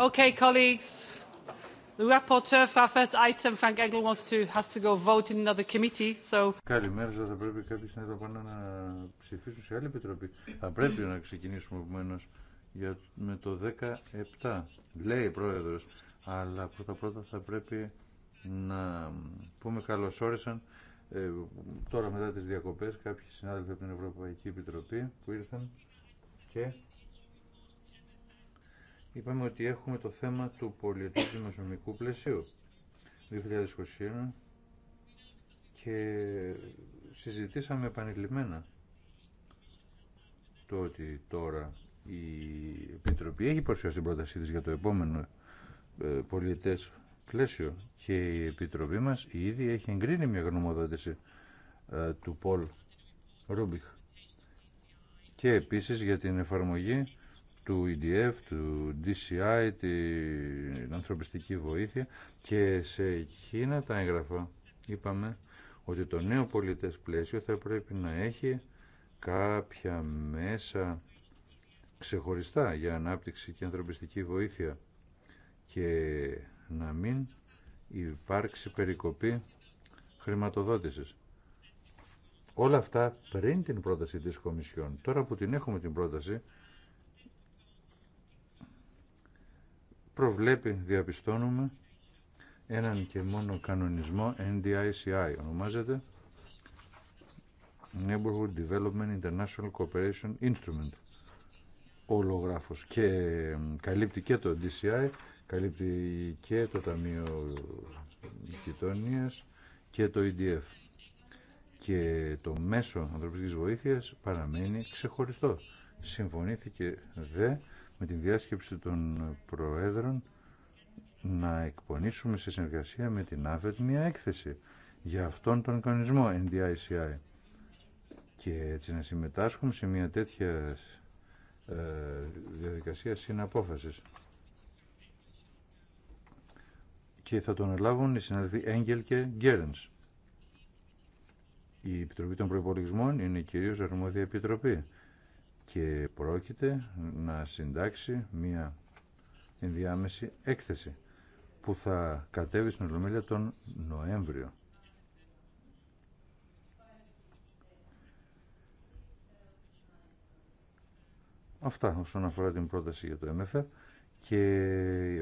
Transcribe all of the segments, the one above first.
Okay, colleagues. The rapporteur for our first item, Frank Engel, wants to, has to go vote in another committee, so... Καλημέρα θα πρέπει κάποιοι να πάνε να ψηφίσουν σε άλλη επιτροπή. Θα πρέπει να ξεκινήσουμε επομένως, για, με το 17, λέει η Πρόεδρος. Αλλά πρώτα-πρώτα θα πρέπει να πούμε καλώς όρισαν ε, τώρα μετά τις διακοπές κάποιοι συνάδελφοι από την Ευρωπαϊκή Επιτροπή που ήρθαν και είπαμε ότι έχουμε το θέμα του πολιτικού δημοσιονομικού πλαισίου 2021 και συζητήσαμε επανειλημμένα το ότι τώρα η Επιτροπή έχει παρουσιάσει την πρότασή της για το επόμενο ε, πολιτές πλαίσιο και η Επιτροπή μας ήδη έχει εγκρίνει μια γνωμοδότηση ε, του Πολ Ρούμπιχ και επίσης για την εφαρμογή του EDF, του DCI, την ανθρωπιστική βοήθεια και σε εκείνα τα έγγραφα είπαμε ότι το νέο πολιτές πλαίσιο θα πρέπει να έχει κάποια μέσα ξεχωριστά για ανάπτυξη και ανθρωπιστική βοήθεια και να μην υπάρξει περικοπή χρηματοδότησης. Όλα αυτά πριν την πρόταση της Κομισιόν. Τώρα που την έχουμε την πρόταση, προβλέπει, διαπιστώνουμε, έναν και μόνο κανονισμό NDICI ονομάζεται Neighborhood Development International Cooperation Instrument ολογράφος και καλύπτει και το DCI καλύπτει και το Ταμείο Γειτονίας και το EDF και το μέσο ανθρωπιστικής βοήθειας παραμένει ξεχωριστό συμφωνήθηκε δε με την διάσκεψη των Προέδρων να εκπονήσουμε σε συνεργασία με την ΑΒΕΤ μια έκθεση για αυτόν τον κανονισμό NDICI και έτσι να συμμετάσχουμε σε μια τέτοια ε, διαδικασία συναπόφασης. Και θα τον ελάβουν οι συνάδελφοι Έγγελ και Γκέρενς. Η Επιτροπή των Προπολογισμών είναι κυρίως αρμόδια επιτροπή και πρόκειται να συντάξει μία ενδιάμεση έκθεση που θα κατέβει στην Ολομέλεια τον Νοέμβριο. Αυτά όσον αφορά την πρόταση για το MFR και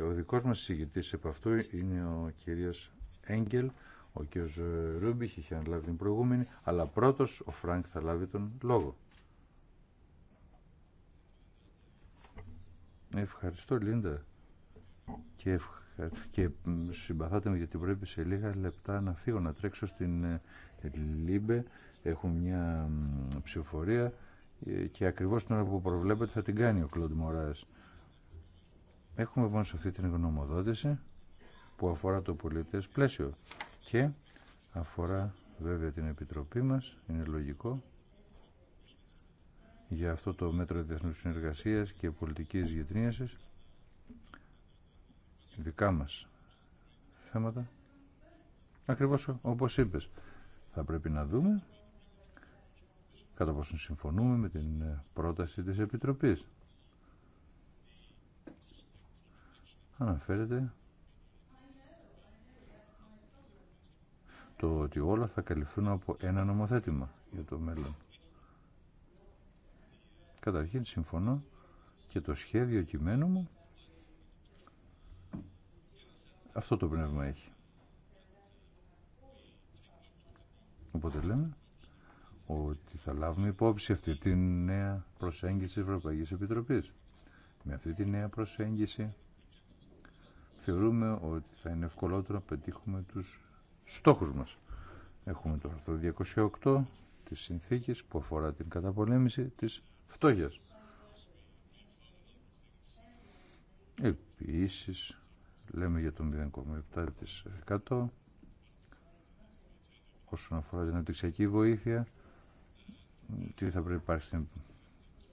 ο δικός μας συγητής επ' αυτού είναι ο κύριος Έγκελ, ο κύριος Ρούμπιχ είχε αναλάβει την προηγούμενη, αλλά πρώτος ο Φρανκ θα λάβει τον λόγο. Ευχαριστώ Λίντα και, ευχα... και συμπαθάτε με γιατί πρέπει σε λίγα λεπτά να φύγω να τρέξω στην ε, Λίμπε. Έχω μια ψηφοφορία ε, και ακριβώς την ώρα που προβλέπετε θα την κάνει ο Κλοντ Έχουμε μόνο λοιπόν σε αυτή την γνωμοδότηση που αφορά το πολιτές πλαίσιο και αφορά βέβαια την Επιτροπή μας, είναι λογικό, για αυτό το μέτρο διεθνού συνεργασία και πολιτική γειτνίαση. Δικά μα θέματα. Ακριβώς όπως είπες, θα πρέπει να δούμε κατά πόσον συμφωνούμε με την ε, πρόταση της Επιτροπής. Αναφέρεται το ότι όλα θα καλυφθούν από ένα νομοθέτημα για το μέλλον. Καταρχήν συμφωνώ και το σχέδιο κειμένου μου αυτό το πνεύμα έχει. Οπότε λέμε ότι θα λάβουμε υπόψη αυτή τη νέα προσέγγιση της Ευρωπαϊκής Επιτροπής. Με αυτή τη νέα προσέγγιση θεωρούμε ότι θα είναι ευκολότερο να πετύχουμε τους στόχους μας. Έχουμε το άρθρο 208 της συνθήκης που αφορά την καταπολέμηση της φτώχεια. Επίσης, λέμε για το 0,7% όσον αφορά την αναπτυξιακή βοήθεια, τι θα πρέπει να υπάρχει στην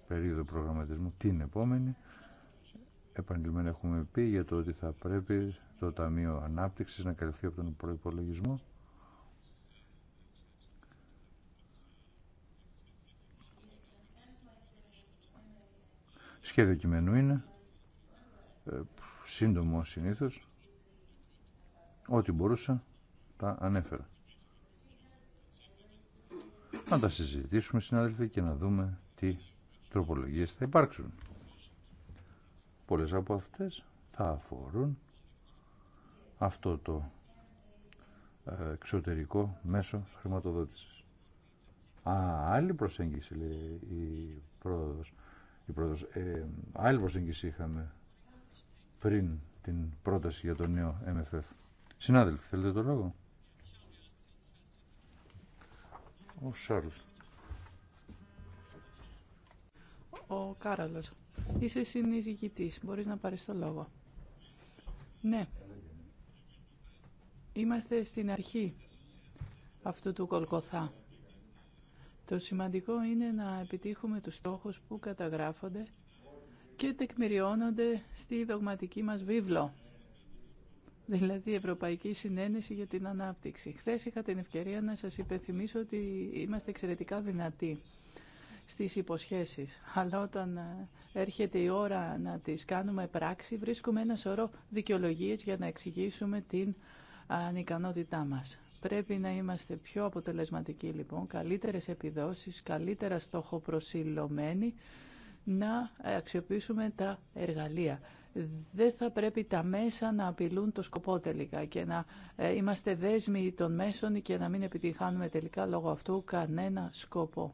περίοδο προγραμματισμού, την επόμενη. Επανειλημμένα έχουμε πει για το ότι θα πρέπει το Ταμείο Ανάπτυξης να καλυφθεί από τον προϋπολογισμό Σχέδιο κειμένου είναι ε, σύντομο συνήθως. Ό,τι μπορούσα τα ανέφερα. Να τα συζητήσουμε συνάδελφοι και να δούμε τι τροπολογίες θα υπάρξουν. Πολλές από αυτές θα αφορούν αυτό το ε, εξωτερικό μέσο χρηματοδότησης. Α, άλλη προσέγγιση λέει η πρόεδρος η Ε, άλλη προσέγγιση είχαμε πριν την πρόταση για το νέο MFF. Συνάδελφοι, θέλετε το λόγο. Ο Σάρλ. Ο Κάραλος. Είσαι συνεισηγητής. Μπορείς να πάρεις το λόγο. Ναι. Είμαστε στην αρχή αυτού του Κολκοθά. Το σημαντικό είναι να επιτύχουμε τους στόχους που καταγράφονται και τεκμηριώνονται στη δογματική μας βίβλο, δηλαδή η Ευρωπαϊκή Συνένεση για την Ανάπτυξη. Χθε είχα την ευκαιρία να σας υπενθυμίσω ότι είμαστε εξαιρετικά δυνατοί στις υποσχέσεις, αλλά όταν ε, έρχεται η ώρα να τις κάνουμε πράξη, βρίσκουμε ένα σωρό δικαιολογίες για να εξηγήσουμε την ε, ανικανότητά μας. Πρέπει να είμαστε πιο αποτελεσματικοί λοιπόν, καλύτερες επιδόσεις, καλύτερα στόχοπροσιλωμένοι, να αξιοποιήσουμε τα εργαλεία. Δεν θα πρέπει τα μέσα να απειλούν το σκοπό τελικά και να ε, είμαστε δέσμοι των μέσων και να μην επιτυχάνουμε τελικά λόγω αυτού κανένα σκοπό.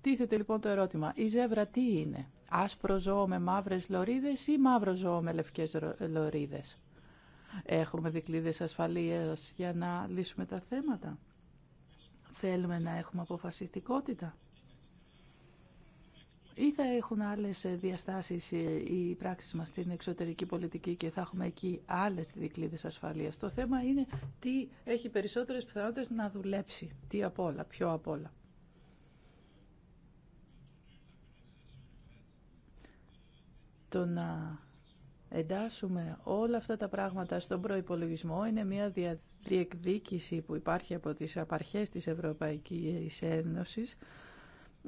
Τίθεται λοιπόν το ερώτημα, η ζεύρα τι είναι, άσπρο ζώο με μαύρες λωρίδες ή μαύρο ζώο με λευκές λωρίδες. Έχουμε δικλείδες ασφαλείας για να λύσουμε τα θέματα. Θέλουμε να έχουμε αποφασιστικότητα. Ή θα έχουν άλλες διαστάσεις οι πράξεις μας στην εξωτερική πολιτική και θα έχουμε εκεί άλλες δικλείδες ασφαλείας. Το θέμα είναι τι έχει περισσότερες πιθανότητες να δουλέψει. Τι απ' όλα, πιο απ' όλα. Το να εντάσσουμε όλα αυτά τα πράγματα στον προϋπολογισμό είναι μια διεκδίκηση που υπάρχει από τις απαρχές της Ευρωπαϊκής Ένωσης.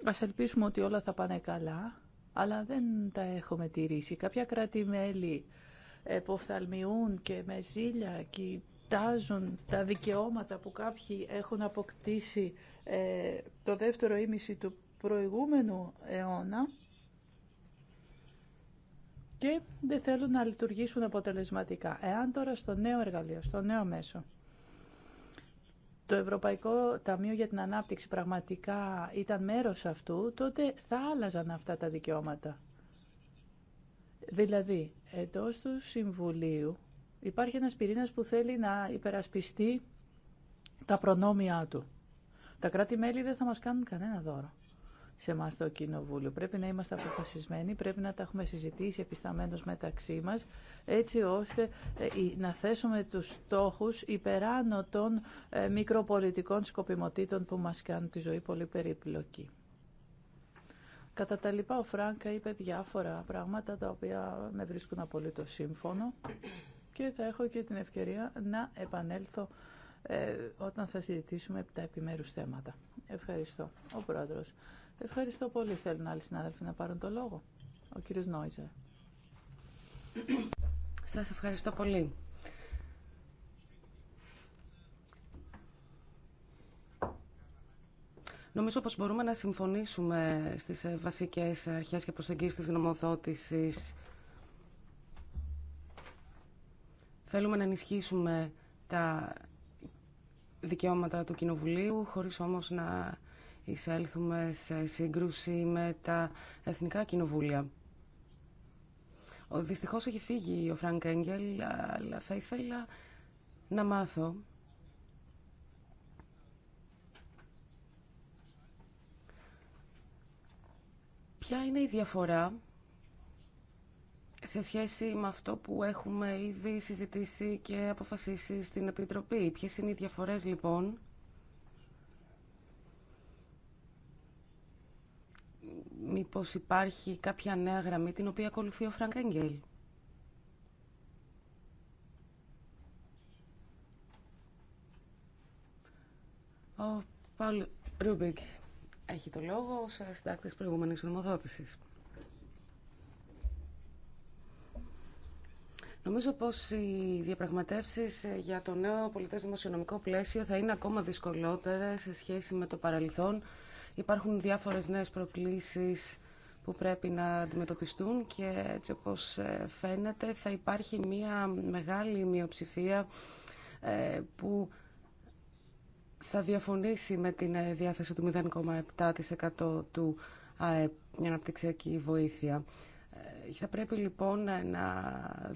Ας ελπίσουμε ότι όλα θα πάνε καλά, αλλά δεν τα έχουμε τηρήσει. Κάποια κράτη-μέλη εποφθαλμιούν και με ζήλια κοιτάζουν τα δικαιώματα που κάποιοι έχουν αποκτήσει ε, το δεύτερο ήμιση του προηγούμενου αιώνα και δεν θέλουν να λειτουργήσουν αποτελεσματικά. Εάν τώρα στο νέο εργαλείο, στο νέο μέσο, το Ευρωπαϊκό Ταμείο για την Ανάπτυξη πραγματικά ήταν μέρος αυτού, τότε θα άλλαζαν αυτά τα δικαιώματα. Δηλαδή, εντό του Συμβουλίου υπάρχει ένας πυρήνας που θέλει να υπερασπιστεί τα προνόμια του. Τα κράτη-μέλη δεν θα μας κάνουν κανένα δώρο σε εμά το Κοινοβούλιο. Πρέπει να είμαστε αποφασισμένοι, πρέπει να τα έχουμε συζητήσει επισταμένως μεταξύ μας, έτσι ώστε ε, να θέσουμε τους στόχους υπεράνω των ε, μικροπολιτικών σκοπιμοτήτων που μας κάνουν τη ζωή πολύ περίπλοκη. Κατά τα λοιπά, ο Φράγκα είπε διάφορα πράγματα τα οποία με βρίσκουν απολύτω σύμφωνο και θα έχω και την ευκαιρία να επανέλθω ε, όταν θα συζητήσουμε τα επιμέρους θέματα. Ευχαριστώ. Ο Πρόεδρος. Ευχαριστώ πολύ. Θέλουν άλλοι συνάδελφοι να πάρουν το λόγο. Ο κύριος Νόιζερ. Σας ευχαριστώ πολύ. Νομίζω πως μπορούμε να συμφωνήσουμε στις ε, βασικές αρχές και προσεγγίσεις της γνωμοδότησης. Θέλουμε να ενισχύσουμε τα δικαιώματα του Κοινοβουλίου, χωρίς όμως να εισέλθουμε σε σύγκρουση με τα εθνικά κοινοβούλια. Ο, δυστυχώς έχει φύγει ο Φρανκ Έγγελ, αλλά θα ήθελα να μάθω. Ποια είναι η διαφορά σε σχέση με αυτό που έχουμε ήδη συζητήσει και αποφασίσει στην Επιτροπή. Ποιες είναι οι διαφορές λοιπόν μήπως υπάρχει κάποια νέα γραμμή την οποία ακολουθεί ο Φρανκ Εγγέλ. Ο Παουλ Ρούμπικ έχει το λόγο ως συντάκτης προηγούμενης νομοδότησης. Νομίζω πως οι διαπραγματεύσεις για το νέο πολιτές δημοσιονομικό πλαίσιο θα είναι ακόμα δυσκολότερες σε σχέση με το παρελθόν Υπάρχουν διάφορες νέες προκλήσεις που πρέπει να αντιμετωπιστούν και έτσι όπως ε, φαίνεται θα υπάρχει μια μεγάλη μειοψηφία ε, που θα διαφωνήσει με την ε, διάθεση του 0,7% του ΑΕΠ για αναπτυξιακή βοήθεια. Ε, θα πρέπει λοιπόν ε, να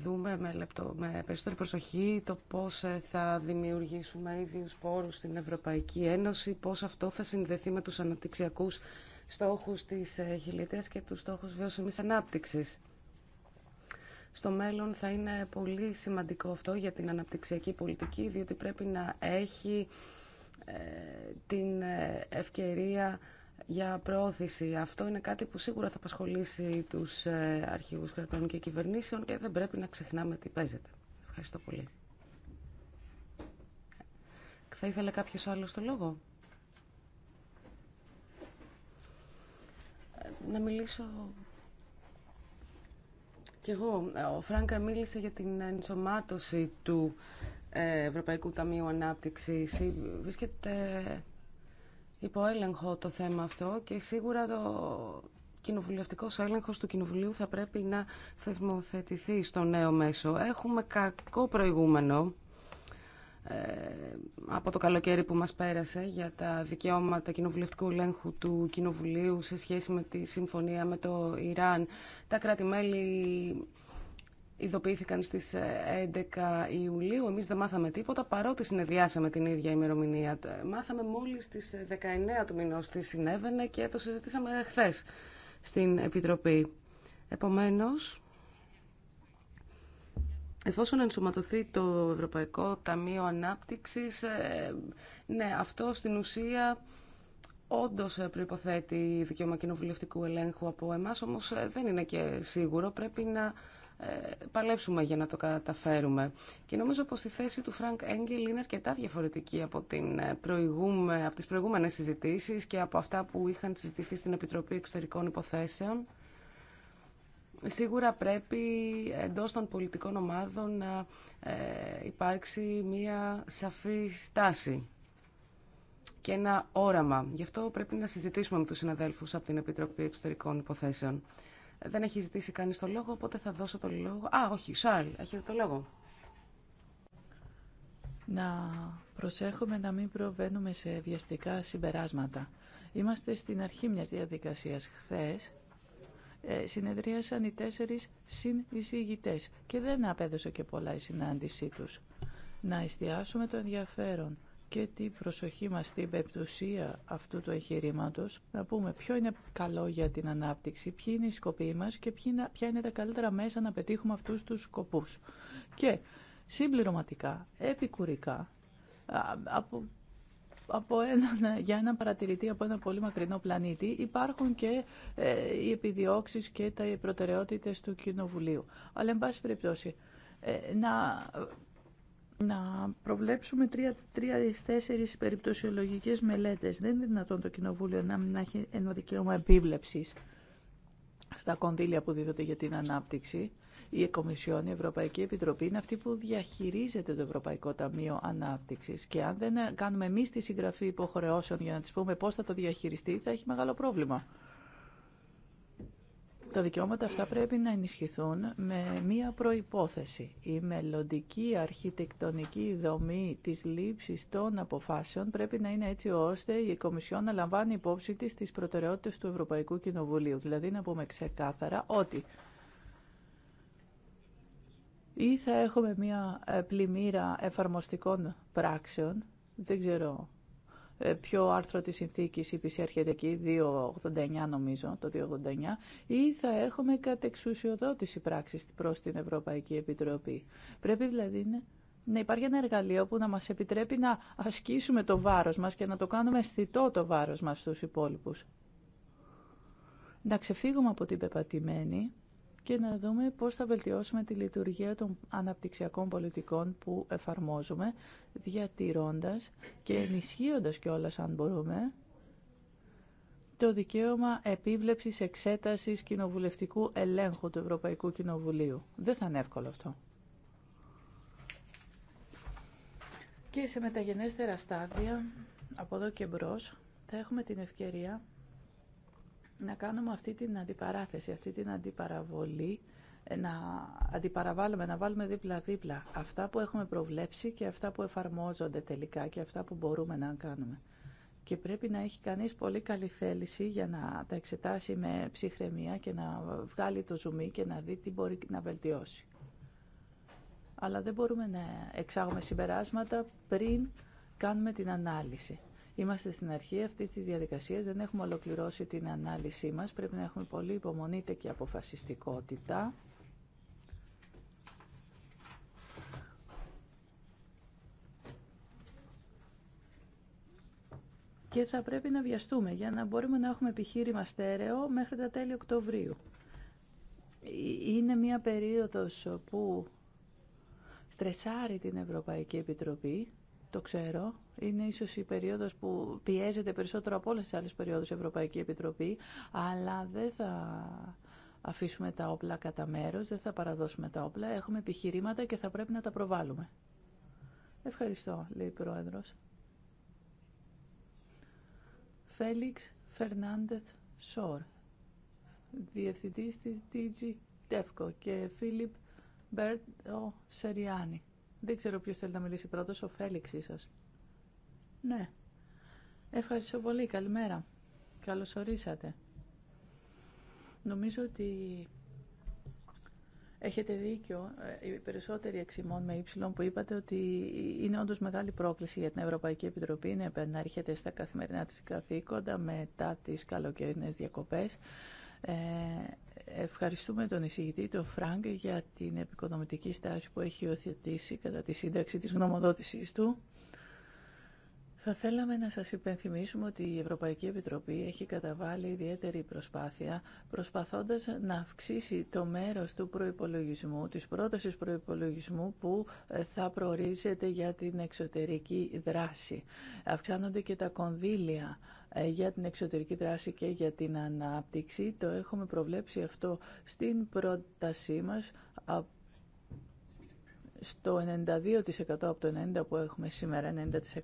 δούμε με, λεπτό, με περισσότερη προσοχή το πώς ε, θα δημιουργήσουμε ίδιους πόρους στην Ευρωπαϊκή Ένωση, πώς αυτό θα συνδεθεί με τους αναπτυξιακούς στόχους της χιλιετίας και τους στόχους βιώσιμης ανάπτυξης. Στο μέλλον θα είναι πολύ σημαντικό αυτό για την αναπτυξιακή πολιτική, διότι πρέπει να έχει την ευκαιρία για προώθηση. Αυτό είναι κάτι που σίγουρα θα απασχολήσει τους ε, αρχηγούς κρατών και κυβερνήσεων και δεν πρέπει να ξεχνάμε τι παίζεται. Ευχαριστώ πολύ. Θα ήθελε κάποιος άλλος το λόγο. Ε, να μιλήσω κι εγώ. Ο Φράγκα μίλησε για την ενσωμάτωση του ε, Ευρωπαϊκού Ταμείου Ανάπτυξης. Βρίσκεται υπό έλεγχο το θέμα αυτό και σίγουρα το κοινοβουλευτικό έλεγχο του Κοινοβουλίου θα πρέπει να θεσμοθετηθεί στο νέο μέσο. Έχουμε κακό προηγούμενο ε, από το καλοκαίρι που μας πέρασε για τα δικαιώματα κοινοβουλευτικού ελέγχου του Κοινοβουλίου σε σχέση με τη συμφωνία με το Ιράν. Τα κρατη ειδοποιήθηκαν στις 11 ε, Ιουλίου. Εμείς δεν μάθαμε τίποτα, παρότι συνεδριάσαμε την ίδια ημερομηνία. Ε, μάθαμε μόλις στις 19 ε, του μηνός τι συνέβαινε και το συζητήσαμε χθε στην Επιτροπή. Επομένως, εφόσον ενσωματωθεί το Ευρωπαϊκό Ταμείο Ανάπτυξης, ναι, αυτό στην ουσία... Όντω προποθέτει δικαίωμα κοινοβουλευτικού ελέγχου από εμά, όμω δεν είναι και σίγουρο. Πρέπει να παλέψουμε για να το καταφέρουμε. Και νομίζω πως η θέση του Φρανκ Έγγελ είναι αρκετά διαφορετική από, την ε, προηγούμε, από τις προηγούμενες συζητήσεις και από αυτά που είχαν συζητηθεί στην Επιτροπή Εξωτερικών Υποθέσεων. Σίγουρα πρέπει εντός των πολιτικών ομάδων να ε, υπάρξει μία σαφή στάση και ένα όραμα. Γι' αυτό πρέπει να συζητήσουμε με τους συναδέλφους από την Επιτροπή Εξωτερικών Υποθέσεων. Δεν έχει ζητήσει κανείς το λόγο, οπότε θα δώσω το λόγο. Α, όχι, Σάρλ, έχετε το λόγο. Να προσέχουμε να μην προβαίνουμε σε βιαστικά συμπεράσματα. Είμαστε στην αρχή μιας διαδικασίας. Χθες ε, συνεδρίασαν οι τέσσερις συνεισηγητές και δεν απέδωσε και πολλά η συνάντησή τους. Να εστιάσουμε το ενδιαφέρον και την προσοχή μας στην πεπτουσία αυτού του εγχειρήματο, να πούμε ποιο είναι καλό για την ανάπτυξη, ποιοι είναι οι σκοποί μας και ποια είναι τα καλύτερα μέσα να πετύχουμε αυτούς τους σκοπούς. Και συμπληρωματικά, επικουρικά, από από ένα, για έναν παρατηρητή από ένα πολύ μακρινό πλανήτη υπάρχουν και ε, οι επιδιώξεις και τα προτεραιότητες του Κοινοβουλίου. Αλλά, εν πάση περιπτώσει, ε, να να προβλέψουμε τέσσερι περιπτωσιολογικέ μελέτες. Δεν είναι δυνατόν το Κοινοβούλιο να μην έχει ένα δικαίωμα επίβλεψη στα κονδύλια που δίδονται για την ανάπτυξη. Η Εκομισιόν, η Ευρωπαϊκή Επιτροπή, είναι αυτή που διαχειρίζεται το Ευρωπαϊκό Ταμείο Ανάπτυξη. Και αν δεν κάνουμε εμεί τη συγγραφή υποχρεώσεων για να τη πούμε πώ θα το διαχειριστεί, θα έχει μεγάλο πρόβλημα. Τα δικαιώματα αυτά πρέπει να ενισχυθούν με μία προϋπόθεση. Η μελλοντική αρχιτεκτονική δομή της λήψης των αποφάσεων πρέπει να είναι έτσι ώστε η Κομισιόν να λαμβάνει υπόψη της τις προτεραιότητες του Ευρωπαϊκού Κοινοβουλίου. Δηλαδή να πούμε ξεκάθαρα ότι ή θα έχουμε μία πλημμύρα εφαρμοστικών πράξεων, δεν ξέρω ε, ποιο άρθρο της συνθήκης σε έρχεται εκεί, 289 νομίζω, το 289, ή θα έχουμε κατεξουσιοδότηση πράξης προς την Ευρωπαϊκή Επιτροπή. Πρέπει δηλαδή να να υπάρχει ένα εργαλείο που να μας επιτρέπει να ασκήσουμε το βάρος μας και να το κάνουμε αισθητό το βάρος μας στους υπόλοιπους. Να ξεφύγουμε από την πεπατημένη και να δούμε πώς θα βελτιώσουμε τη λειτουργία των αναπτυξιακών πολιτικών που εφαρμόζουμε, διατηρώντας και ενισχύοντας κιόλα αν μπορούμε το δικαίωμα επίβλεψης εξέτασης κοινοβουλευτικού ελέγχου του Ευρωπαϊκού Κοινοβουλίου. Δεν θα είναι εύκολο αυτό. Και σε μεταγενέστερα στάδια, από εδώ και μπρος, θα έχουμε την ευκαιρία να κάνουμε αυτή την αντιπαράθεση, αυτή την αντιπαραβολή, ε, να αντιπαραβάλλουμε, να βάλουμε δίπλα-δίπλα αυτά που έχουμε προβλέψει και αυτά που εφαρμόζονται τελικά και αυτά που μπορούμε να κάνουμε. Και πρέπει να έχει κανείς πολύ καλή θέληση για να τα εξετάσει με ψυχραιμία και να βγάλει το ζουμί και να δει τι μπορεί να βελτιώσει. Αλλά δεν μπορούμε να εξάγουμε συμπεράσματα πριν κάνουμε την ανάλυση. Είμαστε στην αρχή αυτή τη διαδικασία, δεν έχουμε ολοκληρώσει την ανάλυση μα. Πρέπει να έχουμε πολύ υπομονή και αποφασιστικότητα. Και θα πρέπει να βιαστούμε για να μπορούμε να έχουμε επιχείρημα στέρεο μέχρι τα τέλη Οκτωβρίου. Ε, είναι μια περίοδος που στρεσάρει την Ευρωπαϊκή Επιτροπή το ξέρω. Είναι ίσως η περίοδος που πιέζεται περισσότερο από όλες τι άλλε περιόδου η Ευρωπαϊκή Επιτροπή, αλλά δεν θα αφήσουμε τα όπλα κατά μέρο. δεν θα παραδώσουμε τα όπλα. Έχουμε επιχειρήματα και θα πρέπει να τα προβάλλουμε. Ευχαριστώ, λέει η Πρόεδρος. Φέλιξ Φερνάντεθ Σόρ, Διευθυντή τη DG Τεύκο και Φίλιπ Μπέρντο Σεριάνη, δεν ξέρω ποιος θέλει να μιλήσει πρώτος, ο Φέληξ σας. Ναι. Ευχαριστώ πολύ. Καλημέρα. Καλώς ορίσατε. Νομίζω ότι έχετε δίκιο. Ε, οι περισσότεροι εξημών με ύψιλον που είπατε ότι είναι όντως μεγάλη πρόκληση για την Ευρωπαϊκή Επιτροπή να έρχεται στα καθημερινά της καθήκοντα μετά τις καλοκαιρινές διακοπές. Ε, Ευχαριστούμε τον εισηγητή, τον Φράγκ, για την επικοδομητική στάση που έχει υιοθετήσει κατά τη σύνταξη της γνωμοδότησής του. Θα θέλαμε να σας υπενθυμίσουμε ότι η Ευρωπαϊκή Επιτροπή έχει καταβάλει ιδιαίτερη προσπάθεια προσπαθώντας να αυξήσει το μέρος του προϋπολογισμού, της πρότασης προϋπολογισμού που ε, θα προορίζεται για την εξωτερική δράση. Αυξάνονται και τα κονδύλια ε, για την εξωτερική δράση και για την ανάπτυξη. Το έχουμε προβλέψει αυτό στην πρότασή μας στο 92% από το 90% που έχουμε σήμερα,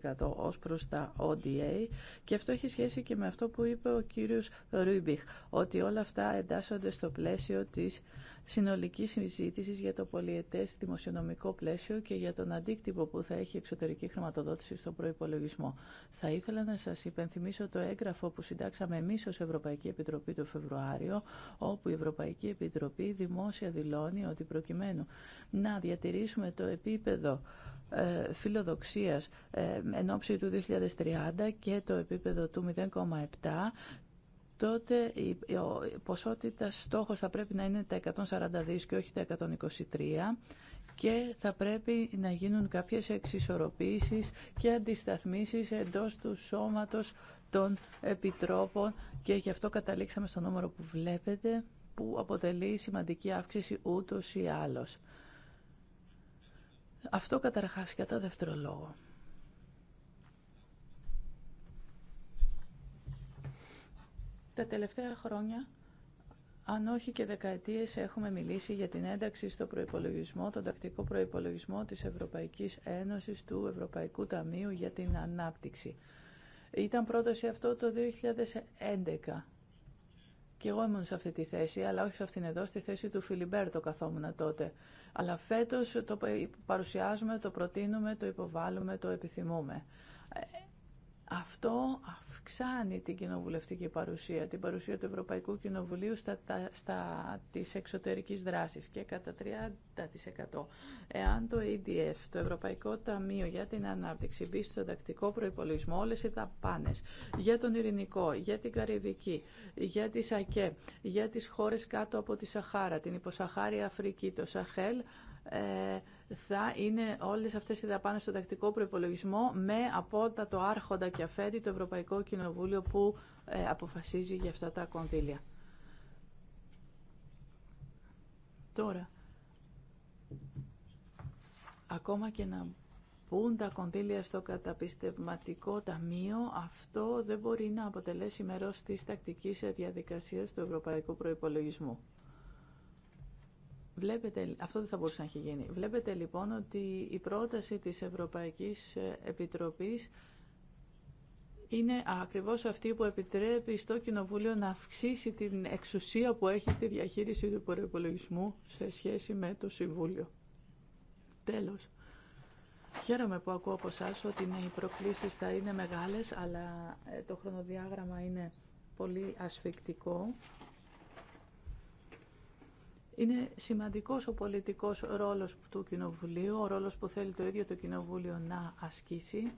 90% ως προς τα ODA και αυτό έχει σχέση και με αυτό που είπε ο κύριος Ρούιμπιχ, ότι όλα αυτά εντάσσονται στο πλαίσιο της συνολική συζήτηση για το πολιετές δημοσιονομικό πλαίσιο και για τον αντίκτυπο που θα έχει εξωτερική χρηματοδότηση στον προϋπολογισμό. Θα ήθελα να σας υπενθυμίσω το έγγραφο που συντάξαμε εμείς ως Ευρωπαϊκή Επιτροπή το Φεβρουάριο, όπου η Ευρωπαϊκή Επιτροπή δημόσια δηλώνει ότι προκειμένου να διατηρήσουμε το επίπεδο ε, φιλοδοξίας ε, εν ώψη του 2030 και το επίπεδο του 0,7 τότε η ποσότητα στόχος θα πρέπει να είναι τα 142 και όχι τα 123 και θα πρέπει να γίνουν κάποιες εξισορροπήσεις και αντισταθμίσεις εντός του σώματος των επιτρόπων και γι' αυτό καταλήξαμε στο νούμερο που βλέπετε που αποτελεί σημαντική αύξηση ούτως ή άλλως. Αυτό καταρχάς κατά δεύτερο λόγο. Τα τελευταία χρόνια, αν όχι και δεκαετίες, έχουμε μιλήσει για την ένταξη στο προϋπολογισμό, τον τακτικό προϋπολογισμό της Ευρωπαϊκής Ένωσης του Ευρωπαϊκού Ταμείου για την Ανάπτυξη. Ήταν πρόταση αυτό το 2011. Και εγώ ήμουν σε αυτή τη θέση, αλλά όχι σε αυτήν εδώ, στη θέση του Φιλιμπέρτο καθόμουν τότε. Αλλά φέτος το παρουσιάζουμε, το προτείνουμε, το υποβάλλουμε, το επιθυμούμε. Αυτό αυξάνει την κοινοβουλευτική παρουσία, την παρουσία του Ευρωπαϊκού Κοινοβουλίου στα, στα, της εξωτερικής δράσης και κατά 30%. Εάν το EDF, το Ευρωπαϊκό Ταμείο για την Ανάπτυξη, μπει στο τακτικό προϋπολογισμό όλες οι δαπάνες για τον Ειρηνικό, για την Καρυβική, για τη ΑΚΕ, για τις χώρες κάτω από τη Σαχάρα, την Υποσαχάρη Αφρική, το Σαχέλ, ε, θα είναι όλες αυτές οι δαπάνες στο τακτικό προϋπολογισμό με απότατο άρχοντα και αφέτη το Ευρωπαϊκό Κοινοβούλιο που ε, αποφασίζει για αυτά τα κονδύλια. Τώρα, ακόμα και να πούν τα κονδύλια στο καταπιστευματικό ταμείο, αυτό δεν μπορεί να αποτελέσει μέρος της τακτικής διαδικασίας του Ευρωπαϊκού Προϋπολογισμού. Βλέπετε, αυτό δεν θα μπορούσε να έχει γίνει. Βλέπετε λοιπόν ότι η πρόταση της Ευρωπαϊκής Επιτροπής είναι ακριβώς αυτή που επιτρέπει στο Κοινοβούλιο να αυξήσει την εξουσία που έχει στη διαχείριση του προπολογισμού σε σχέση με το Συμβούλιο. Τέλος. Χαίρομαι που ακούω από εσά ότι ναι, οι προκλήσεις θα είναι μεγάλες, αλλά ε, το χρονοδιάγραμμα είναι πολύ ασφικτικό. Είναι σημαντικός ο πολιτικός ρόλος του Κοινοβουλίου, ο ρόλος που θέλει το ίδιο το Κοινοβούλιο να ασκήσει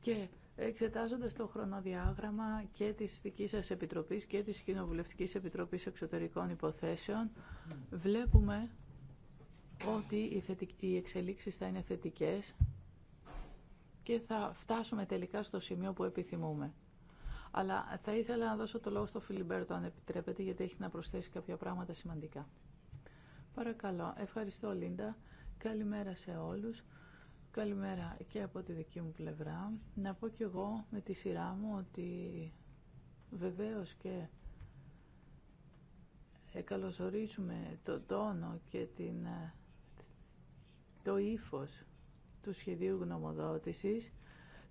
και εξετάζοντας το χρονοδιάγραμμα και της δικής σας Επιτροπής και της Κοινοβουλευτικής Επιτροπής Εξωτερικών Υποθέσεων, βλέπουμε ότι οι εξελίξεις θα είναι θετικές και θα φτάσουμε τελικά στο σημείο που επιθυμούμε. Αλλά θα ήθελα να δώσω το λόγο στο Φιλιμπέρτο, αν επιτρέπετε, γιατί έχει να προσθέσει κάποια πράγματα σημαντικά. Παρακαλώ. Ευχαριστώ, Λίντα. Καλημέρα σε όλους. Καλημέρα και από τη δική μου πλευρά. Να πω κι εγώ με τη σειρά μου ότι βεβαίως και καλωσορίζουμε τον τόνο και την, ε, το ύφος του σχεδίου γνωμοδότησης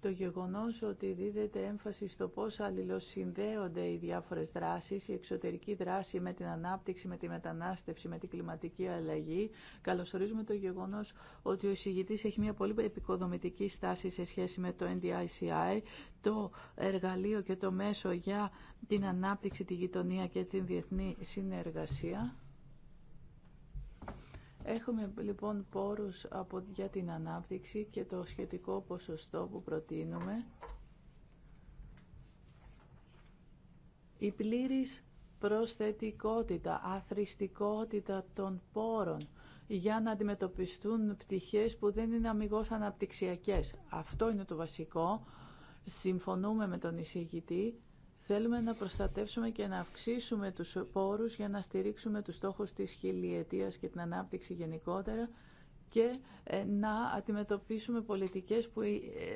το γεγονός ότι δίδεται έμφαση στο πώς αλληλοσυνδέονται οι διάφορες δράσεις, η εξωτερική δράση με την ανάπτυξη, με τη μετανάστευση, με την κλιματική αλλαγή. Καλωσορίζουμε το γεγονός ότι ο εισηγητής έχει μια πολύ επικοδομητική στάση σε σχέση με το NDICI, το εργαλείο και το μέσο για την ανάπτυξη, τη γειτονία και την διεθνή συνεργασία. Έχουμε λοιπόν πόρους από, για την ανάπτυξη και το σχετικό ποσοστό που προτείνουμε. Η πλήρης προσθετικότητα, αθρηστικότητα των πόρων για να αντιμετωπιστούν πτυχές που δεν είναι αμυγός αναπτυξιακές. Αυτό είναι το βασικό. Συμφωνούμε με τον εισηγητή Θέλουμε να προστατεύσουμε και να αυξήσουμε τους πόρους για να στηρίξουμε τους στόχους της χιλιετίας και την ανάπτυξη γενικότερα και ε, να αντιμετωπίσουμε πολιτικές που, ε,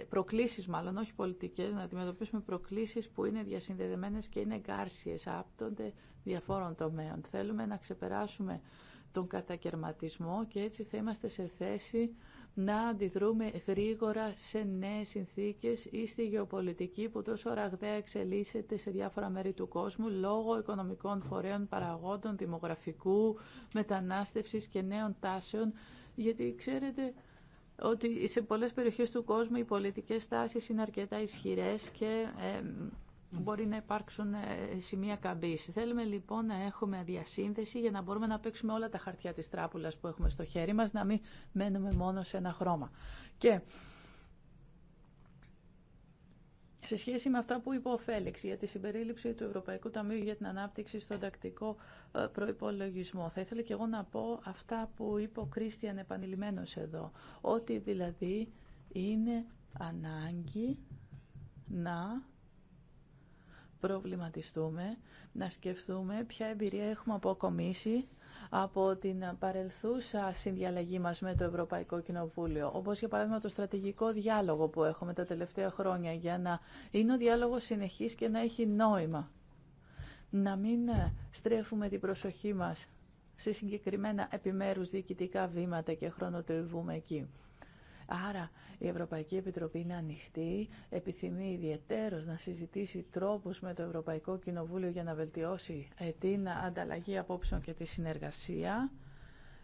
προκλήσεις μάλλον, όχι πολιτικές, να αντιμετωπίσουμε προκλήσεις που είναι διασυνδεδεμένες και είναι εγκάρσιες, άπτονται διαφόρων τομέων. Θέλουμε να ξεπεράσουμε τον κατακαιρματισμό και έτσι θα είμαστε σε θέση να αντιδρούμε γρήγορα σε νέες συνθήκες ή στη γεωπολιτική που τόσο ραγδαία εξελίσσεται σε διάφορα μέρη του κόσμου λόγω οικονομικών φορέων, παραγόντων, δημογραφικού, μετανάστευσης και νέων τάσεων, γιατί ξέρετε ότι σε πολλές περιοχές του κόσμου οι πολιτικές τάσεις είναι αρκετά ισχυρές και ε, μπορεί να υπάρξουν ε, σημεία καμπής. Θέλουμε λοιπόν να έχουμε διασύνδεση για να μπορούμε να παίξουμε όλα τα χαρτιά της τράπουλας που έχουμε στο χέρι μας, να μην μένουμε μόνο σε ένα χρώμα. Και σε σχέση με αυτά που είπε ο Φέλεξ για τη συμπερίληψη του Ευρωπαϊκού Ταμείου για την Ανάπτυξη στον τακτικό ε, προϋπολογισμό, θα ήθελα και εγώ να πω αυτά που είπε ο Κρίστιαν επανειλημμένος εδώ, ότι δηλαδή είναι ανάγκη να προβληματιστούμε, να σκεφτούμε ποια εμπειρία έχουμε αποκομίσει από την παρελθούσα συνδιαλλαγή μας με το Ευρωπαϊκό Κοινοβούλιο, όπως για παράδειγμα το στρατηγικό διάλογο που έχουμε τα τελευταία χρόνια, για να είναι ο διάλογος συνεχής και να έχει νόημα. Να μην στρέφουμε την προσοχή μας σε συγκεκριμένα επιμέρους διοικητικά βήματα και χρονοτριβούμε εκεί. Άρα η Ευρωπαϊκή Επιτροπή είναι ανοιχτή, επιθυμεί ιδιαίτερο να συζητήσει τρόπους με το Ευρωπαϊκό Κοινοβούλιο για να βελτιώσει ε, την ανταλλαγή απόψεων και τη συνεργασία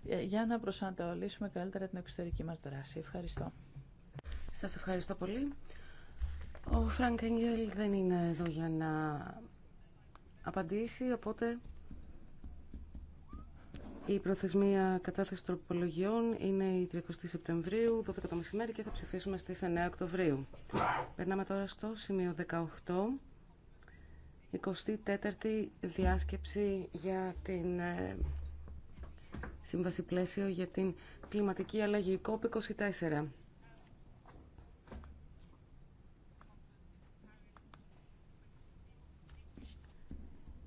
ε, για να προσανατολίσουμε καλύτερα την εξωτερική μας δράση. Ευχαριστώ. Σας ευχαριστώ πολύ. Ο Φρανκ Έγγελ δεν είναι εδώ για να απαντήσει, οπότε η προθεσμία κατάθεση τροπολογιών είναι η 30 Σεπτεμβρίου, 12 το μεσημέρι και θα ψηφίσουμε στις 9 Οκτωβρίου. Περνάμε τώρα στο σημείο 18, 24η διάσκεψη για την ε, Σύμβαση Πλαίσιο για την Κλιματική Αλλαγή COP24.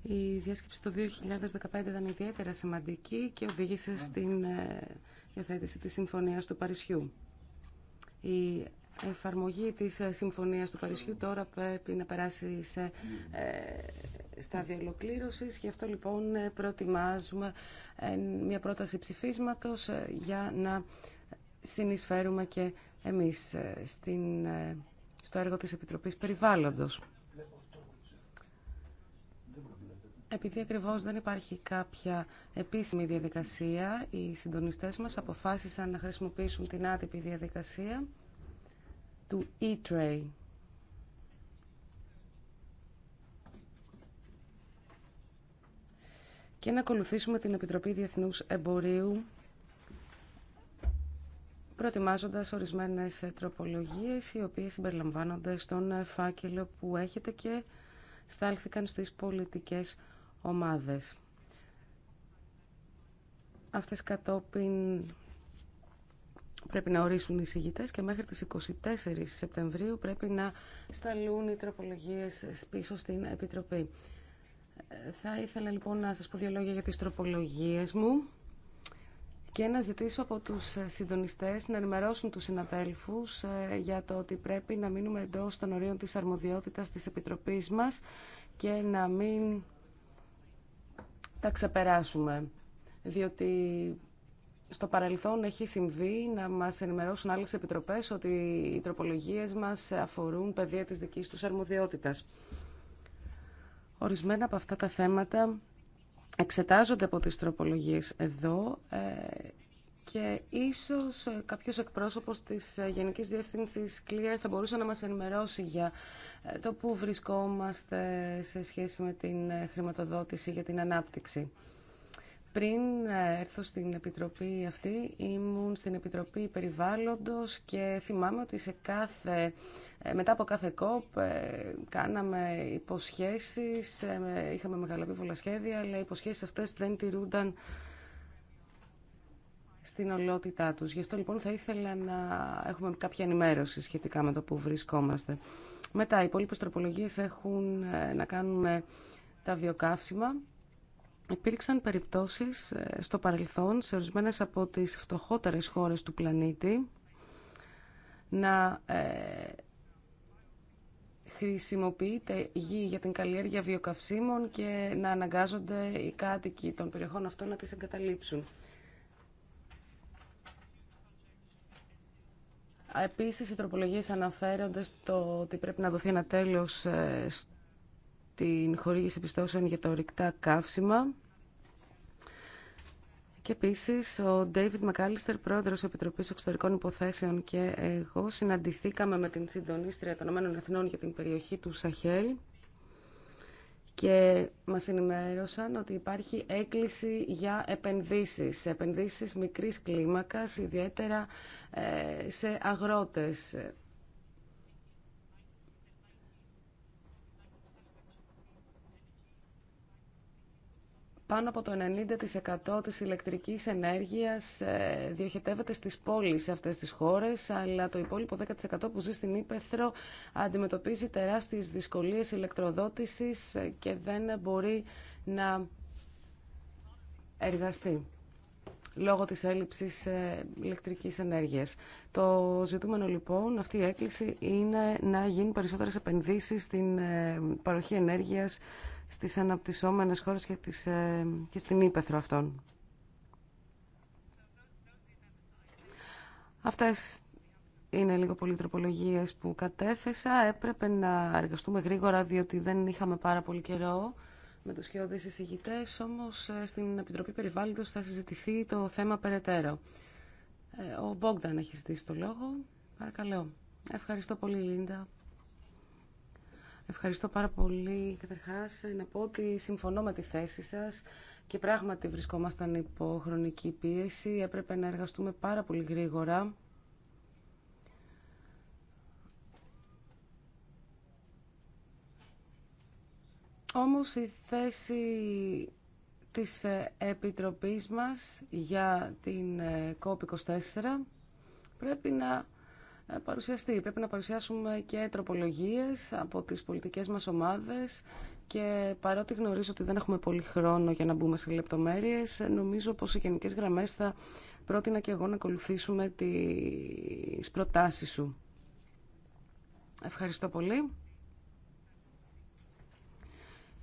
Η διάσκεψη το 2015 ήταν ιδιαίτερα σημαντική και οδήγησε στην διαθέτηση ε, της Συμφωνίας του Παρισιού. Η εφαρμογή της ε, Συμφωνίας του Παρισιού τώρα πρέπει να περάσει σε ε, στάδιο ολοκλήρωση. Γι' αυτό λοιπόν προετοιμάζουμε μια πρόταση ψηφίσματος για να συνεισφέρουμε και εμείς στην, στο έργο της Επιτροπής Περιβάλλοντος. Επειδή ακριβώς δεν υπάρχει κάποια επίσημη διαδικασία, οι συντονιστές μας αποφάσισαν να χρησιμοποιήσουν την άτυπη διαδικασία του e-tray. Και να ακολουθήσουμε την Επιτροπή Διεθνούς Εμπορίου, προετοιμάζοντας ορισμένες τροπολογίες, οι οποίες συμπεριλαμβάνονται στον φάκελο που έχετε και στάλθηκαν στις πολιτικές ομάδες. Αυτές κατόπιν πρέπει να ορίσουν οι συγητές και μέχρι τις 24 Σεπτεμβρίου πρέπει να σταλούν οι τροπολογίες πίσω στην Επιτροπή. Θα ήθελα λοιπόν να σας πω δύο λόγια για τις τροπολογίες μου και να ζητήσω από τους συντονιστές να ενημερώσουν τους συναδέλφους ε, για το ότι πρέπει να μείνουμε εντός των ορίων της αρμοδιότητας της Επιτροπής μας και να μην τα ξεπεράσουμε. Διότι στο παρελθόν έχει συμβεί να μας ενημερώσουν άλλες επιτροπές ότι οι τροπολογίες μας αφορούν παιδεία της δικής τους αρμοδιότητας. Ορισμένα από αυτά τα θέματα εξετάζονται από τις τροπολογίες εδώ ε, και ίσως ε, κάποιος εκπρόσωπος της ε, Γενικής Διεύθυνσης Clear θα μπορούσε να μας ενημερώσει για ε, το που βρισκόμαστε σε σχέση με την χρηματοδότηση για την ανάπτυξη. Πριν έρθω στην Επιτροπή αυτή, ήμουν στην Επιτροπή Περιβάλλοντος και θυμάμαι ότι σε κάθε, μετά από κάθε κόπ κάναμε υποσχέσεις, είχαμε μεγαλοπίβολα σχέδια, αλλά οι υποσχέσεις αυτές δεν τηρούνταν στην ολότητά τους. Γι' αυτό λοιπόν θα ήθελα να έχουμε κάποια ενημέρωση σχετικά με το που βρισκόμαστε. Μετά, οι υπόλοιπε τροπολογίες έχουν ε, να κάνουν με τα βιοκαύσιμα. Υπήρξαν περιπτώσεις ε, στο παρελθόν σε ορισμένε από τις φτωχότερε χώρες του πλανήτη να ε, χρησιμοποιείται γη για την καλλιέργεια βιοκαυσίμων και να αναγκάζονται οι κάτοικοι των περιοχών αυτών να τις εγκαταλείψουν. Επίσης, οι τροπολογίες αναφέρονται στο ότι πρέπει να δοθεί ένα τέλος ε, στην χορήγηση πιστώσεων για τα ορυκτά καύσιμα. Και επίσης, ο Ντέιβιντ Μακάλιστερ, πρόεδρο Επιτροπής Εξωτερικών Υποθέσεων και εγώ συναντηθήκαμε με την συντονίστρια των ΗΠΑ για την περιοχή του Σαχέλ και μας ενημέρωσαν ότι υπάρχει έκκληση για επενδύσεις, επενδύσεις μικρής κλίμακας, ιδιαίτερα ε, σε αγρότες. πάνω από το 90% της ηλεκτρικής ενέργειας ε, διοχετεύεται στις πόλεις σε αυτές τις χώρες, αλλά το υπόλοιπο 10% που ζει στην Ήπεθρο αντιμετωπίζει τεράστιες δυσκολίες ηλεκτροδότησης ε, και δεν μπορεί να εργαστεί λόγω της έλλειψης ε, ηλεκτρικής ενέργειας. Το ζητούμενο λοιπόν, αυτή η έκκληση, είναι να γίνουν περισσότερες επενδύσεις στην παροχή ενέργειας στις αναπτυσσόμενες χώρες και, τις, ε, και στην ύπεθρο αυτών. Αυτές είναι λίγο πολύ τροπολογίες που κατέθεσα. Έπρεπε να εργαστούμε γρήγορα διότι δεν είχαμε πάρα πολύ καιρό με τους χειώδεις εισηγητές, όμως ε, στην Επιτροπή Περιβάλλοντος θα συζητηθεί το θέμα περαιτέρω. Ε, ο Μπόγκταν έχει ζητήσει το λόγο. Παρακαλώ. Ευχαριστώ πολύ, Λίντα. Ευχαριστώ πάρα πολύ. Καταρχάς, να πω ότι συμφωνώ με τη θέση σας και πράγματι βρισκόμασταν υπό χρονική πίεση. Έπρεπε να εργαστούμε πάρα πολύ γρήγορα. Όμως η θέση της Επιτροπής μας για την COP24 πρέπει να ε, παρουσιαστεί. Πρέπει να παρουσιάσουμε και τροπολογίες από τις πολιτικές μας ομάδες και παρότι γνωρίζω ότι δεν έχουμε πολύ χρόνο για να μπούμε σε λεπτομέρειες, νομίζω πως οι γενικέ γραμμές θα πρότεινα και εγώ να ακολουθήσουμε τις προτάσεις σου. Ευχαριστώ πολύ.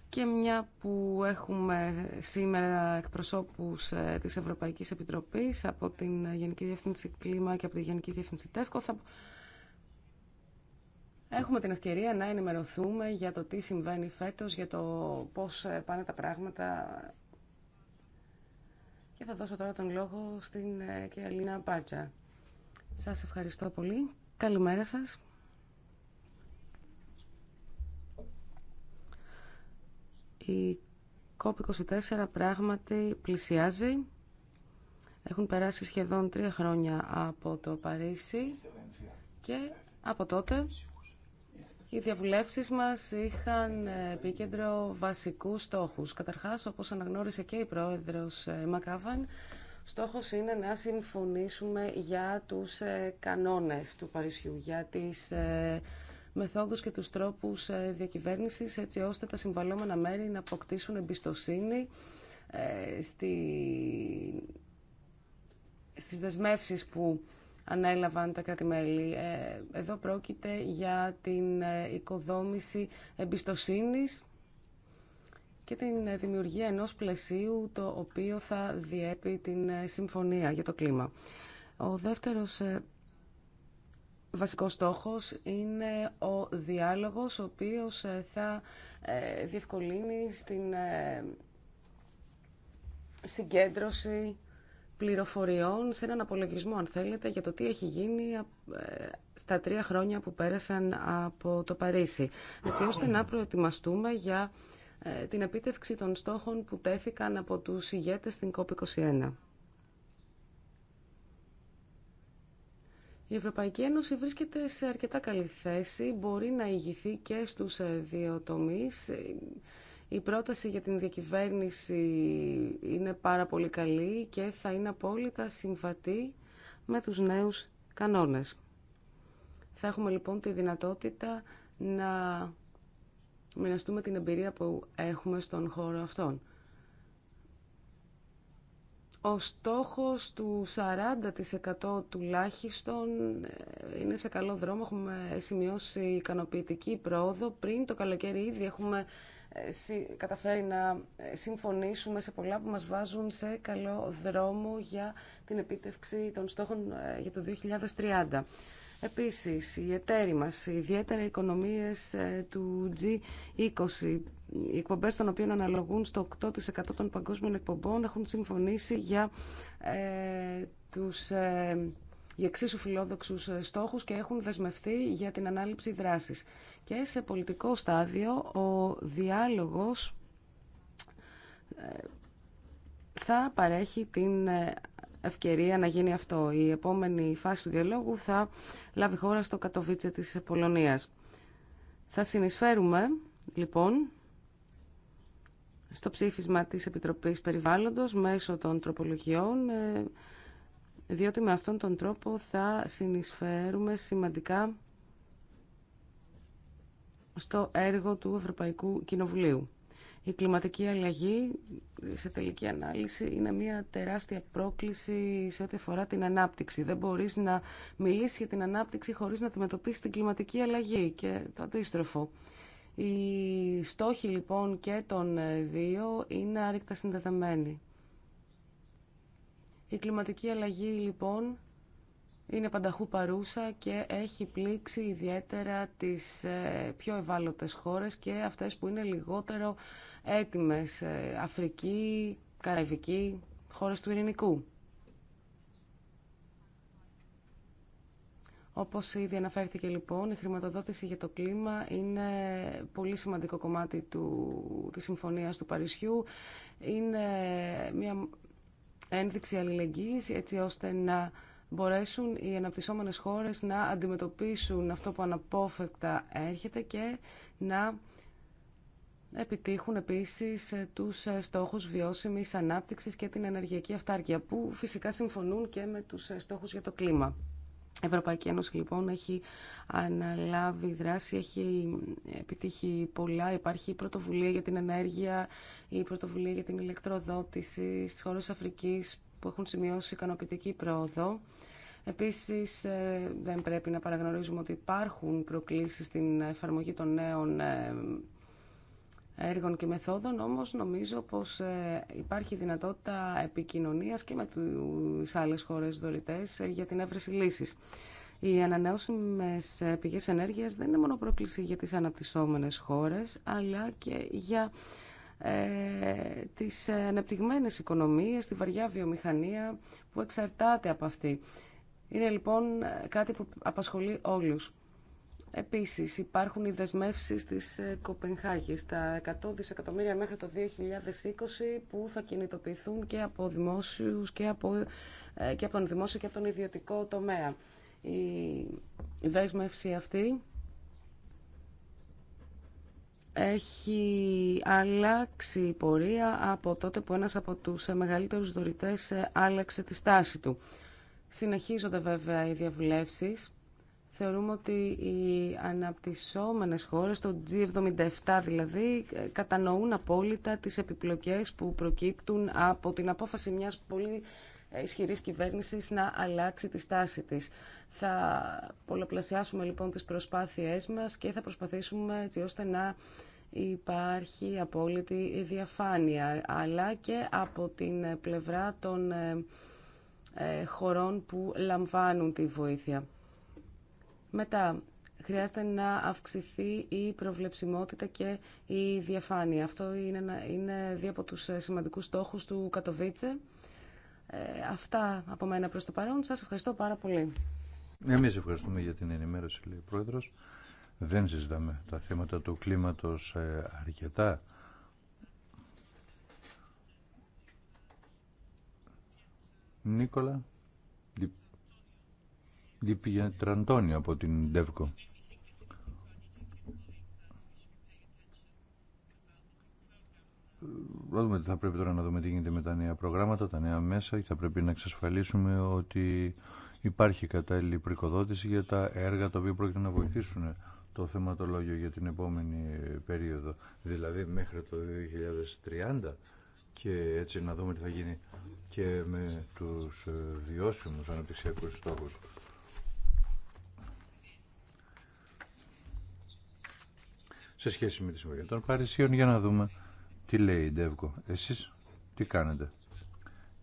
Και μια που έχουμε σήμερα εκπροσώπους ε, της Ευρωπαϊκής Επιτροπής από την Γενική Διεύθυνση Κλίμα και από τη Γενική Διεύθυνση ΤΕΦΚΟ, θα έχουμε την ευκαιρία να ενημερωθούμε για το τι συμβαίνει φέτος, για το πώς ε, πάνε τα πράγματα. Και θα δώσω τώρα τον λόγο στην ε, κυρία Λίνα Μπάρτζα. Σας ευχαριστώ πολύ. Καλημέρα σας. Η COP24 πράγματι πλησιάζει. Έχουν περάσει σχεδόν τρία χρόνια από το Παρίσι και από τότε οι διαβουλεύσεις μας είχαν επίκεντρο βασικούς στόχους. Καταρχάς, όπως αναγνώρισε και η πρόεδρος ε, Μακάβαν, στόχος είναι να συμφωνήσουμε για τους ε, κανόνες του Παρισιού, για τις ε, μεθόδους και τους τρόπους ε, διακυβέρνησης έτσι ώστε τα συμβαλώμενα μέρη να αποκτήσουν εμπιστοσύνη ε, στη... στις δεσμεύσεις που ανέλαβαν τα κράτη-μέλη. Ε, εδώ πρόκειται για την οικοδόμηση εμπιστοσύνης και την δημιουργία ενός πλαισίου το οποίο θα διέπει την συμφωνία για το κλίμα. Ο δεύτερος βασικός στόχος είναι ο διάλογος, ο οποίος ε, θα ε, διευκολύνει στην ε, συγκέντρωση πληροφοριών σε έναν απολογισμό, αν θέλετε, για το τι έχει γίνει στα τρία χρόνια που πέρασαν από το Παρίσι, έτσι ώστε να προετοιμαστούμε για την επίτευξη των στόχων που τέθηκαν από τους ηγέτες στην COP21. Η Ευρωπαϊκή Ένωση βρίσκεται σε αρκετά καλή θέση, μπορεί να ηγηθεί και στους ε, δύο τομείς. Η πρόταση για την διακυβέρνηση είναι πάρα πολύ καλή και θα είναι απόλυτα συμβατή με τους νέους κανόνες. Θα έχουμε λοιπόν τη δυνατότητα να μοιραστούμε την εμπειρία που έχουμε στον χώρο αυτόν ο στόχος του 40% τουλάχιστον ε, είναι σε καλό δρόμο. Έχουμε σημειώσει ικανοποιητική πρόοδο. Πριν το καλοκαίρι ήδη έχουμε ε, καταφέρει να ε, συμφωνήσουμε σε πολλά που μας βάζουν σε καλό δρόμο για την επίτευξη των στόχων για το 2030. Επίσης, οι εταίροι μας, ιδιαίτερα οι οικονομίες του G20, οι εκπομπές των οποίων αναλογούν στο 8% των παγκόσμιων εκπομπών έχουν συμφωνήσει για ε, τους ε, για εξίσου φιλόδοξους ε, στόχους και έχουν δεσμευτεί για την ανάληψη δράσης. Και σε πολιτικό στάδιο ο διάλογος ε, θα παρέχει την ε, ευκαιρία να γίνει αυτό. Η επόμενη φάση του διαλόγου θα λάβει χώρα στο Κατοβίτσε της Πολωνίας. Θα συνεισφέρουμε, λοιπόν, στο ψήφισμα της Επιτροπής Περιβάλλοντος μέσω των τροπολογιών, ε, διότι με αυτόν τον τρόπο θα συνεισφέρουμε σημαντικά στο έργο του Ευρωπαϊκού Κοινοβουλίου. Η κλιματική αλλαγή, σε τελική ανάλυση, είναι μια τεράστια πρόκληση σε ό,τι αφορά την ανάπτυξη. Δεν μπορείς να μιλήσεις για την ανάπτυξη χωρίς να αντιμετωπίσει την κλιματική αλλαγή και το αντίστροφο. Οι στόχοι λοιπόν και των ε, δύο είναι άρρηκτα συνδεδεμένοι. Η κλιματική αλλαγή λοιπόν είναι πανταχού παρούσα και έχει πλήξει ιδιαίτερα τις ε, πιο ευάλωτες χώρες και αυτές που είναι λιγότερο έτοιμες, ε, Αφρική, Καραϊβική, χώρες του Ειρηνικού. Όπως ήδη αναφέρθηκε λοιπόν, η χρηματοδότηση για το κλίμα είναι πολύ σημαντικό κομμάτι του, της Συμφωνίας του Παρισιού. Είναι μια ένδειξη αλληλεγγύης έτσι ώστε να μπορέσουν οι αναπτυσσόμενες χώρες να αντιμετωπίσουν αυτό που αναπόφευκτα έρχεται και να επιτύχουν επίσης ε, τους ε, στόχους βιώσιμης ανάπτυξης και την ενεργειακή αυτάρκεια που φυσικά συμφωνούν και με τους ε, στόχους για το κλίμα. Η Ευρωπαϊκή Ένωση λοιπόν έχει αναλάβει δράση, έχει επιτύχει πολλά. Υπάρχει η πρωτοβουλία για την ενέργεια, η πρωτοβουλία για την ηλεκτροδότηση στις χώρες Αφρικής που έχουν σημειώσει ικανοποιητική πρόοδο. Επίσης, ε, δεν πρέπει να παραγνωρίζουμε ότι υπάρχουν προκλήσεις στην εφαρμογή των νέων ε, έργων και μεθόδων, όμως νομίζω πως ε, υπάρχει δυνατότητα επικοινωνίας και με τις άλλες χώρες δωρητές ε, για την έβρεση λύσης. Οι ανανεώσιμες ε, πηγές ενέργειας δεν είναι μόνο πρόκληση για τις αναπτυσσόμενες χώρες, αλλά και για ε, τις ανεπτυγμένες οικονομίες, τη βαριά βιομηχανία που εξαρτάται από αυτή. Είναι λοιπόν κάτι που απασχολεί όλους. Επίσης υπάρχουν οι δεσμεύσει της ε, Κοπενχάγης, τα 100 δισεκατομμύρια μέχρι το 2020 που θα κινητοποιηθούν και από δημόσιους και από, ε, και από τον δημόσιο και από τον ιδιωτικό τομέα. Η δέσμευση αυτή έχει αλλάξει η πορεία από τότε που ένας από τους ε, μεγαλύτερους δωρητές άλλαξε τη στάση του. Συνεχίζονται βέβαια οι διαβουλεύσεις θεωρούμε ότι οι αναπτυσσόμενες χώρες, το G77 δηλαδή, κατανοούν απόλυτα τις επιπλοκές που προκύπτουν από την απόφαση μιας πολύ ισχυρή κυβέρνηση να αλλάξει τη στάση της. Θα πολλαπλασιάσουμε λοιπόν τις προσπάθειές μας και θα προσπαθήσουμε έτσι ώστε να υπάρχει απόλυτη διαφάνεια, αλλά και από την πλευρά των ε, ε, χωρών που λαμβάνουν τη βοήθεια. Μετά, χρειάζεται να αυξηθεί η προβλεψιμότητα και η διαφάνεια. Αυτό είναι, είναι δύο από τους ε, σημαντικούς στόχους του Κατοβίτσε. Ε, αυτά από μένα προς το παρόν. Σας ευχαριστώ πάρα πολύ. Εμείς ευχαριστούμε για την ενημέρωση, λέει ο Πρόεδρος. Δεν συζητάμε τα θέματα του κλίματος ε, αρκετά. Νίκολα για τραντώνει από την Ρωτούμε Δούμε, θα πρέπει τώρα να δούμε τι γίνεται με τα νέα προγράμματα, τα νέα μέσα και θα πρέπει να εξασφαλίσουμε ότι υπάρχει κατάλληλη προκοδότηση για τα έργα τα οποία πρόκειται να βοηθήσουν το θεματολόγιο για την επόμενη περίοδο, δηλαδή μέχρι το 2030 και έτσι να δούμε τι θα γίνει και με τους ε, βιώσιμους αναπτυξιακούς στόχους. σε σχέση με τη συμμετοχή των Παρισίων για να δούμε τι λέει η Ντεύκο. Εσείς τι κάνετε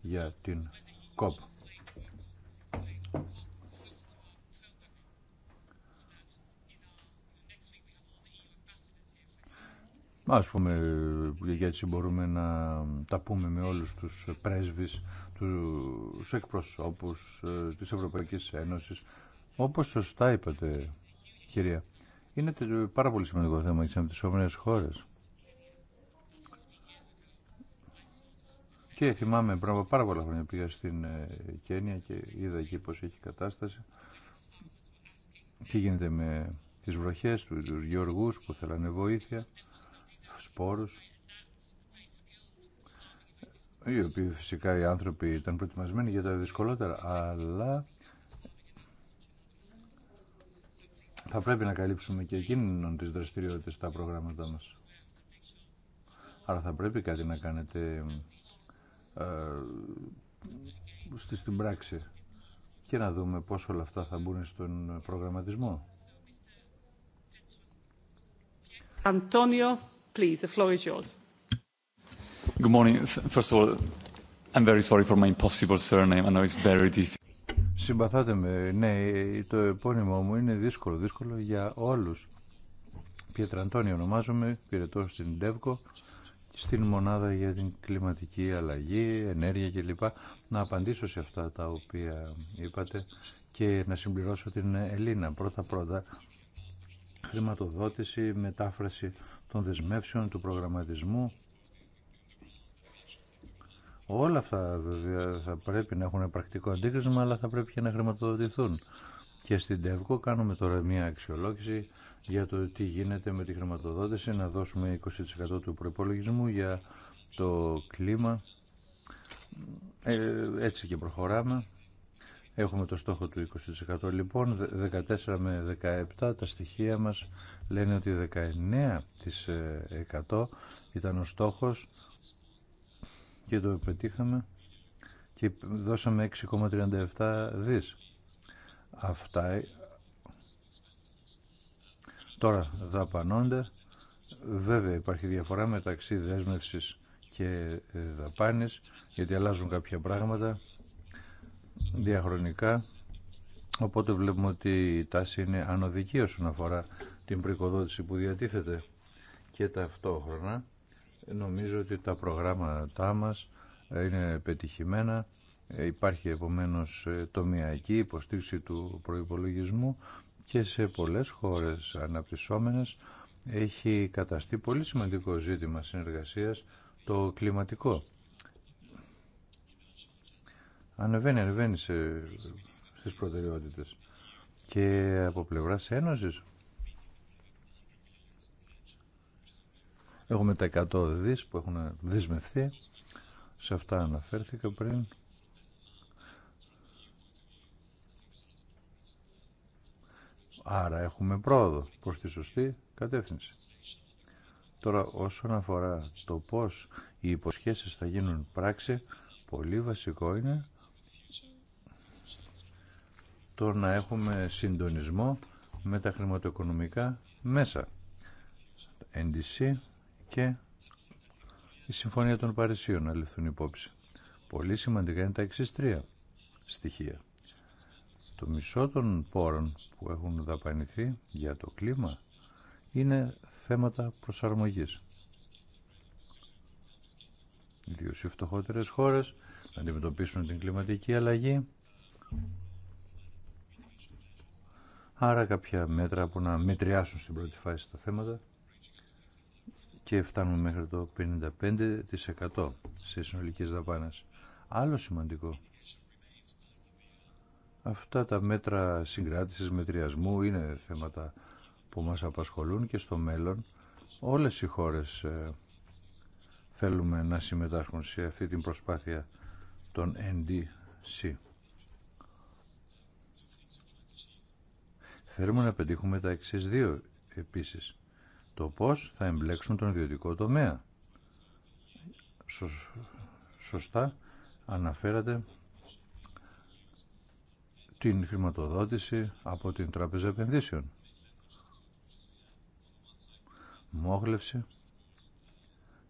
για την ΚΟΠ. Ας πούμε, γιατί μπορούμε να τα πούμε με όλους τους πρέσβεις, τους εκπροσώπους ε, της Ευρωπαϊκής Ένωσης. Όπως σωστά είπατε, κυρία. Είναι πάρα πολύ σημαντικό θέμα για τι αναπτυσσόμενε χώρε. Και θυμάμαι πριν από πάρα πολλά χρόνια πήγα στην ε, Κένια και είδα εκεί πω έχει κατάσταση. Τι γίνεται με τις βροχέ του γεωργού που θέλανε βοήθεια, σπόρους. Οι οποίοι φυσικά οι άνθρωποι ήταν προετοιμασμένοι για τα δυσκολότερα, αλλά θα πρέπει να καλύψουμε και εκείνον τις δραστηριότητες στα προγράμματά μας. Άρα θα πρέπει κάτι να κάνετε ε, στη, στην πράξη και να δούμε πώς όλα αυτά θα μπουν στον προγραμματισμό. Antonio, please, the floor is yours. Good morning. First of all, I'm very sorry for my impossible surname. I know it's very difficult. Συμπαθάτε με. Ναι, το επώνυμό μου είναι δύσκολο, δύσκολο για όλους. Πιέτρα Αντώνη ονομάζομαι, πυρετό στην ΤΕΒΚΟ, στην Μονάδα για την Κλιματική Αλλαγή, Ενέργεια κλπ. Να απαντήσω σε αυτά τα οποία είπατε και να συμπληρώσω την Ελίνα. Πρώτα-πρώτα, χρηματοδότηση, μετάφραση των δεσμεύσεων, του προγραμματισμού, Όλα αυτά βέβαια θα πρέπει να έχουν πρακτικό αντίκρισμα, αλλά θα πρέπει και να χρηματοδοτηθούν. Και στην ΤΕΒΚΟ κάνουμε τώρα μια αξιολόγηση για το τι γίνεται με τη χρηματοδότηση, να δώσουμε 20% του προπολογισμού για το κλίμα. Ε, έτσι και προχωράμε. Έχουμε το στόχο του 20% λοιπόν, 14 με 17 τα στοιχεία μας λένε ότι 19% ήταν ο στόχος και το πετύχαμε και δώσαμε 6,37 δις. Αυτά ε, τώρα δαπανώνται. Βέβαια υπάρχει διαφορά μεταξύ δέσμευσης και ε, δαπάνης γιατί αλλάζουν κάποια πράγματα διαχρονικά οπότε βλέπουμε ότι η τάση είναι ανωδική όσον αφορά την πρικοδότηση που διατίθεται και ταυτόχρονα Νομίζω ότι τα προγράμματά μας ε, είναι πετυχημένα. Ε, υπάρχει επομένως ε, τομιακή υποστήριξη του προϋπολογισμού και σε πολλές χώρες αναπτυσσόμενες έχει καταστεί πολύ σημαντικό ζήτημα συνεργασίας το κλιματικό. Ανεβαίνει, ανεβαίνει σε, στις προτεραιότητες. Και από πλευράς Ένωσης Έχουμε τα 100 δις που έχουν δεσμευθεί. Σε αυτά αναφέρθηκα πριν. Άρα έχουμε πρόοδο προς τη σωστή κατεύθυνση. Τώρα όσον αφορά το πώς οι υποσχέσεις θα γίνουν πράξη, πολύ βασικό είναι το να έχουμε συντονισμό με τα χρηματοοικονομικά μέσα. NDC και η Συμφωνία των Παρισίων να ληφθούν υπόψη. Πολύ σημαντικά είναι τα εξή τρία στοιχεία. Το μισό των πόρων που έχουν δαπανηθεί για το κλίμα είναι θέματα προσαρμογής. Ιδίω οι φτωχότερε χώρε να αντιμετωπίσουν την κλιματική αλλαγή. Άρα κάποια μέτρα που να μετριάσουν στην πρώτη φάση τα θέματα και φτάνουμε μέχρι το 55% σε συνολικές δαπάνες. Άλλο σημαντικό. Αυτά τα μέτρα συγκράτησης, μετριασμού είναι θέματα που μας απασχολούν και στο μέλλον όλες οι χώρες ε, θέλουμε να συμμετάσχουν σε αυτή την προσπάθεια των NDC. Θέλουμε να πετύχουμε τα εξής δύο επίσης το πώς θα εμπλέξουν τον ιδιωτικό τομέα. Σωστά αναφέρατε την χρηματοδότηση από την Τράπεζα Επενδύσεων. Μόγλευση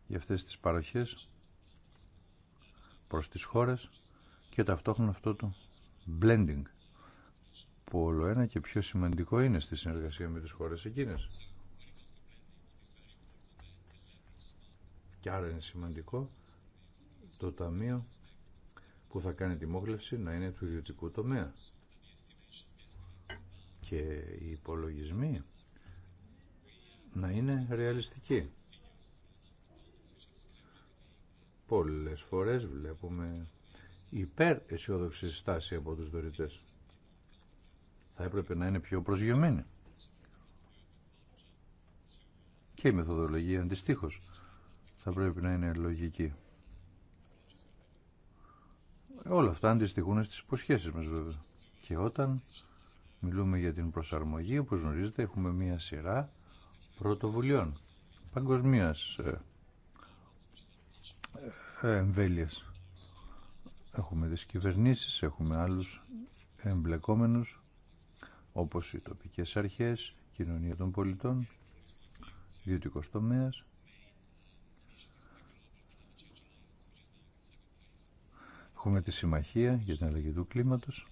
για αυτές τις παροχές προς τις χώρες και ταυτόχρονα αυτό το blending που όλο ένα και πιο σημαντικό είναι στη συνεργασία με τις χώρες εκείνες. Και άρα είναι σημαντικό το ταμείο που θα κάνει τη μόχλευση να είναι του ιδιωτικού τομέα. Και οι υπολογισμοί να είναι ρεαλιστικοί. Πολλές φορές βλέπουμε υπέρ αισιόδοξη στάση από τους δωρητές. Θα έπρεπε να είναι πιο προσγειωμένοι. Και η μεθοδολογία αντιστοίχως θα πρέπει να είναι λογική. Όλα αυτά αντιστοιχούν στις υποσχέσεις μας βέβαια. Και όταν μιλούμε για την προσαρμογή, όπως γνωρίζετε, έχουμε μία σειρά πρωτοβουλειών παγκοσμία ε, ε, εμβέλειας. Έχουμε τις κυβερνήσεις, έχουμε άλλους εμπλεκόμενους, όπως οι τοπικές αρχές, κοινωνία των πολιτών, ιδιωτικός τομέας, Έχουμε τη Συμμαχία για την αλλαγή του κλίματος.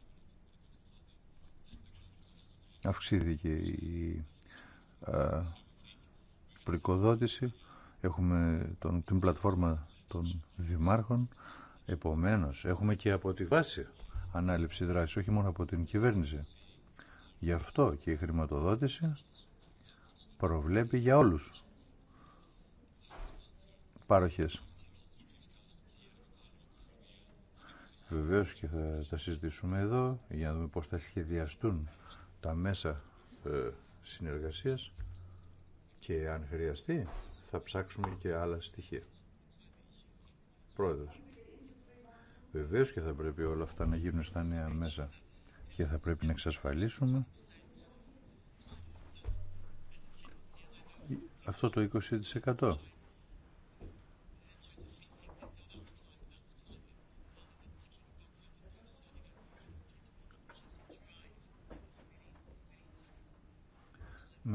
Αυξήθηκε η α, ε, πρικοδότηση. Έχουμε τον, την πλατφόρμα των δημάρχων. Επομένως, έχουμε και από τη βάση ανάληψη δράση, όχι μόνο από την κυβέρνηση. Γι' αυτό και η χρηματοδότηση προβλέπει για όλους πάροχες Βεβαίως και θα τα συζητήσουμε εδώ για να δούμε πώς θα σχεδιαστούν τα μέσα ε, συνεργασίας και αν χρειαστεί θα ψάξουμε και άλλα στοιχεία. Πρόεδρος. Βεβαίως και θα πρέπει όλα αυτά να γίνουν στα νέα μέσα και θα πρέπει να εξασφαλίσουμε αυτό το 20%.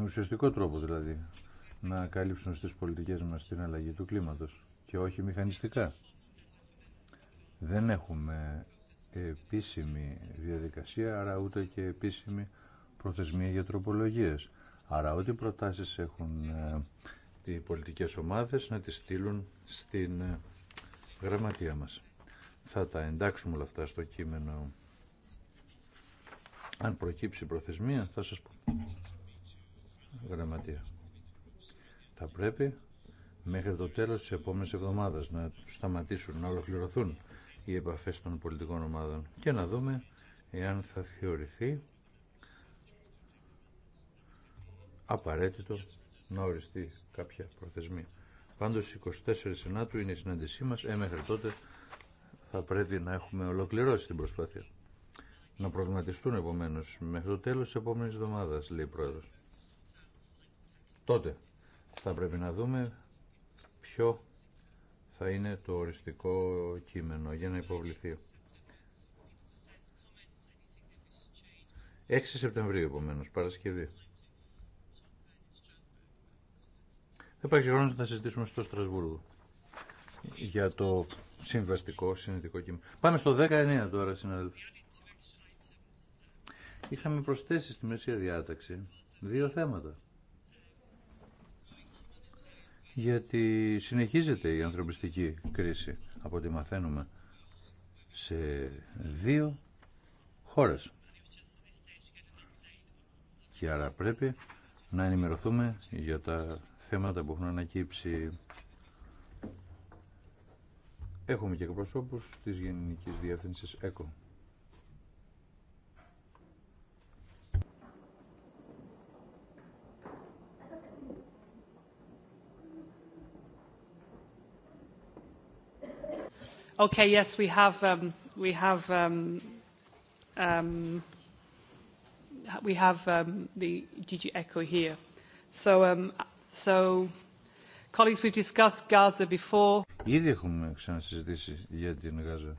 ουσιαστικό τρόπο δηλαδή να καλύψουν στις πολιτικές μας την αλλαγή του κλίματος και όχι μηχανιστικά. Δεν έχουμε επίσημη διαδικασία, άρα ούτε και επίσημη προθεσμία για τροπολογίες. Άρα ό,τι προτάσεις έχουν ε, οι πολιτικές ομάδες να τις στείλουν στην ε, γραμματεία μας. Θα τα εντάξουμε όλα αυτά στο κείμενο. Αν προκύψει προθεσμία θα σας πω γραμματεία. Θα πρέπει μέχρι το τέλος της επόμενης εβδομάδας να σταματήσουν, να ολοκληρωθούν οι επαφές των πολιτικών ομάδων και να δούμε εάν θα θεωρηθεί απαραίτητο να οριστεί κάποια προθεσμία. Πάντως 24 Σενάτου είναι η συνάντησή μας, ε, μέχρι τότε θα πρέπει να έχουμε ολοκληρώσει την προσπάθεια. Να προβληματιστούν επομένως μέχρι το τέλος της επόμενης εβδομάδας, λέει η Πρόεδρος τότε θα πρέπει να δούμε ποιο θα είναι το οριστικό κείμενο για να υποβληθεί. 6 Σεπτεμβρίου, επομένω, Παρασκευή. Θα υπάρξει χρόνο να συζητήσουμε στο Στρασβούργο για το συμβαστικό συνετικό κείμενο. Πάμε στο 19 τώρα, συνάδελφοι. Είχαμε προσθέσει στη μέση διάταξη δύο θέματα γιατί συνεχίζεται η ανθρωπιστική κρίση από ό,τι μαθαίνουμε σε δύο χώρες. Και άρα πρέπει να ενημερωθούμε για τα θέματα που έχουν ανακύψει. Έχουμε και εκπροσώπους της Γενικής Διεύθυνσης ΕΚΟ. Okay, yes, we have, we have, we have the DG Echo here. So, so, colleagues, we've discussed Gaza before. Ήδη έχουμε ξανασυζητήσει για την Γάζα.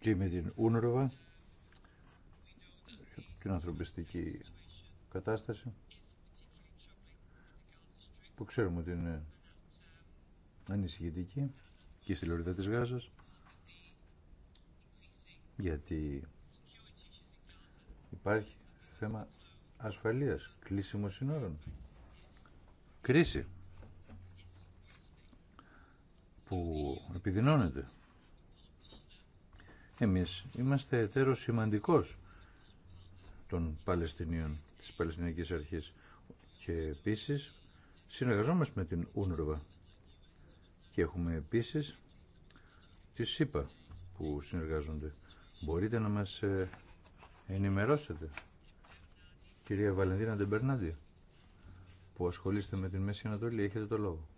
Και με την UNRWA, την ανθρωπιστική κατάσταση που ξέρουμε ότι είναι ανησυχητική και στη λωρίδα της Γάζας γιατί υπάρχει θέμα ασφαλείας, κλείσιμο συνόρων. Κρίση που επιδεινώνεται. Εμείς είμαστε εταίρος σημαντικός των Παλαιστινίων, της Παλαιστινιακής Αρχής και επίσης συνεργαζόμαστε με την UNRWA και έχουμε επίσης τη ΣΥΠΑ που συνεργάζονται. Μπορείτε να μας ε, ενημερώσετε, κυρία Βαλεντίνα Ντεμπερνάντη, που ασχολείστε με την Μέση Ανατολή. Έχετε το λόγο.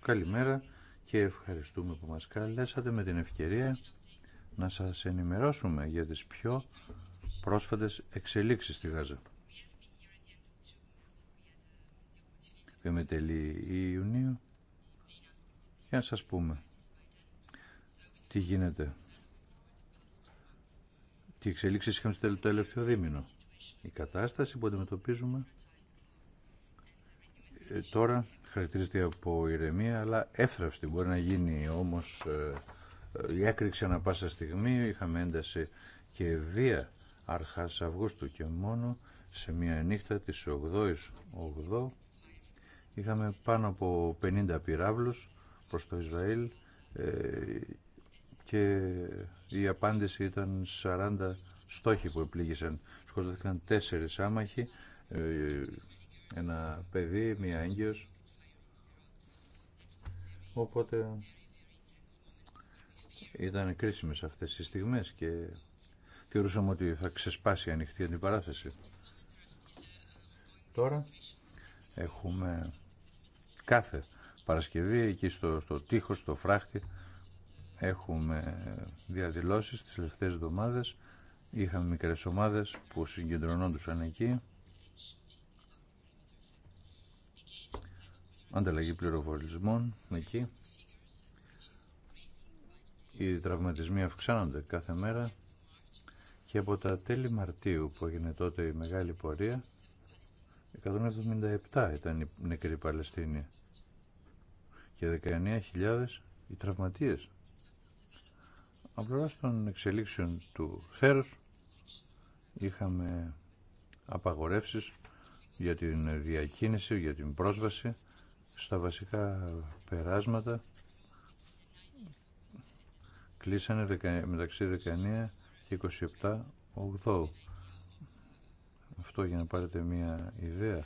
Καλημέρα και ευχαριστούμε που μας καλέσατε με την ευκαιρία να σας ενημερώσουμε για τις πιο πρόσφατες εξελίξεις στη Γάζα. Είμαι τελείο Ιουνίου για να σας πούμε τι γίνεται. Τι εξελίξεις είχαμε στο τελευταίο δίμηνο. Η κατάσταση που αντιμετωπίζουμε ε, τώρα χαρακτηρίζεται από ηρεμία αλλά εύθραυστη. Μπορεί να γίνει όμως ε, ε, η έκρηξη ανα πάσα στιγμή. Είχαμε ένταση και βία αρχάς Αυγούστου και μόνο σε μια νύχτα της 8ης 8 8 πάνω από 50 πυράβλους προς το Ισραήλ ε, και η απάντηση ήταν 40 στόχοι που επλήγησαν. Σκοτώθηκαν τέσσερις άμαχοι, ε, ένα παιδί, μία έγκυος. Οπότε ήταν κρίσιμες αυτές οι στιγμές και θεωρούσαμε ότι θα ξεσπάσει η ανοιχτή αντιπαράθεση. Τώρα έχουμε κάθε Παρασκευή εκεί στο, στο τείχο, στο φράχτη έχουμε διαδηλώσεις τις τελευταίες εβδομάδες είχαμε μικρές ομάδες που συγκεντρωνόντουσαν εκεί ανταλλαγή πληροφορισμών εκεί οι τραυματισμοί αυξάνονται κάθε μέρα και από τα τέλη Μαρτίου που έγινε τότε η μεγάλη πορεία 177 ήταν οι νεκροί Παλαιστίνοι και 19.000 οι τραυματίες. Απλώς των εξελίξεων του θέρους είχαμε απαγορεύσεις για την διακίνηση, για την πρόσβαση στα βασικά περάσματα. Κλείσανε μεταξύ 19 και 27 8. Αυτό για να πάρετε μία ιδέα.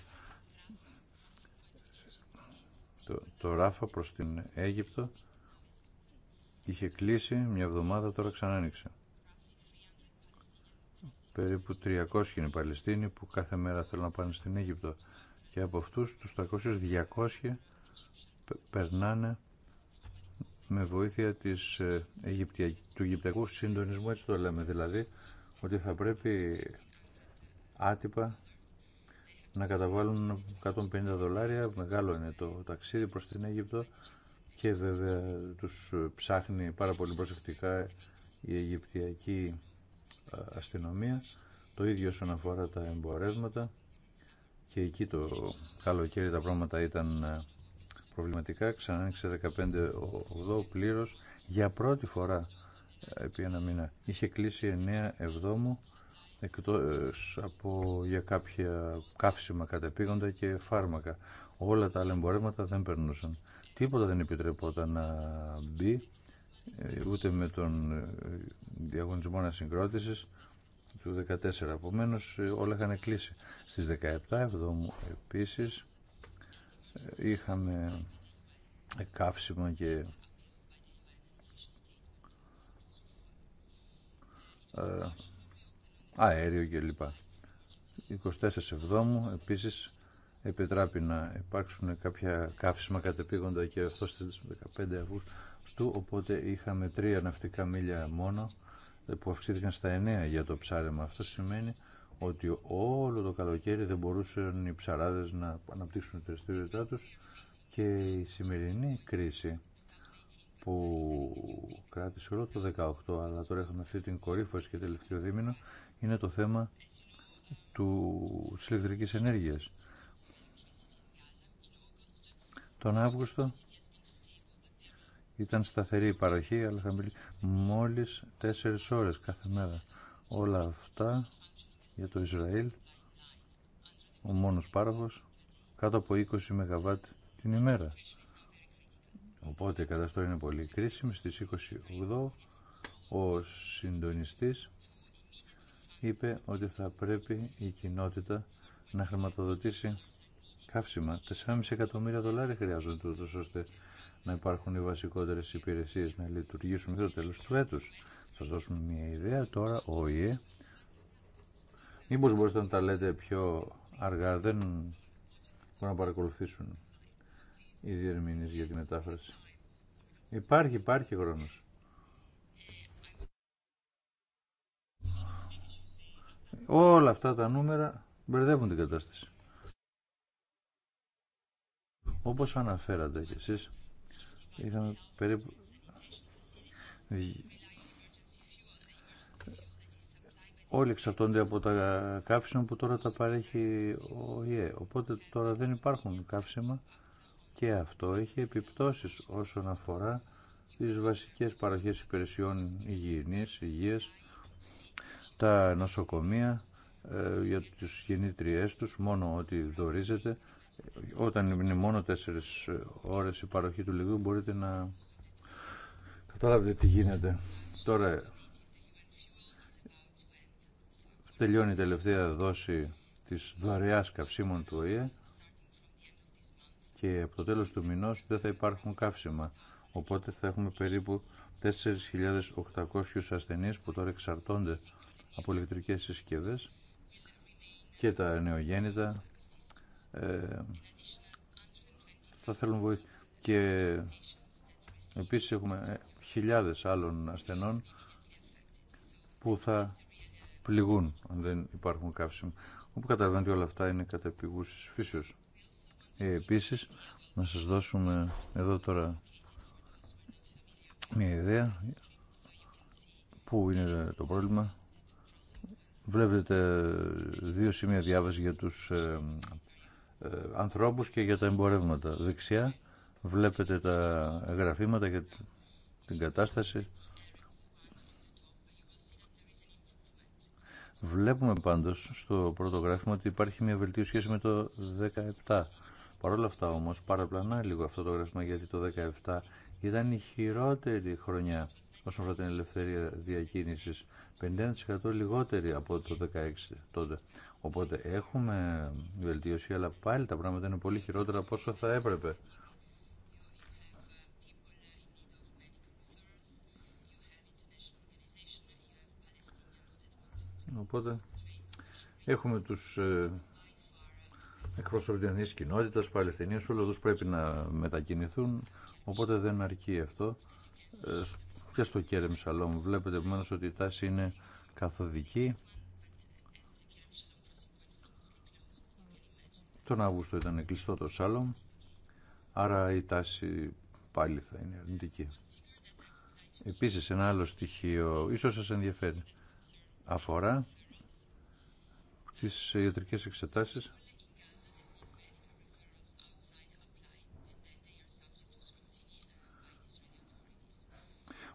Το, το Ράφα προς την Αίγυπτο είχε κλείσει μια εβδομάδα, τώρα ξανά άνοιξε. Περίπου 300 είναι οι Παλαιστίνοι που κάθε μέρα θέλουν να πάνε στην Αίγυπτο. Και από αυτούς τους 300-200 περνάνε με βοήθεια της, ε, του Αιγυπτιακού συντονισμού, έτσι το λέμε, δηλαδή ότι θα πρέπει άτυπα να καταβάλουν 150 δολάρια, μεγάλο είναι το ταξίδι προς την Αίγυπτο και βέβαια τους ψάχνει πάρα πολύ προσεκτικά η Αιγυπτιακή ε, αστυνομία, το ίδιο όσον αφορά τα εμπορεύματα και εκεί το καλοκαίρι τα πράγματα ήταν ε, προβληματικά ανοιξε 15 15-8 πλήρω. για πρώτη φορά ε, επί ένα μήνα. Είχε κλείσει 9 εβδόμου ε, από για κάποια καύσιμα κατεπήγοντα και φάρμακα. Όλα τα άλλα εμπορεύματα δεν περνούσαν. Τίποτα δεν επιτρεπόταν να μπει ε, ούτε με τον διαγωνισμό ανασυγκρότηση του 14. Επομένω όλα είχαν κλείσει. Στις 17 εβδόμου επίσης είχαμε καύσιμο και ε, αέριο και λοιπά. 24 Εβδόμου επίσης επιτράπει να υπάρξουν κάποια καύσιμα κατεπήγοντα και αυτό στις 15 Αυγούστου οπότε είχαμε τρία ναυτικά μίλια μόνο ε, που αυξήθηκαν στα 9 για το ψάρεμα. Αυτό σημαίνει ότι όλο το καλοκαίρι δεν μπορούσαν οι ψαράδες να αναπτύξουν τη δραστηριότητά τους και η σημερινή κρίση που κράτησε όλο το 18 αλλά τώρα έχουμε αυτή την κορύφωση και τελευταίο δίμηνο είναι το θέμα του, της ηλεκτρικής ενέργειας. Τον Αύγουστο ήταν σταθερή η παροχή αλλά μόλις 4 ώρες κάθε μέρα. Όλα αυτά για το Ισραήλ ο μόνος πάροχος κάτω από 20 ΜΒ την ημέρα. Οπότε η κατάσταση είναι πολύ κρίσιμη. Στις 28 ο συντονιστής είπε ότι θα πρέπει η κοινότητα να χρηματοδοτήσει καύσιμα. 4,5 εκατομμύρια δολάρια χρειάζονται ούτως ώστε να υπάρχουν οι βασικότερες υπηρεσίες να λειτουργήσουν μέχρι το τέλο του έτους. Σας δώσουμε μια ιδέα τώρα ο ΙΕ Μήπως μπορείτε να τα λέτε πιο αργά, δεν μπορούν να παρακολουθήσουν οι διερμηνείς για τη μετάφραση. Υπάρχει, υπάρχει χρόνος. Όλα αυτά τα νούμερα μπερδεύουν την κατάσταση. Όπως αναφέρατε κι εσείς, είχαμε περίπου όλοι εξαρτώνται από τα καύσιμα που τώρα τα παρέχει ο ΙΕ. Οπότε τώρα δεν υπάρχουν καύσιμα και αυτό έχει επιπτώσεις όσον αφορά τις βασικές παροχές υπηρεσιών υγιεινής, υγείας, τα νοσοκομεία ε, για τους γεννήτριές τους, μόνο ότι δορίζεται. Όταν είναι μόνο τέσσερις ώρες η παροχή του λιγού μπορείτε να καταλάβετε τι γίνεται. Τώρα Τελειώνει η τελευταία δόση της δωρεάς καυσίμων του ΟΗΕ και από το τέλος του μηνός δεν θα υπάρχουν καύσιμα. Οπότε θα έχουμε περίπου 4.800 ασθενείς που τώρα εξαρτώνται από ηλεκτρικές συσκευές και τα νεογέννητα ε, θα θέλουν βοήθεια. Και επίσης έχουμε ε, χιλιάδες άλλων ασθενών που θα πληγούν αν δεν υπάρχουν καύσιμα. Όπου καταλαβαίνετε όλα αυτά είναι κατά επίγουσης ε, επίσης, να σας δώσουμε εδώ τώρα μια ιδέα πού είναι το πρόβλημα. Βλέπετε δύο σημεία διάβαση για τους ε, ε, ανθρώπους και για τα εμπορεύματα. Δεξιά βλέπετε τα γραφήματα για την κατάσταση Βλέπουμε πάντω στο πρώτο γράφημα ότι υπάρχει μια βελτίωση σχέση με το 17. Παρ' όλα αυτά όμως παραπλανά λίγο αυτό το γράφημα γιατί το 17 ήταν η χειρότερη χρονιά όσον αφορά την ελευθερία διακίνησης. 51% λιγότερη από το 16 τότε. Οπότε έχουμε βελτίωση αλλά πάλι τα πράγματα είναι πολύ χειρότερα από όσο θα έπρεπε. Οπότε έχουμε τους ε, εκπρόσωπους κοινότητα, κοινότητας, όλο όλοι πρέπει να μετακινηθούν, οπότε δεν αρκεί αυτό. Ε, και στο Κέρεμ Σαλόμ βλέπετε επομένω ότι η τάση είναι καθοδική. Τον Αύγουστο ήταν κλειστό το Σάλομ, άρα η τάση πάλι θα είναι αρνητική. Επίσης ένα άλλο στοιχείο, ίσως σας ενδιαφέρει, αφορά τις ιατρικές εξετάσεις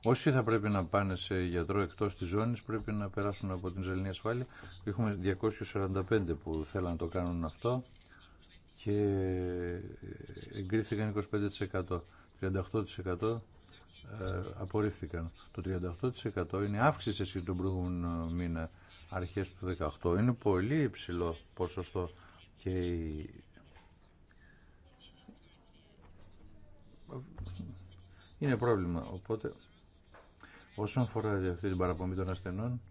Όσοι θα πρέπει να πάνε σε γιατρό εκτός της ζώνης πρέπει να περάσουν από την ζελνή ασφάλεια. Έχουμε 245 που θέλαν να το κάνουν αυτό και εγκρίθηκαν 25%, 38% ε, απορρίφθηκαν. Το 38% είναι αύξηση σε τον προηγούμενο μήνα αρχές του 18. Είναι πολύ υψηλό ποσοστό και είναι πρόβλημα. Οπότε όσον αφορά αυτή την παραπομπή των ασθενών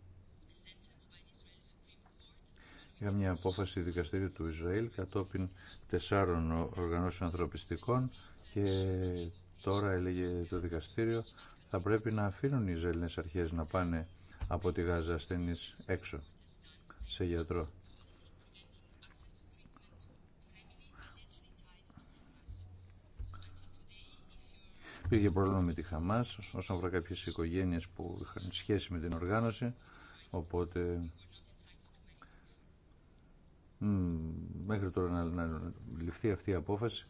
για μια απόφαση δικαστηρίου του Ισραήλ κατόπιν τεσσάρων οργανώσεων ανθρωπιστικών και τώρα, έλεγε το δικαστήριο, θα πρέπει να αφήνουν οι Ισραηλινές αρχές να πάνε από τη Γάζα ασθενείς έξω, σε γιατρό. Υπήρχε πρόβλημα με τη Χαμάς όσον αφορά κάποιες οικογένειες που είχαν σχέση με την οργάνωση, οπότε μέχρι τώρα να, να ληφθεί αυτή η απόφαση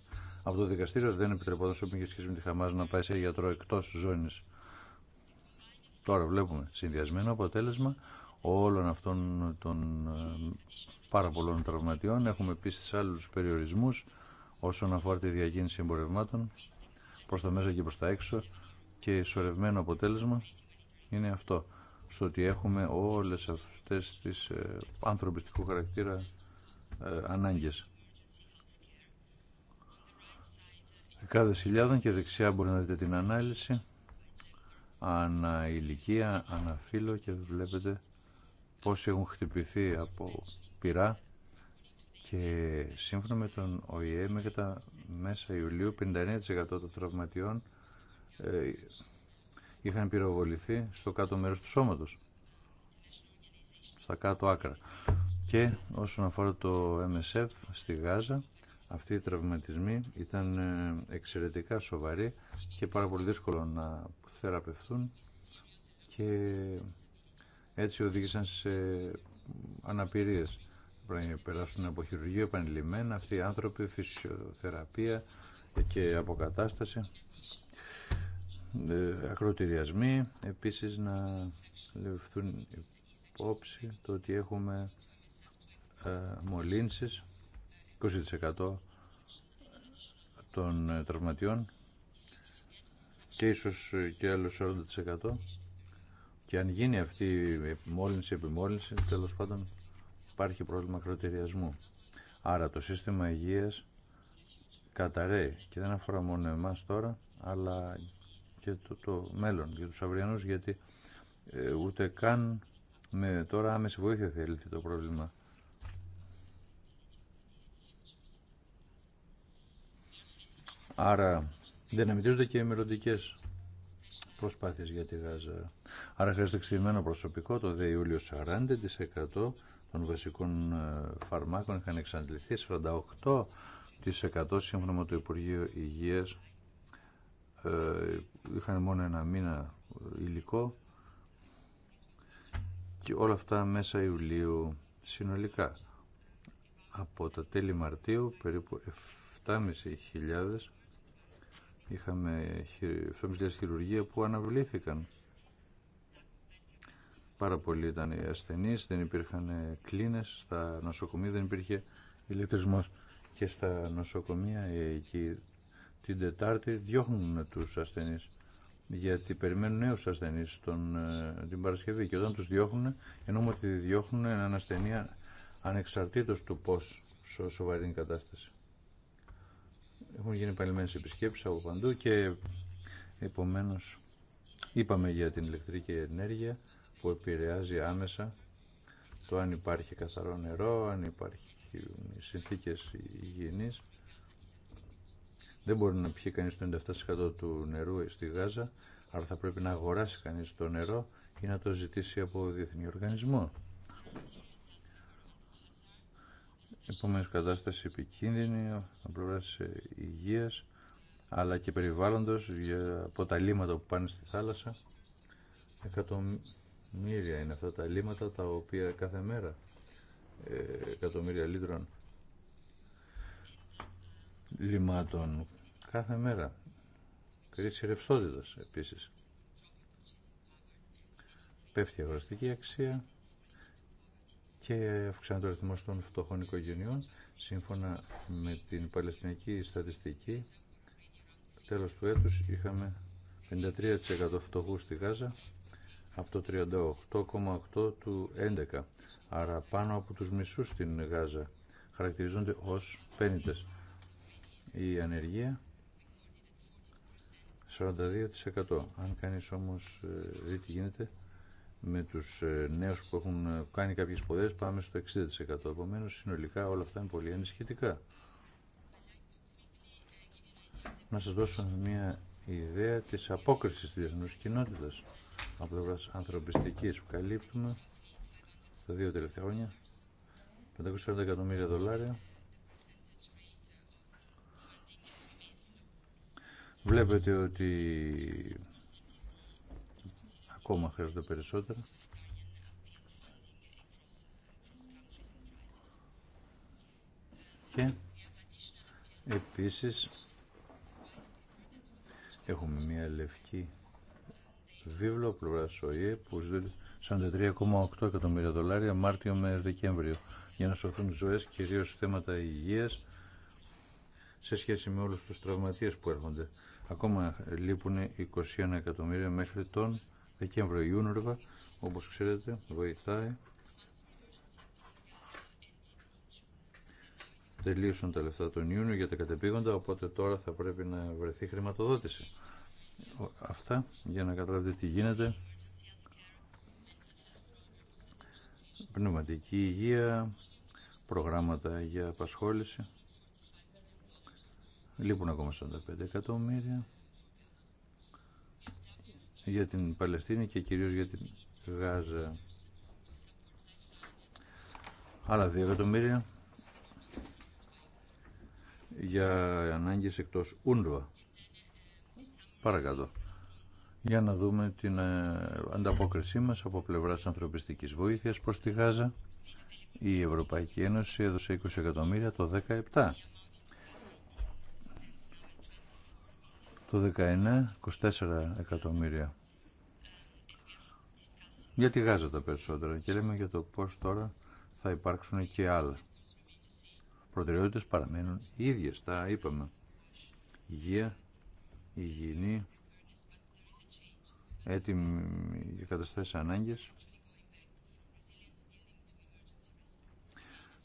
από το δικαστήριο δεν επιτρεπόταν σε και σχέση με τη Χαμά να πάει σε γιατρό εκτός ζώνη. Τώρα βλέπουμε συνδυασμένο αποτέλεσμα όλων αυτών των ε, πάρα πολλών τραυματιών. Έχουμε επίση άλλους περιορισμούς όσον αφορά τη διακίνηση εμπορευμάτων προ τα μέσα και προς τα έξω και ισορρευμένο αποτέλεσμα είναι αυτό στο ότι έχουμε όλες αυτές τις ε, ανθρωπιστικού χαρακτήρα ε, ανάγκες. δεκάδες χιλιάδων και δεξιά μπορεί να δείτε την ανάλυση ανά ηλικία, και βλέπετε πόσοι έχουν χτυπηθεί από πυρά και σύμφωνα με τον ΟΗΕ μέχρι τα μέσα Ιουλίου 59% των τραυματιών ε, είχαν πυροβοληθεί στο κάτω μέρος του σώματος στα κάτω άκρα και όσον αφορά το MSF στη Γάζα αυτοί οι τραυματισμοί ήταν ε, εξαιρετικά σοβαροί και πάρα πολύ δύσκολο να θεραπευθούν και έτσι οδήγησαν σε αναπηρίες. Πρέπει να περάσουν από χειρουργείο επανειλημμένα αυτοί οι άνθρωποι, φυσιοθεραπεία και αποκατάσταση. Ε, ακροτηριασμοί, επίσης να λεφθούν υπόψη το ότι έχουμε ε, μολύνσεις 20% των ε, τραυματιών και ίσως ε, και άλλο 40% και αν γίνει αυτή η επιμόλυνση, επιμόλυνση, τέλος πάντων υπάρχει πρόβλημα κροτηριασμού Άρα το σύστημα υγείας καταραίει και δεν αφορά μόνο εμάς τώρα, αλλά και το, το μέλλον, για τους αυριανούς, γιατί ε, ούτε καν με τώρα άμεση βοήθεια θα το πρόβλημα. Άρα δυναμητίζονται και οι μελλοντικέ προσπάθειες για τη Γάζα. Άρα χρειάζεται εξειδημένο προσωπικό, το δε Ιούλιο 40% των βασικών ε, φαρμάκων είχαν εξαντληθεί, 48% σύμφωνα με το Υπουργείο Υγείας ε, είχαν μόνο ένα μήνα ε, υλικό και όλα αυτά μέσα Ιουλίου συνολικά. Από τα τέλη Μαρτίου περίπου 7.500 Είχαμε 7.000 χειρουργία που αναβλήθηκαν. Πάρα πολλοί ήταν οι ασθενείς, δεν υπήρχαν κλίνες, στα νοσοκομεία δεν υπήρχε ηλεκτρισμός. Και στα νοσοκομεία εκεί την Τετάρτη διώχνουν τους ασθενείς γιατί περιμένουν νέου ασθενεί ε, την Παρασκευή και όταν τους διώχνουν ενώ ότι διώχνουν έναν ασθενή ανεξαρτήτως του πώς σοβαρή είναι η κατάσταση. Έχουν γίνει παλιμένες επισκέψεις από παντού και επομένως είπαμε για την ηλεκτρική ενέργεια που επηρεάζει άμεσα το αν υπάρχει καθαρό νερό, αν υπάρχει συνθήκες υγιεινής. Δεν μπορεί να πιει κανείς το 97% του νερού στη Γάζα, αλλά θα πρέπει να αγοράσει κανείς το νερό ή να το ζητήσει από διεθνή οργανισμό. Επόμενη κατάσταση επικίνδυνη από πλευρά ε, υγείας αλλά και περιβάλλοντος για, από τα λίμματα που πάνε στη θάλασσα. Εκατομμύρια είναι αυτά τα λίμματα τα οποία κάθε μέρα ε, εκατομμύρια λίτρων λιμάτων κάθε μέρα. Κρίση ρευστότητας επίσης. Πέφτει η αγοραστική αξία και αυξάνεται ο αριθμό των φτωχών οικογενειών. Σύμφωνα με την Παλαιστινική Στατιστική, τέλος του έτους είχαμε 53% φτωχού στη Γάζα από το 38,8% του 11%. Άρα πάνω από τους μισούς στην Γάζα χαρακτηρίζονται ως πέννητες. Η ανεργία 42%. Αν κανείς όμως ε, δει τι γίνεται, με τους ε, νέους που έχουν ε, κάνει κάποιες σπουδές πάμε στο 60%. Επομένως, συνολικά όλα αυτά είναι πολύ ανησυχητικά. Να σας δώσω μια ιδέα της απόκρισης της διεθνούς κοινότητας από πλευρά ανθρωπιστικής που καλύπτουμε τα δύο τελευταία χρόνια 540 εκατομμύρια δολάρια βλέπετε ότι ακόμα χρειάζονται περισσότερα. Και επίσης έχουμε μια λευκή βίβλο πλευρά που ζητεί 43,8 εκατομμύρια δολάρια Μάρτιο με Δεκέμβριο για να σωθούν ζωές κυρίως θέματα υγείας σε σχέση με όλους τους τραυματίες που έρχονται. Ακόμα λείπουν 21 εκατομμύρια μέχρι τον Δεκέμβριο η Ιούνορβα, όπως ξέρετε, βοηθάει. Τελείωσαν τα λεφτά τον Ιούνιο για τα κατεπήγοντα, οπότε τώρα θα πρέπει να βρεθεί χρηματοδότηση. Αυτά για να καταλάβετε τι γίνεται. Πνευματική υγεία, προγράμματα για απασχόληση. Λείπουν ακόμα 45 εκατομμύρια για την Παλαιστίνη και κυρίως για την Γάζα. Άλλα δύο εκατομμύρια για ανάγκες εκτός Ούνρουα. Παρακαλώ. Για να δούμε την ε, ανταπόκρισή μας από πλευράς ανθρωπιστικής βοήθειας προς τη Γάζα. Η Ευρωπαϊκή Ένωση έδωσε 20 εκατομμύρια το 17 Το 19, 24 εκατομμύρια. Για τη Γάζα τα περισσότερα και λέμε για το πώς τώρα θα υπάρξουν και άλλα. Προτεραιότητες παραμένουν οι ίδιες, τα είπαμε. Υγεία, υγιεινή, έτοιμη για καταστάσεις ανάγκες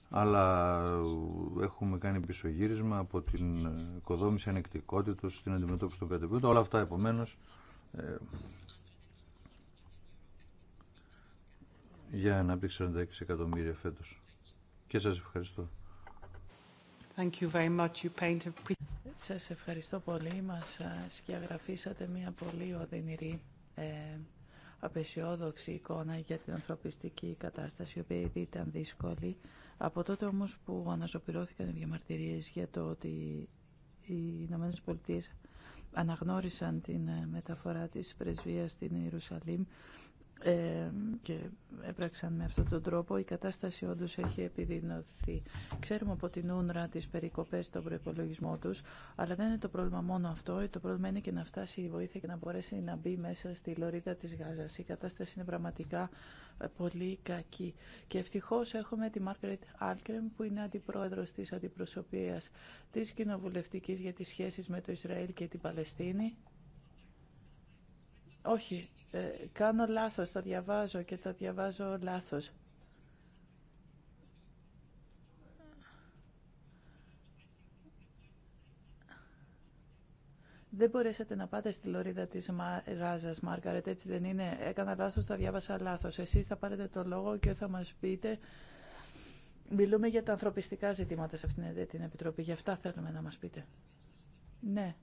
αλλά έχουμε κάνει πισωγύρισμα από την οικοδόμηση ανεκτικότητος στην αντιμετώπιση των κατεπλούτων. Όλα αυτά επομένως ε, για να 46 εκατομμύρια φέτος. Και σας ευχαριστώ. Thank you very much. You paint Σας ευχαριστώ πολύ. Μας ε, σκιαγραφίσατε μια πολύ οδυνηρή ε, απεσιόδοξη εικόνα για την ανθρωπιστική κατάσταση, η οποία ήδη ήταν δύσκολη. Από τότε όμως που αναζωπηρώθηκαν οι διαμαρτυρίες για το ότι οι Ηνωμένε Πολιτείε αναγνώρισαν την μεταφορά της πρεσβείας στην Ιερουσαλήμ, και έπραξαν με αυτόν τον τρόπο, η κατάσταση όντω έχει επιδεινωθεί. Ξέρουμε από την Ούνρα τι περικοπέ στον προπολογισμό του, αλλά δεν είναι το πρόβλημα μόνο αυτό. Το πρόβλημα είναι και να φτάσει η βοήθεια και να μπορέσει να μπει μέσα στη λωρίδα τη Γάζα. Η κατάσταση είναι πραγματικά ε, πολύ κακή. Και ευτυχώ έχουμε τη Μάρκρετ Άλκρεμ, που είναι αντιπρόεδρο τη αντιπροσωπεία τη κοινοβουλευτική για τι σχέσει με το Ισραήλ και την Παλαιστίνη. Όχι, ε, κάνω λάθος, τα διαβάζω και τα διαβάζω λάθος. Δεν μπορέσατε να πάτε στη λωρίδα της Γάζας, Μάρκαρετ, έτσι δεν είναι. Έκανα λάθος, τα διάβασα λάθος. Εσείς θα πάρετε το λόγο και θα μας πείτε... Μιλούμε για τα ανθρωπιστικά ζητήματα σε αυτήν την Επιτροπή. Γι' αυτά θέλουμε να μας πείτε. Ναι,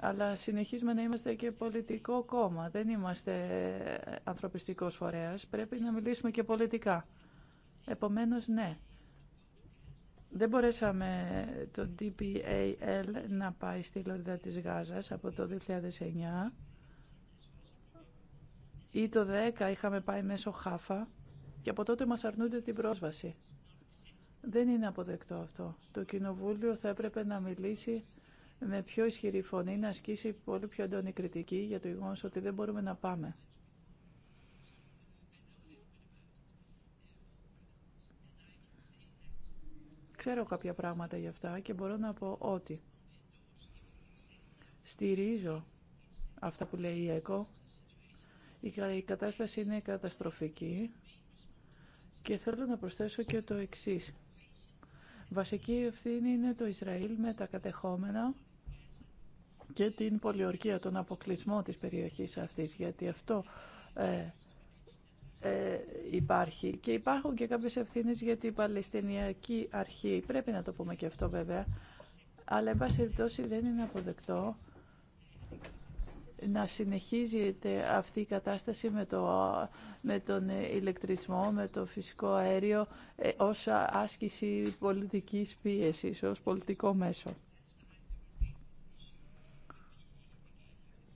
αλλά συνεχίζουμε να είμαστε και πολιτικό κόμμα. Δεν είμαστε ανθρωπιστικός φορέας. Πρέπει να μιλήσουμε και πολιτικά. Επομένως, ναι. Δεν μπορέσαμε το DPAL να πάει στη Λόριδα της Γάζας από το 2009 ή το 10 είχαμε πάει μέσω χάφα και από τότε μας αρνούνται την πρόσβαση. Δεν είναι αποδεκτό αυτό. Το Κοινοβούλιο θα έπρεπε να μιλήσει με πιο ισχυρή φωνή να ασκήσει πολύ πιο έντονη κριτική για το γεγονό ότι δεν μπορούμε να πάμε. Ξέρω κάποια πράγματα γι' αυτά και μπορώ να πω ότι στηρίζω αυτά που λέει η ΕΚΟ. Η κατάσταση είναι καταστροφική και θέλω να προσθέσω και το εξής. Βασική ευθύνη είναι το Ισραήλ με τα κατεχόμενα και την πολιορκία, τον αποκλεισμό της περιοχής αυτής, γιατί αυτό ε, ε, υπάρχει. Και υπάρχουν και κάποιες ευθύνε για την Παλαιστινιακή Αρχή. Πρέπει να το πούμε και αυτό βέβαια. Αλλά, εν περιπτώσει, δεν είναι αποδεκτό να συνεχίζεται αυτή η κατάσταση με, το, με τον ηλεκτρισμό, με το φυσικό αέριο, ε, ως άσκηση πολιτικής πίεσης, ως πολιτικό μέσο.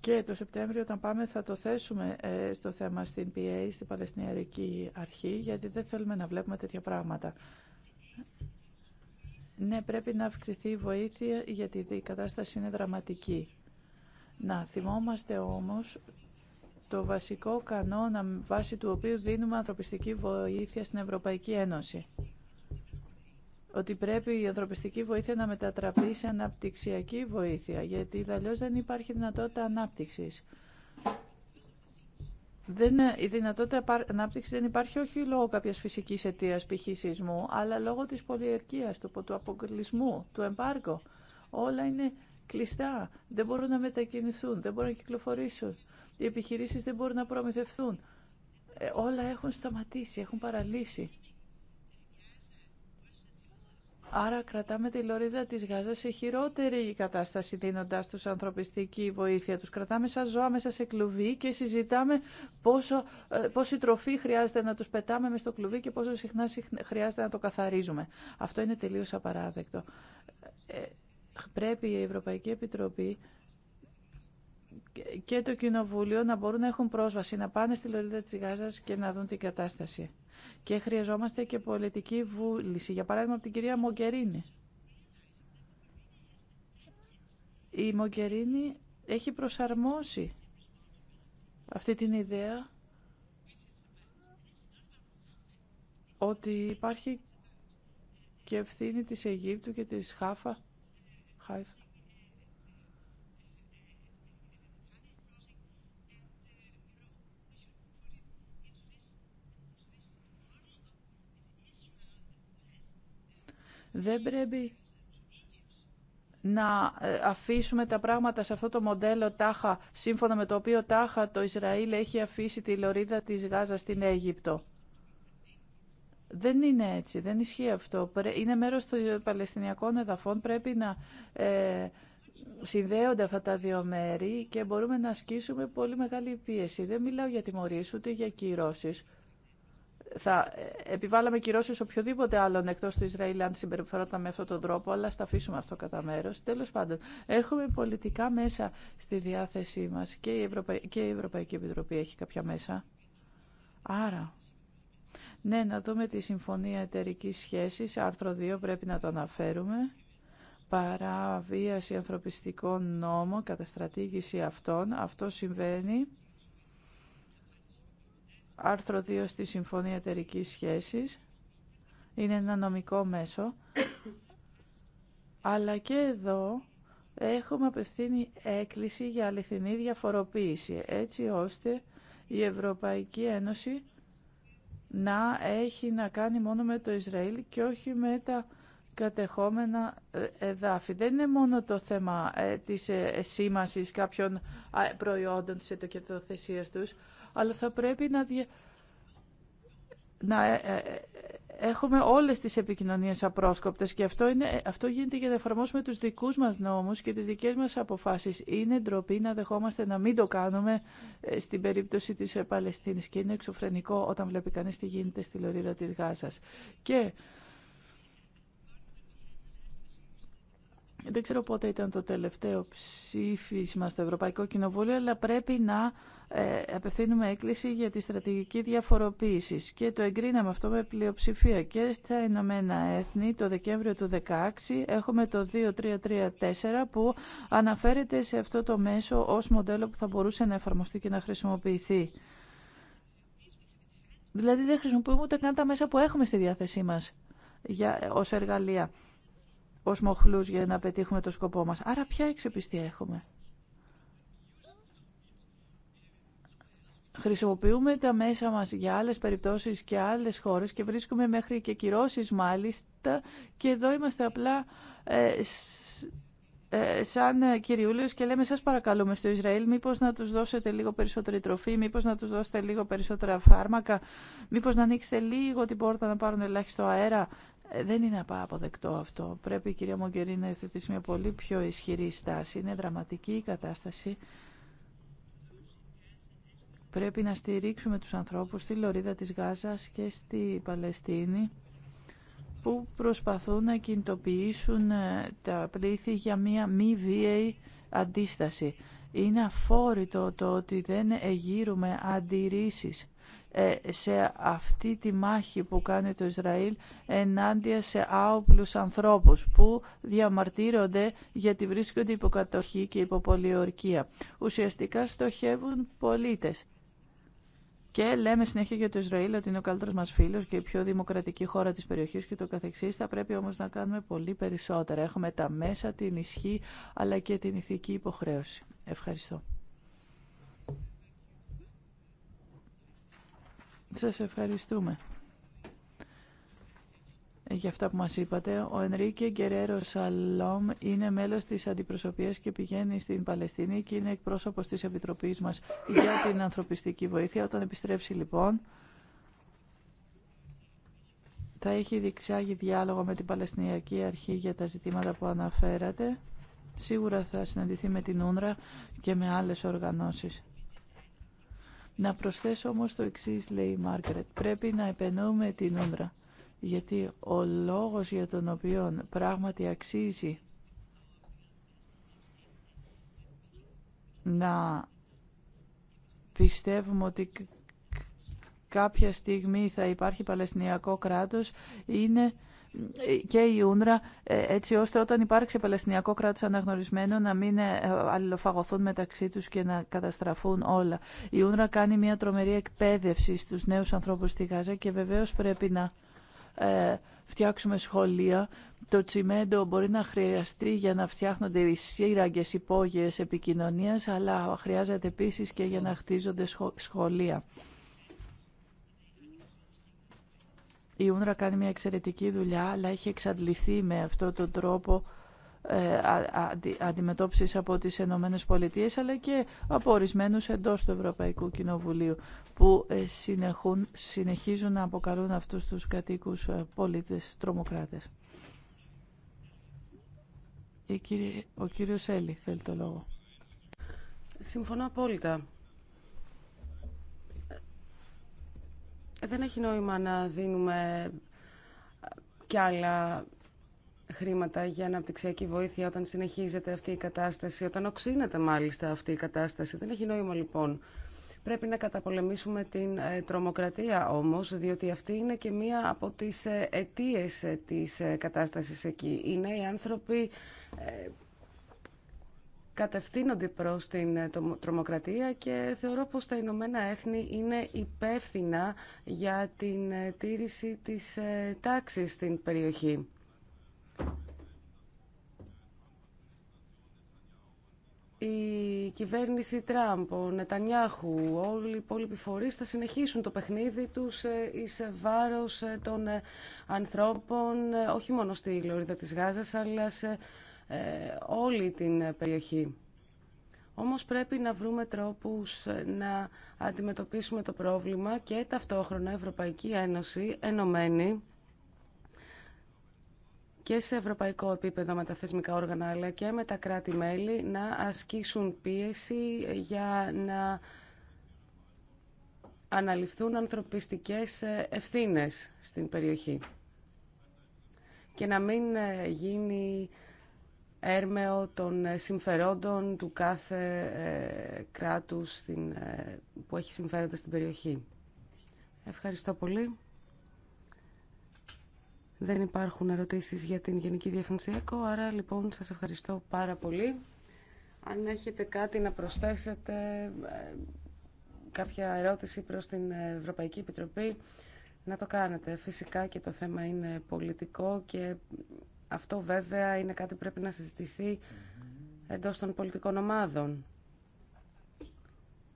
Και το Σεπτέμβριο όταν πάμε θα το θέσουμε ε, στο θέμα στην ΠΑ, στην Παλαιστινιαρική Αρχή, γιατί δεν θέλουμε να βλέπουμε τέτοια πράγματα. Ναι, πρέπει να αυξηθεί η βοήθεια γιατί η κατάσταση είναι δραματική. Να θυμόμαστε όμως το βασικό κανόνα βάσει του οποίου δίνουμε ανθρωπιστική βοήθεια στην Ευρωπαϊκή Ένωση ότι πρέπει η ανθρωπιστική βοήθεια να μετατραπεί σε αναπτυξιακή βοήθεια, γιατί αλλιώ δεν υπάρχει δυνατότητα ανάπτυξης. Δεν, η δυνατότητα ανάπτυξη δεν υπάρχει όχι λόγω κάποια φυσική αιτία π.χ. σεισμού, αλλά λόγω τη πολιορκία, του, του αποκλεισμού, του εμπάργου. Όλα είναι κλειστά, δεν μπορούν να μετακινηθούν, δεν μπορούν να κυκλοφορήσουν, οι επιχειρήσει δεν μπορούν να προμηθευθούν. Ε, όλα έχουν σταματήσει, έχουν παραλύσει. Άρα κρατάμε τη λωρίδα της Γάζας σε χειρότερη κατάσταση δίνοντας τους ανθρωπιστική βοήθεια. Τους κρατάμε σαν ζώα μέσα σε κλουβί και συζητάμε πόσο, ε, πόση τροφή χρειάζεται να τους πετάμε μέσα στο κλουβί και πόσο συχνά χρειάζεται να το καθαρίζουμε. Αυτό είναι τελείως απαράδεκτο. Ε, πρέπει η Ευρωπαϊκή Επιτροπή και το Κοινοβούλιο να μπορούν να έχουν πρόσβαση, να πάνε στη Λωρίδα της Γάζας και να δουν την κατάσταση. Και χρειαζόμαστε και πολιτική βούληση, για παράδειγμα από την κυρία Μογκερίνη. Η Μογκερίνη έχει προσαρμόσει αυτή την ιδέα ότι υπάρχει και ευθύνη της Αιγύπτου και της Χάφα. Δεν πρέπει να ε, αφήσουμε τα πράγματα σε αυτό το μοντέλο τάχα, σύμφωνα με το οποίο τάχα το Ισραήλ έχει αφήσει τη λωρίδα της Γάζας στην Αίγυπτο. Δεν είναι έτσι, δεν ισχύει αυτό. Είναι μέρος των Παλαιστινιακών εδαφών, πρέπει να ε, συνδέονται αυτά τα δύο μέρη και μπορούμε να ασκήσουμε πολύ μεγάλη πίεση. Δεν μιλάω για τιμωρίες ούτε για κυρώσεις θα επιβάλαμε κυρώσεις οποιοδήποτε άλλον εκτό του Ισραήλ αν συμπεριφερόταν με αυτόν τον τρόπο, αλλά θα αφήσουμε αυτό κατά μέρο. Τέλος πάντων, έχουμε πολιτικά μέσα στη διάθεσή μας και η, και η Ευρωπαϊκή Επιτροπή έχει κάποια μέσα. Άρα, ναι, να δούμε τη Συμφωνία εταιρική Σχέσης, άρθρο 2 πρέπει να το αναφέρουμε παραβίαση ανθρωπιστικών νόμων, καταστρατήγηση αυτών. Αυτό συμβαίνει Άρθρο 2 στη Συμφωνία Εταιρική Σχέσης είναι ένα νομικό μέσο, αλλά και εδώ έχουμε απευθύνει έκκληση για αληθινή διαφοροποίηση, έτσι ώστε η Ευρωπαϊκή Ένωση να έχει να κάνει μόνο με το Ισραήλ και όχι με τα κατεχόμενα ε, εδάφη. Δεν είναι μόνο το θέμα ε, της ε, σήμασης κάποιων προϊόντων της ετοκετοθεσίας τους, αλλά θα πρέπει να, να έχουμε όλες τις επικοινωνίες απρόσκοπτες και αυτό, είναι, αυτό γίνεται για να εφαρμόσουμε τους δικούς μας νόμους και τις δικές μας αποφάσεις. Είναι ντροπή να δεχόμαστε να μην το κάνουμε στην περίπτωση της Παλαιστίνης και είναι εξωφρενικό όταν βλέπει κανείς τι γίνεται στη λωρίδα της Γάζας. Και Δεν ξέρω πότε ήταν το τελευταίο ψήφισμα στο Ευρωπαϊκό Κοινοβούλιο, αλλά πρέπει να ε, απευθύνουμε έκκληση για τη στρατηγική διαφοροποίηση. Και το εγκρίναμε αυτό με πλειοψηφία. Και στα Ηνωμένα Έθνη το Δεκέμβριο του 2016 έχουμε το 2334 που αναφέρεται σε αυτό το μέσο ως μοντέλο που θα μπορούσε να εφαρμοστεί και να χρησιμοποιηθεί. Δηλαδή δεν χρησιμοποιούμε ούτε καν τα μέσα που έχουμε στη διάθεσή μας για, ως εργαλεία ως μοχλούς για να πετύχουμε το σκοπό μας. Άρα ποια εξοπιστία έχουμε. Χρησιμοποιούμε τα μέσα μας για άλλες περιπτώσεις και άλλες χώρες και βρίσκουμε μέχρι και κυρώσεις μάλιστα και εδώ είμαστε απλά ε, ε, σαν κυριούλες και λέμε σας παρακαλούμε στο Ισραήλ μήπως να τους δώσετε λίγο περισσότερη τροφή, μήπως να τους δώσετε λίγο περισσότερα φάρμακα, μήπως να ανοίξετε λίγο την πόρτα να πάρουν ελάχιστο αέρα, δεν είναι αποδεκτό αυτό. Πρέπει η κυρία Μογκερή να εθετήσει μια πολύ πιο ισχυρή στάση. Είναι δραματική η κατάσταση. Πρέπει να στηρίξουμε τους ανθρώπους στη Λωρίδα της Γάζας και στη Παλαιστίνη που προσπαθούν να κινητοποιήσουν ε, τα πλήθη για μια μη βίαιη αντίσταση. Είναι αφόρητο το ότι δεν εγείρουμε αντιρρήσεις ε, σε αυτή τη μάχη που κάνει το Ισραήλ ενάντια σε άοπλους ανθρώπους που διαμαρτύρονται γιατί βρίσκονται υποκατοχή και υποπολιορκία. Ουσιαστικά στοχεύουν πολίτες. Και λέμε συνέχεια για το Ισραήλ ότι είναι ο καλύτερος μας φίλος και η πιο δημοκρατική χώρα της περιοχής και το καθεξής. Θα πρέπει όμως να κάνουμε πολύ περισσότερα. Έχουμε τα μέσα, την ισχύ αλλά και την ηθική υποχρέωση. Ευχαριστώ. Σας ευχαριστούμε ε, για αυτά που μας είπατε. Ο Ενρίκε Γκερέρο Σαλόμ είναι μέλος της αντιπροσωπείας και πηγαίνει στην Παλαιστίνη και είναι εκπρόσωπος της Επιτροπής μας για την ανθρωπιστική βοήθεια. Όταν επιστρέψει λοιπόν θα έχει διεξάγει διάλογο με την Παλαιστινιακή Αρχή για τα ζητήματα που αναφέρατε. Σίγουρα θα συναντηθεί με την Ούνρα και με άλλες οργανώσεις. Να προσθέσω όμως το εξής, λέει η Πρέπει να επενούμε την Ούντρα, γιατί ο λόγος για τον οποίο πράγματι αξίζει να πιστεύουμε ότι κάποια στιγμή θα υπάρχει Παλαιστινιακό κράτος είναι και η Ούνρα ε, έτσι ώστε όταν υπάρξει Παλαιστινιακό κράτος αναγνωρισμένο να μην ε, αλληλοφαγωθούν μεταξύ τους και να καταστραφούν όλα. Η Ούνρα κάνει μια τρομερή εκπαίδευση στους νέους ανθρώπους στη Γάζα και βεβαίως πρέπει να ε, φτιάξουμε σχολεία. Το τσιμέντο μπορεί να χρειαστεί για να φτιάχνονται οι σύραγγε υπόγειε επικοινωνία, αλλά χρειάζεται επίσης και για να χτίζονται σχολεία. Η Ούνρα κάνει μια εξαιρετική δουλειά, αλλά έχει εξαντληθεί με αυτόν τον τρόπο ε, αντιμετώπισης από τις Ενωμένε Πολιτείε, αλλά και από ορισμένου εντός του Ευρωπαϊκού Κοινοβουλίου που ε, συνεχούν, συνεχίζουν να αποκαλούν αυτούς τους κατοίκους ε, πολίτες τρομοκράτες. Ο κύριος Έλλη θέλει το λόγο. Συμφωνώ απόλυτα δεν έχει νόημα να δίνουμε κι άλλα χρήματα για αναπτυξιακή βοήθεια όταν συνεχίζεται αυτή η κατάσταση, όταν οξύνεται μάλιστα αυτή η κατάσταση. Δεν έχει νόημα λοιπόν. Πρέπει να καταπολεμήσουμε την ε, τρομοκρατία όμως, διότι αυτή είναι και μία από τις ε, αιτίες ε, της κατάστασης εκεί. Είναι οι άνθρωποι κατευθύνονται προς την ε, τρομοκρατία και θεωρώ πως τα Ηνωμένα Έθνη είναι υπεύθυνα για την ε, τήρηση της ε, τάξης στην περιοχή. η κυβέρνηση Τραμπ, ο Νετανιάχου, όλοι οι υπόλοιποι φορείς θα συνεχίσουν το παιχνίδι τους εις βάρος των ανθρώπων, όχι μόνο στη Λωρίδα της Γάζας, αλλά ε, όλη την περιοχή. Όμως πρέπει να βρούμε τρόπους ε, να αντιμετωπίσουμε το πρόβλημα και ταυτόχρονα Ευρωπαϊκή Ένωση ενωμένη και σε ευρωπαϊκό επίπεδο με τα θεσμικά όργανα αλλά και με τα κράτη-μέλη να ασκήσουν πίεση για να αναλυφθούν ανθρωπιστικές ε, ευθύνες στην περιοχή και να μην γίνει έρμεο των ε, συμφερόντων του κάθε ε, κράτους ε, που έχει συμφέροντα στην περιοχή. Ευχαριστώ πολύ. Δεν υπάρχουν ερωτήσεις για την Γενική ΕΚΟ, άρα λοιπόν σας ευχαριστώ πάρα πολύ. Αν έχετε κάτι να προσθέσετε, κάποια ερώτηση προς την Ευρωπαϊκή Επιτροπή, να το κάνετε. Φυσικά και το θέμα είναι πολιτικό και αυτό βέβαια είναι κάτι που πρέπει να συζητηθεί εντός των πολιτικών ομάδων.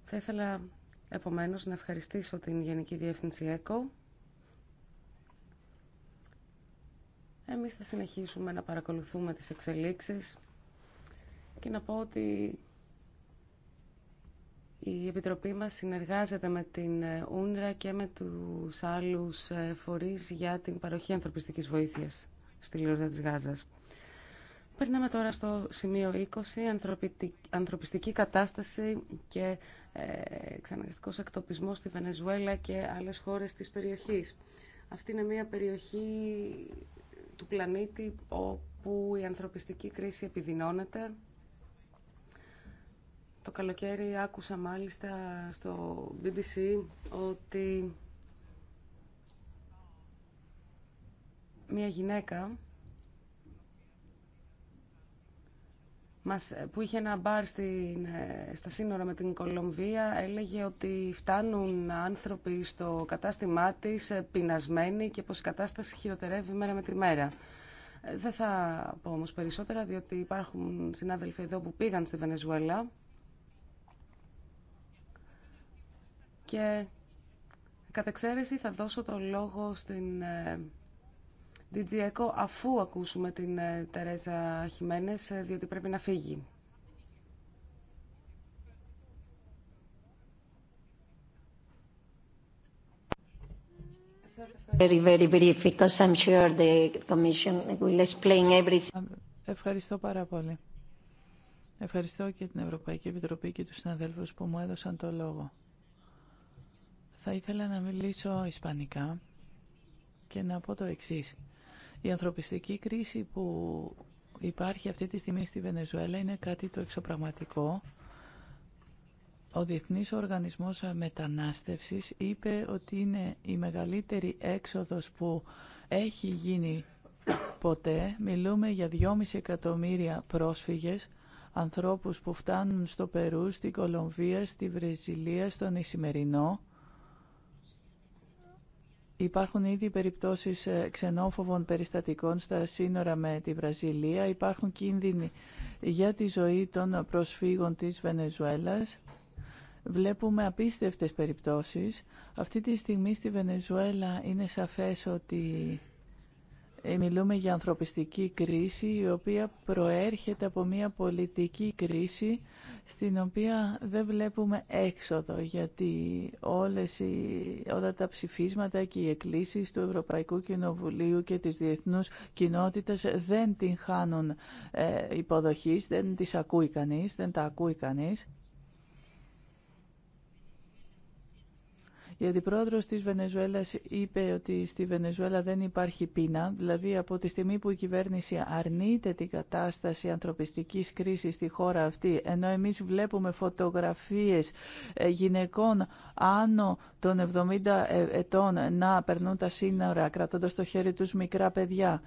Θα ήθελα επομένως να ευχαριστήσω την Γενική Διεύθυνση ΕΚΟ. Εμείς θα συνεχίσουμε να παρακολουθούμε τις εξελίξεις και να πω ότι η Επιτροπή μας συνεργάζεται με την Ούνρα και με τους άλλους ε, φορείς για την παροχή ανθρωπιστικής βοήθειας στη Λιόρδα της Γάζας. Περνάμε τώρα στο σημείο 20, ανθρωπιστική κατάσταση και εξαναγκαστικός εκτοπισμός στη Βενεζουέλα και άλλες χώρες της περιοχής. Αυτή είναι μια περιοχή του πλανήτη όπου η ανθρωπιστική κρίση επιδεινώνεται. Το καλοκαίρι άκουσα μάλιστα στο BBC ότι μια γυναίκα μας, που είχε ένα μπαρ στην, ε, στα σύνορα με την Κολομβία έλεγε ότι φτάνουν άνθρωποι στο κατάστημά της ε, πεινασμένοι και πως η κατάσταση χειροτερεύει μέρα με τη μέρα. Ε, δεν θα πω όμως περισσότερα διότι υπάρχουν συνάδελφοι εδώ που πήγαν στη Βενεζουέλα και κατ' θα δώσω το λόγο στην Διτζιέκο, αφού ακούσουμε την ε, Τερέζα Χιμένες, ε, διότι πρέπει να φύγει. Ευχαριστώ πάρα πολύ. Ευχαριστώ και την Ευρωπαϊκή Επιτροπή και τους συναδέλφους που μου έδωσαν το λόγο. Θα ήθελα να μιλήσω ισπανικά και να πω το εξής. Η ανθρωπιστική κρίση που υπάρχει αυτή τη στιγμή στη Βενεζουέλα είναι κάτι το εξωπραγματικό. Ο Διεθνής Οργανισμός Μετανάστευσης είπε ότι είναι η μεγαλύτερη έξοδος που έχει γίνει ποτέ. Μιλούμε για 2,5 εκατομμύρια πρόσφυγες, ανθρώπους που φτάνουν στο Περού, στην Κολομβία, στη Βρεζιλία, στον Ισημερινό Υπάρχουν ήδη περιπτώσεις ε, ξενόφοβων περιστατικών στα σύνορα με τη Βραζιλία. Υπάρχουν κίνδυνοι για τη ζωή των προσφύγων της Βενεζουέλας. Βλέπουμε απίστευτες περιπτώσεις. Αυτή τη στιγμή στη Βενεζουέλα είναι σαφές ότι ε, μιλούμε για ανθρωπιστική κρίση η οποία προέρχεται από μια πολιτική κρίση στην οποία δεν βλέπουμε έξοδο γιατί όλες οι, όλα τα ψηφίσματα και οι εκκλήσεις του Ευρωπαϊκού Κοινοβουλίου και της διεθνούς κοινότητας δεν την χάνουν ε, υποδοχής, δεν τις ακούει κανείς, δεν τα ακούει κανείς. Η αντιπρόεδρος της Βενεζουέλας είπε ότι στη Βενεζουέλα δεν υπάρχει πείνα, δηλαδή από τη στιγμή που η κυβέρνηση αρνείται την κατάσταση ανθρωπιστικής κρίσης στη χώρα αυτή, ενώ εμείς βλέπουμε φωτογραφίες ε, γυναικών άνω των 70 ετών να περνούν τα σύνορα κρατώντας το χέρι τους μικρά παιδιά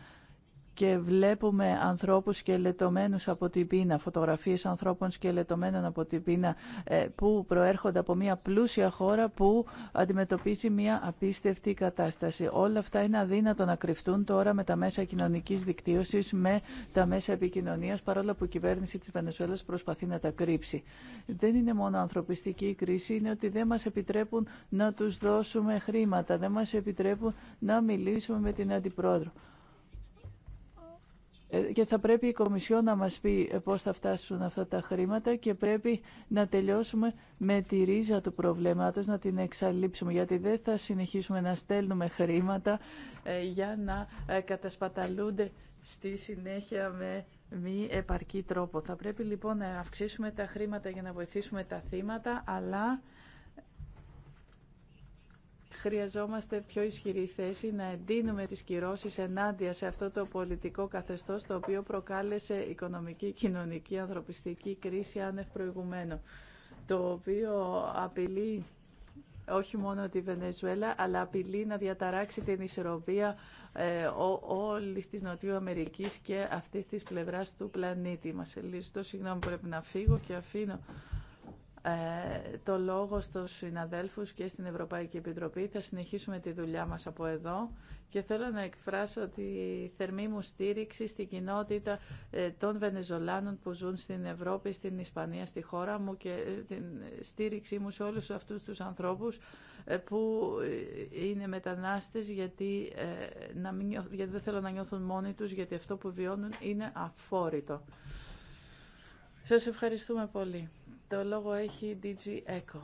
και βλέπουμε ανθρώπους σκελετωμένους από την πείνα, φωτογραφίες ανθρώπων σκελετωμένων από την πείνα ε, που προέρχονται από μια πλούσια χώρα που αντιμετωπίζει μια απίστευτη κατάσταση. Όλα αυτά είναι αδύνατο να κρυφτούν τώρα με τα μέσα κοινωνικής δικτύωσης, με τα μέσα επικοινωνίας, παρόλο που η κυβέρνηση της Βενεσουέλας προσπαθεί να τα κρύψει. Δεν είναι μόνο ανθρωπιστική η κρίση, είναι ότι δεν μας επιτρέπουν να τους δώσουμε χρήματα, δεν μας επιτρέπουν να μιλήσουμε με την Αντιπρόεδρο. Ε, και θα πρέπει η Κομισιό να μας πει ε, πώς θα φτάσουν αυτά τα χρήματα και πρέπει να τελειώσουμε με τη ρίζα του προβλήματος, να την εξαλείψουμε, γιατί δεν θα συνεχίσουμε να στέλνουμε χρήματα ε, για να κατασπαταλούνται στη συνέχεια με μη επαρκή τρόπο. Θα πρέπει λοιπόν να αυξήσουμε τα χρήματα για να βοηθήσουμε τα θύματα, αλλά Χρειαζόμαστε πιο ισχυρή θέση να εντείνουμε τις κυρώσεις ενάντια σε αυτό το πολιτικό καθεστώς το οποίο προκάλεσε οικονομική, κοινωνική, ανθρωπιστική κρίση άνευ προηγούμενο. το οποίο απειλεί όχι μόνο τη Βενεζουέλα, αλλά απειλεί να διαταράξει την ισορροπία ε, τη Νοτιού Αμερικής και αυτής τη πλευρά του πλανήτη μα. Λύστο, συγγνώμη, πρέπει να φύγω και αφήνω ε, το λόγο στους συναδέλφους και στην Ευρωπαϊκή Επιτροπή. Θα συνεχίσουμε τη δουλειά μας από εδώ και θέλω να εκφράσω τη θερμή μου στήριξη στην κοινότητα ε, των Βενεζολάνων που ζουν στην Ευρώπη, στην Ισπανία, στη χώρα μου και ε, την στήριξή μου σε όλους αυτούς τους ανθρώπους που είναι μετανάστες γιατί, γιατί δεν θέλω να νιώθουν μόνοι τους γιατί αυτό που βιώνουν είναι αφόρητο. Σας ευχαριστούμε πολύ. Το λόγο έχει η DG ECO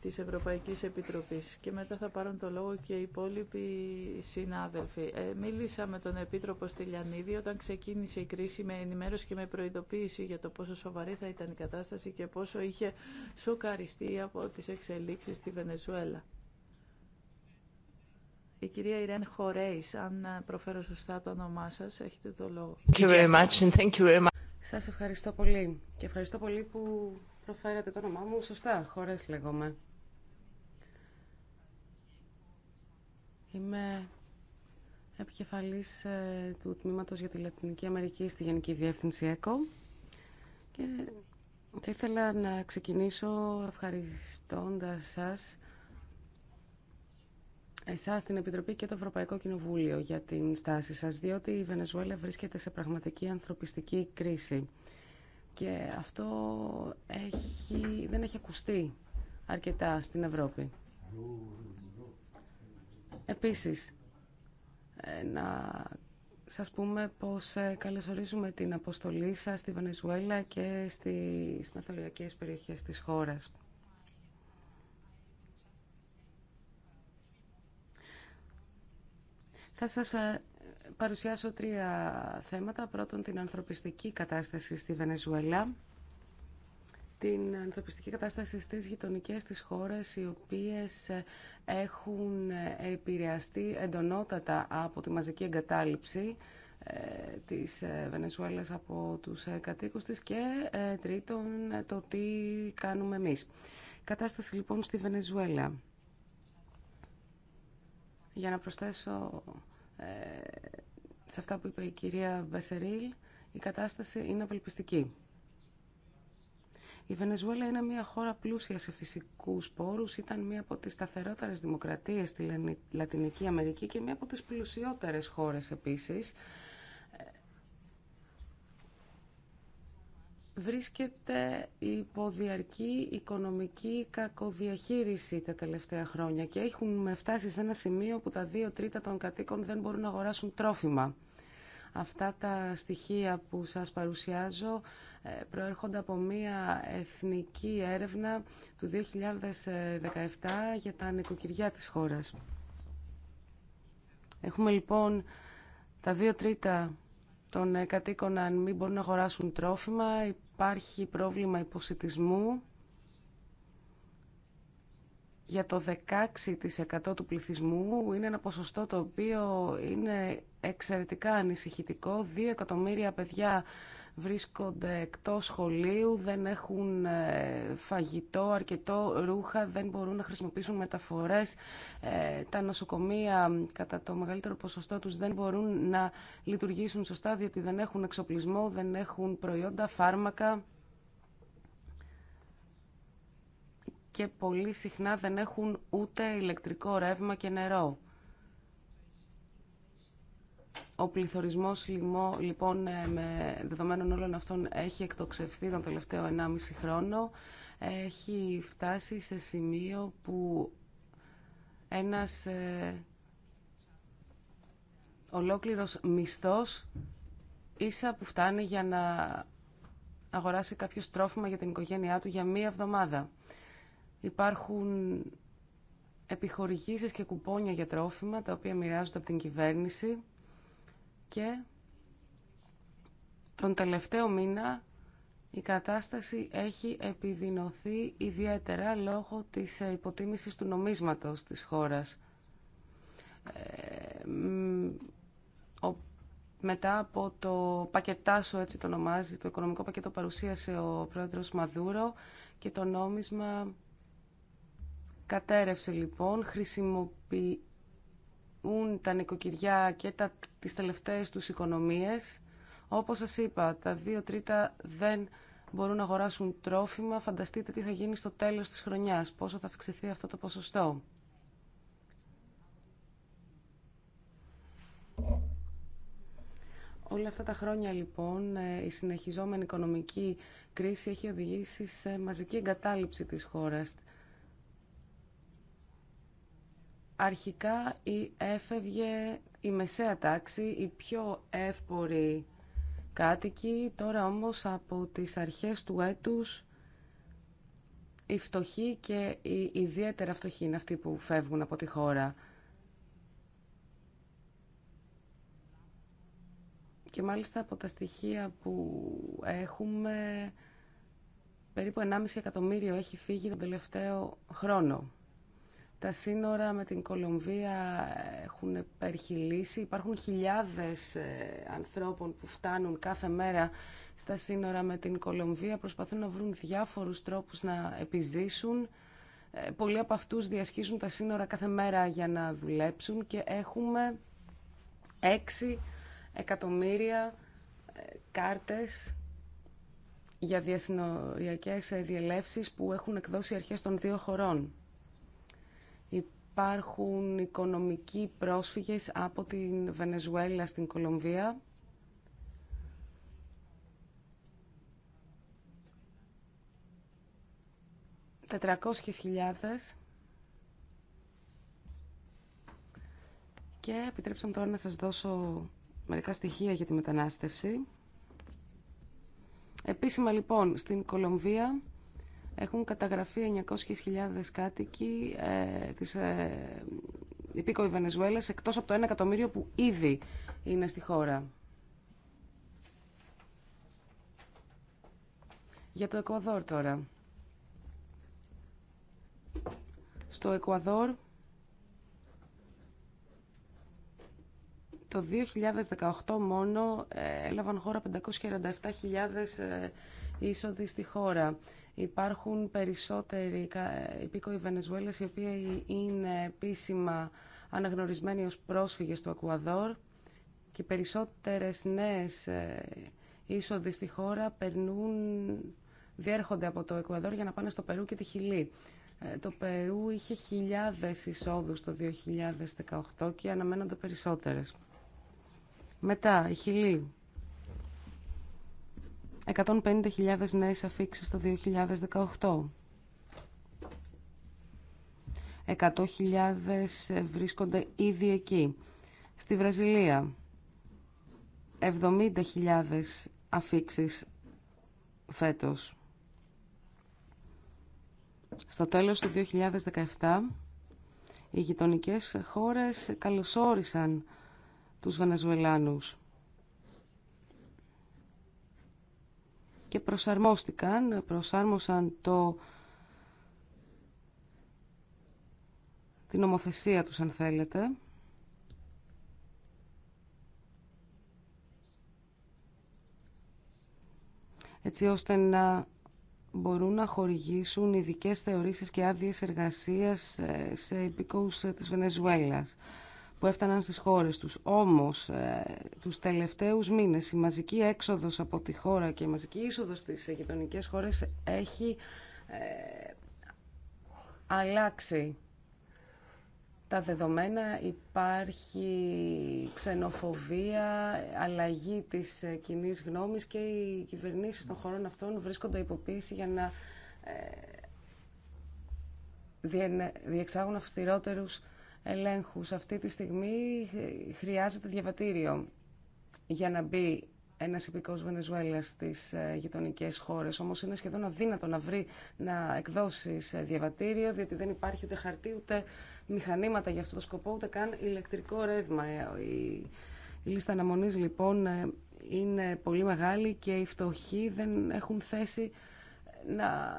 της Ευρωπαϊκής Επιτροπής και μετά θα πάρουν το λόγο και οι υπόλοιποι συνάδελφοι. Ε, μίλησα με τον Επίτροπο Στυλιανίδη όταν ξεκίνησε η κρίση με ενημέρωση και με προειδοποίηση για το πόσο σοβαρή θα ήταν η κατάσταση και πόσο είχε σοκαριστεί από τις εξελίξεις στη Βενεζουέλα. Η κυρία Ιρέν Χορέης, αν προφέρω σωστά το όνομά σας, έχετε το λόγο. thank you very much. Σας ευχαριστώ πολύ και ευχαριστώ πολύ που προφέρατε το όνομά μου σωστά, χωρές λέγομαι. Είμαι επικεφαλής ε, του Τμήματος για τη Λατινική Αμερική στη Γενική Διεύθυνση ΕΚΟ και θα ήθελα να ξεκινήσω ευχαριστώντας σας εσάς την Επιτροπή και το Ευρωπαϊκό Κοινοβούλιο για την στάση σας, διότι η Βενεζουέλα βρίσκεται σε πραγματική ανθρωπιστική κρίση. Και αυτό έχει, δεν έχει ακουστεί αρκετά στην Ευρώπη. Επίσης, ε, να σας πούμε πως ε, καλωσορίζουμε την αποστολή σας στη Βενεζουέλα και στις μεθοριακές περιοχές της χώρας. Θα σας ε, παρουσιάσω τρία θέματα. Πρώτον, την ανθρωπιστική κατάσταση στη Βενεζουέλα, την ανθρωπιστική κατάσταση στις γειτονικές της χώρες, οι οποίες ε, έχουν ε, επηρεαστεί εντονότατα από τη μαζική εγκατάλειψη της Βενεζουέλας από τους κατοίκους της και τρίτον το τι κάνουμε εμείς. Κατάσταση λοιπόν στη Βενεζουέλα. Για να προσθέσω ε, σε αυτά που είπε η κυρία Μπασερίλ, η κατάσταση είναι απελπιστική. Η Βενεζουέλα είναι μια χώρα πλούσια σε φυσικούς πόρους, ήταν μια από τις σταθερότερες δημοκρατίες στη Λατινική Αμερική και μια από τις πλουσιότερες χώρες επίσης. βρίσκεται υπό διαρκή οικονομική κακοδιαχείριση τα τελευταία χρόνια και έχουν φτάσει σε ένα σημείο που τα δύο τρίτα των κατοίκων δεν μπορούν να αγοράσουν τρόφιμα. Αυτά τα στοιχεία που σας παρουσιάζω ε, προέρχονται από μία εθνική έρευνα του 2017 για τα νοικοκυριά της χώρας. Έχουμε λοιπόν τα δύο τρίτα των ε, κατοίκων αν μην μπορούν να αγοράσουν τρόφιμα, υπάρχει πρόβλημα υποσυτισμού για το 16% του πληθυσμού είναι ένα ποσοστό το οποίο είναι εξαιρετικά ανησυχητικό. 2 εκατομμύρια παιδιά βρίσκονται εκτός σχολείου, δεν έχουν ε, φαγητό, αρκετό ρούχα, δεν μπορούν να χρησιμοποιήσουν μεταφορές. Ε, τα νοσοκομεία κατά το μεγαλύτερο ποσοστό τους δεν μπορούν να λειτουργήσουν σωστά διότι δεν έχουν εξοπλισμό, δεν έχουν προϊόντα, φάρμακα και πολύ συχνά δεν έχουν ούτε ηλεκτρικό ρεύμα και νερό. Ο πληθωρισμός λοιπόν ε, με δεδομένων όλων αυτών έχει εκτοξευθεί τον τελευταίο 1,5 χρόνο. Έχει φτάσει σε σημείο που ένας ε, ολόκληρος μισθός ίσα που φτάνει για να αγοράσει κάποιο τρόφιμα για την οικογένειά του για μία εβδομάδα. Υπάρχουν επιχορηγήσεις και κουπόνια για τρόφιμα τα οποία μοιράζονται από την κυβέρνηση και τον τελευταίο μήνα η κατάσταση έχει επιδεινωθεί ιδιαίτερα λόγω της ε, υποτίμησης του νομίσματος της χώρας. Ε, μετά από το πακετάσο, έτσι το ονομάζει, το οικονομικό πακέτο παρουσίασε ο πρόεδρος Μαδούρο και το νόμισμα κατέρευσε λοιπόν, χρησιμοποιεί τα νοικοκυριά και τα, τις τελευταίες τους οικονομίες. Όπως σας είπα, τα δύο τρίτα δεν μπορούν να αγοράσουν τρόφιμα. Φανταστείτε τι θα γίνει στο τέλος της χρονιάς, πόσο θα αυξηθεί αυτό το ποσοστό. Όλα αυτά τα χρόνια λοιπόν ε, η συνεχιζόμενη οικονομική κρίση έχει οδηγήσει σε μαζική εγκατάλειψη της χώρας. αρχικά η έφευγε η μεσαία τάξη, η πιο εύπορη κάτοικοι. Τώρα όμως από τις αρχές του έτους οι φτωχοί και οι ιδιαίτερα φτωχοί είναι αυτοί που φεύγουν από τη χώρα. Και μάλιστα από τα στοιχεία που έχουμε, περίπου 1,5 εκατομμύριο έχει φύγει τον τελευταίο χρόνο. Τα σύνορα με την Κολομβία έχουν υπερχιλήσει. Υπάρχουν χιλιάδες ε, ανθρώπων που φτάνουν κάθε μέρα στα σύνορα με την Κολομβία. Προσπαθούν να βρουν διάφορους τρόπους να επιζήσουν. Ε, πολλοί από αυτούς διασχίζουν τα σύνορα κάθε μέρα για να δουλέψουν και έχουμε 6 εκατομμύρια ε, κάρτες για διασυνοριακές διελεύσεις που έχουν εκδώσει αρχές των δύο χωρών υπάρχουν οικονομικοί πρόσφυγες από την Βενεζουέλα στην Κολομβία. Τετρακόσχες χιλιάδες. Και επιτρέψτε μου τώρα να σας δώσω μερικά στοιχεία για τη μετανάστευση. Επίσημα λοιπόν στην Κολομβία έχουν καταγραφεί 900.000 κάτοικοι ε, της ε, υπήκοη Βενεζουέλας, εκτός από το 1 εκατομμύριο που ήδη είναι στη χώρα. Για το Εκουαδόρ τώρα. Στο Εκουαδόρ το 2018 μόνο ε, έλαβαν χώρα 547.000 ε, είσοδοι στη χώρα. Υπάρχουν περισσότεροι υπήκοοι Βενεζουέλας οι οποίοι είναι επίσημα αναγνωρισμένοι ως πρόσφυγες του Εκουαδόρ. και περισσότερες νέες ε, είσοδοι στη χώρα περνούν, διέρχονται από το Εκουαδόρ για να πάνε στο Περού και τη Χιλή. Ε, το Περού είχε χιλιάδες εισόδους το 2018 και αναμένονται περισσότερες. Μετά, η Χιλή. 150.000 νέες αφήξεις το 2018. 100.000 βρίσκονται ήδη εκεί. Στη Βραζιλία 70.000 αφήξεις φέτος. Στο τέλος του 2017 οι γειτονικές χώρες καλωσόρισαν τους Βενεζουελάνους. και προσαρμόστηκαν, προσάρμοσαν το, την ομοθεσία τους αν θέλετε. έτσι ώστε να μπορούν να χορηγήσουν ειδικέ θεωρήσεις και άδειες εργασίας ε, σε υπηκόους ε, της Βενεζουέλας που έφταναν στις χώρες τους. Όμως, ε, τους τελευταίους μήνες η μαζική έξοδος από τη χώρα και η μαζική είσοδος στις γειτονικές χώρες έχει ε, αλλάξει τα δεδομένα. Υπάρχει ξενοφοβία, αλλαγή της ε, κοινή γνώμης και οι κυβερνήσεις των χωρών αυτών βρίσκονται υποποίηση για να διεξάγουν αυστηρότερους σε Αυτή τη στιγμή χρειάζεται διαβατήριο για να μπει ένα υπηκό Βενεζουέλα στι ε, γειτονικέ χώρε. Όμω είναι σχεδόν αδύνατο να βρει να εκδώσει διαβατήριο, διότι δεν υπάρχει ούτε χαρτί, ούτε μηχανήματα για αυτό το σκοπό, ούτε καν ηλεκτρικό ρεύμα. Ε, η λίστα αναμονή λοιπόν ε, είναι πολύ μεγάλη και οι φτωχοί δεν έχουν θέση να...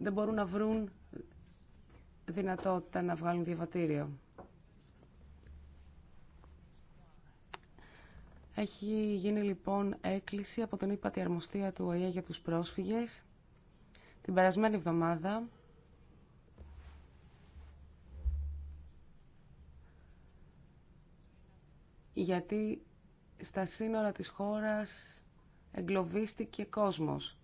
δεν μπορούν να βρουν δυνατότητα να βγάλουν διαβατήριο. Έχει γίνει λοιπόν έκκληση από τον ΥΠΑΤΗ Αρμοστία του ΟΗΕ για τους πρόσφυγες την περασμένη εβδομάδα γιατί στα σύνορα της χώρας εγκλωβίστηκε κόσμος.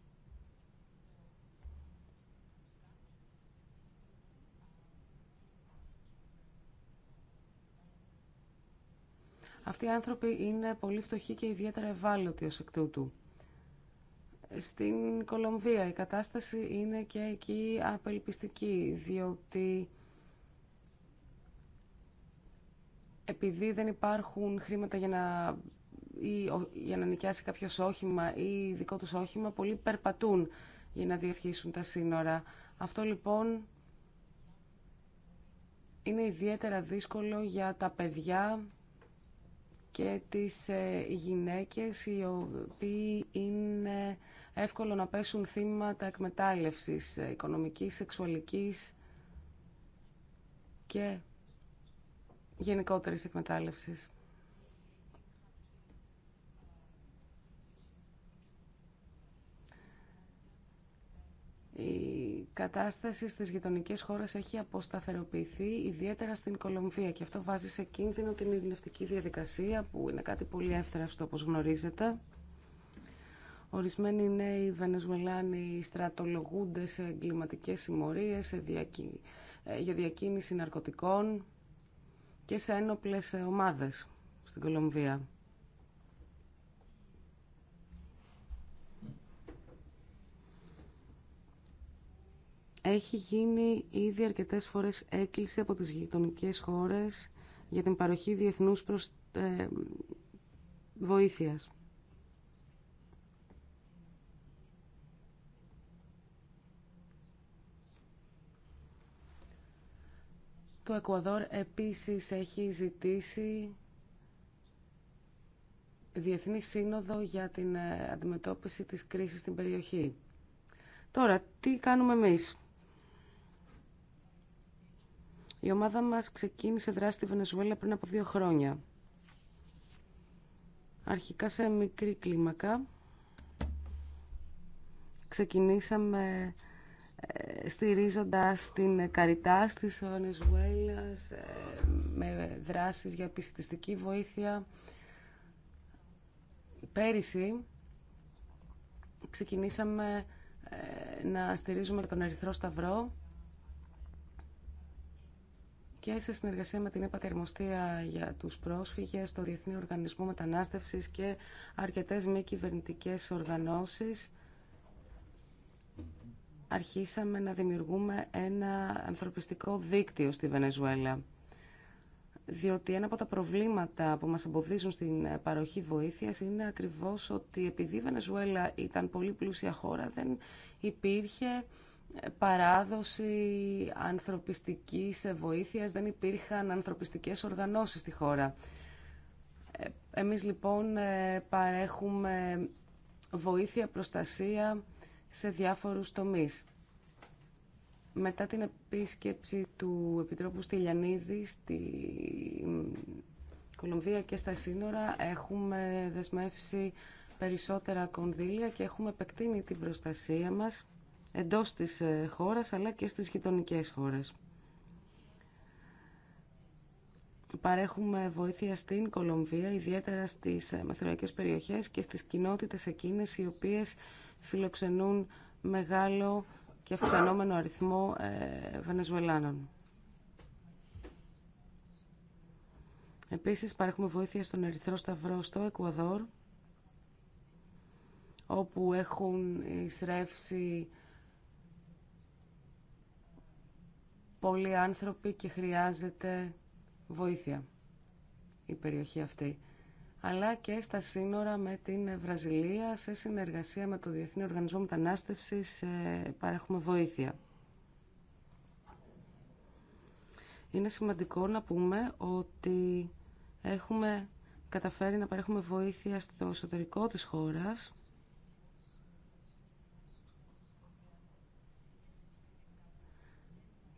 Αυτοί οι άνθρωποι είναι πολύ φτωχοί και ιδιαίτερα ευάλωτοι ως εκ τούτου. Στην Κολομβία η κατάσταση είναι και εκεί απελπιστική, διότι επειδή δεν υπάρχουν χρήματα για να, για να νοικιάσει κάποιο όχημα ή δικό τους όχημα, πολλοί περπατούν για να διασχίσουν τα σύνορα. Αυτό λοιπόν είναι ιδιαίτερα δύσκολο για τα παιδιά και τις ε, γυναίκες οι οποίοι είναι εύκολο να πέσουν θύματα εκμετάλλευσης ε, οικονομικής, σεξουαλικής και γενικότερης εκμετάλλευσης. κατάσταση στις γειτονικές χώρες έχει αποσταθεροποιηθεί, ιδιαίτερα στην Κολομβία και αυτό βάζει σε κίνδυνο την ειρηνευτική διαδικασία που είναι κάτι πολύ εύθραυστο όπως γνωρίζετε. Ορισμένοι νέοι Βενεζουελάνοι στρατολογούνται σε εγκληματικές συμμορίες, σε διακι... Ε, για διακίνηση ναρκωτικών και σε ένοπλες ομάδες στην Κολομβία. Έχει γίνει ήδη αρκετές φορές έκκληση από τις γειτονικές χώρες για την παροχή διεθνούς προς, ε, βοήθειας. Το Εκουαδόρ επίσης έχει ζητήσει Διεθνή Σύνοδο για την ε, αντιμετώπιση της κρίσης στην περιοχή. Τώρα, τι κάνουμε εμείς. Η ομάδα μας ξεκίνησε δράση στη Βενεζουέλα πριν από δύο χρόνια. Αρχικά σε μικρή κλίμακα. Ξεκινήσαμε ε, στηρίζοντας την καριτά της Βενεζουέλας με δράσεις για επιστηστική βοήθεια. Πέρυσι ξεκινήσαμε ε, να στηρίζουμε τον Ερυθρό Σταυρό και σε συνεργασία με την Επατερμοστία για τους πρόσφυγες, το Διεθνή Οργανισμό Μετανάστευσης και αρκετές μη κυβερνητικέ οργανώσεις, αρχίσαμε να δημιουργούμε ένα ανθρωπιστικό δίκτυο στη Βενεζουέλα. Διότι ένα από τα προβλήματα που μας εμποδίζουν στην παροχή βοήθειας είναι ακριβώς ότι επειδή η Βενεζουέλα ήταν πολύ πλούσια χώρα, δεν υπήρχε παράδοση ανθρωπιστικής βοήθειας, δεν υπήρχαν ανθρωπιστικές οργανώσεις στη χώρα. Ε, εμείς λοιπόν ε, παρέχουμε βοήθεια, προστασία σε διάφορους τομείς. Μετά την επίσκεψη του Επιτρόπου Στυλιανίδη στη Κολομβία και στα σύνορα έχουμε δεσμεύσει περισσότερα κονδύλια και έχουμε επεκτείνει την προστασία μας εντός της ε, χώρας αλλά και στις γειτονικέ χώρες. Παρέχουμε βοήθεια στην Κολομβία, ιδιαίτερα στις ε, μεθοριακές περιοχές και στις κοινότητες εκείνες οι οποίες φιλοξενούν μεγάλο και αυξανόμενο αριθμό ε, Βενεζουελάνων. Επίσης παρέχουμε βοήθεια στον Ερυθρό Σταυρό στο Εκουαδόρ, όπου έχουν εισρεύσει πολλοί άνθρωποι και χρειάζεται βοήθεια η περιοχή αυτή. Αλλά και στα σύνορα με την Βραζιλία, σε συνεργασία με το Διεθνή Οργανισμό Μετανάστευσης, ε, παρέχουμε βοήθεια. Είναι σημαντικό να πούμε ότι έχουμε καταφέρει να παρέχουμε βοήθεια στο εσωτερικό της χώρας,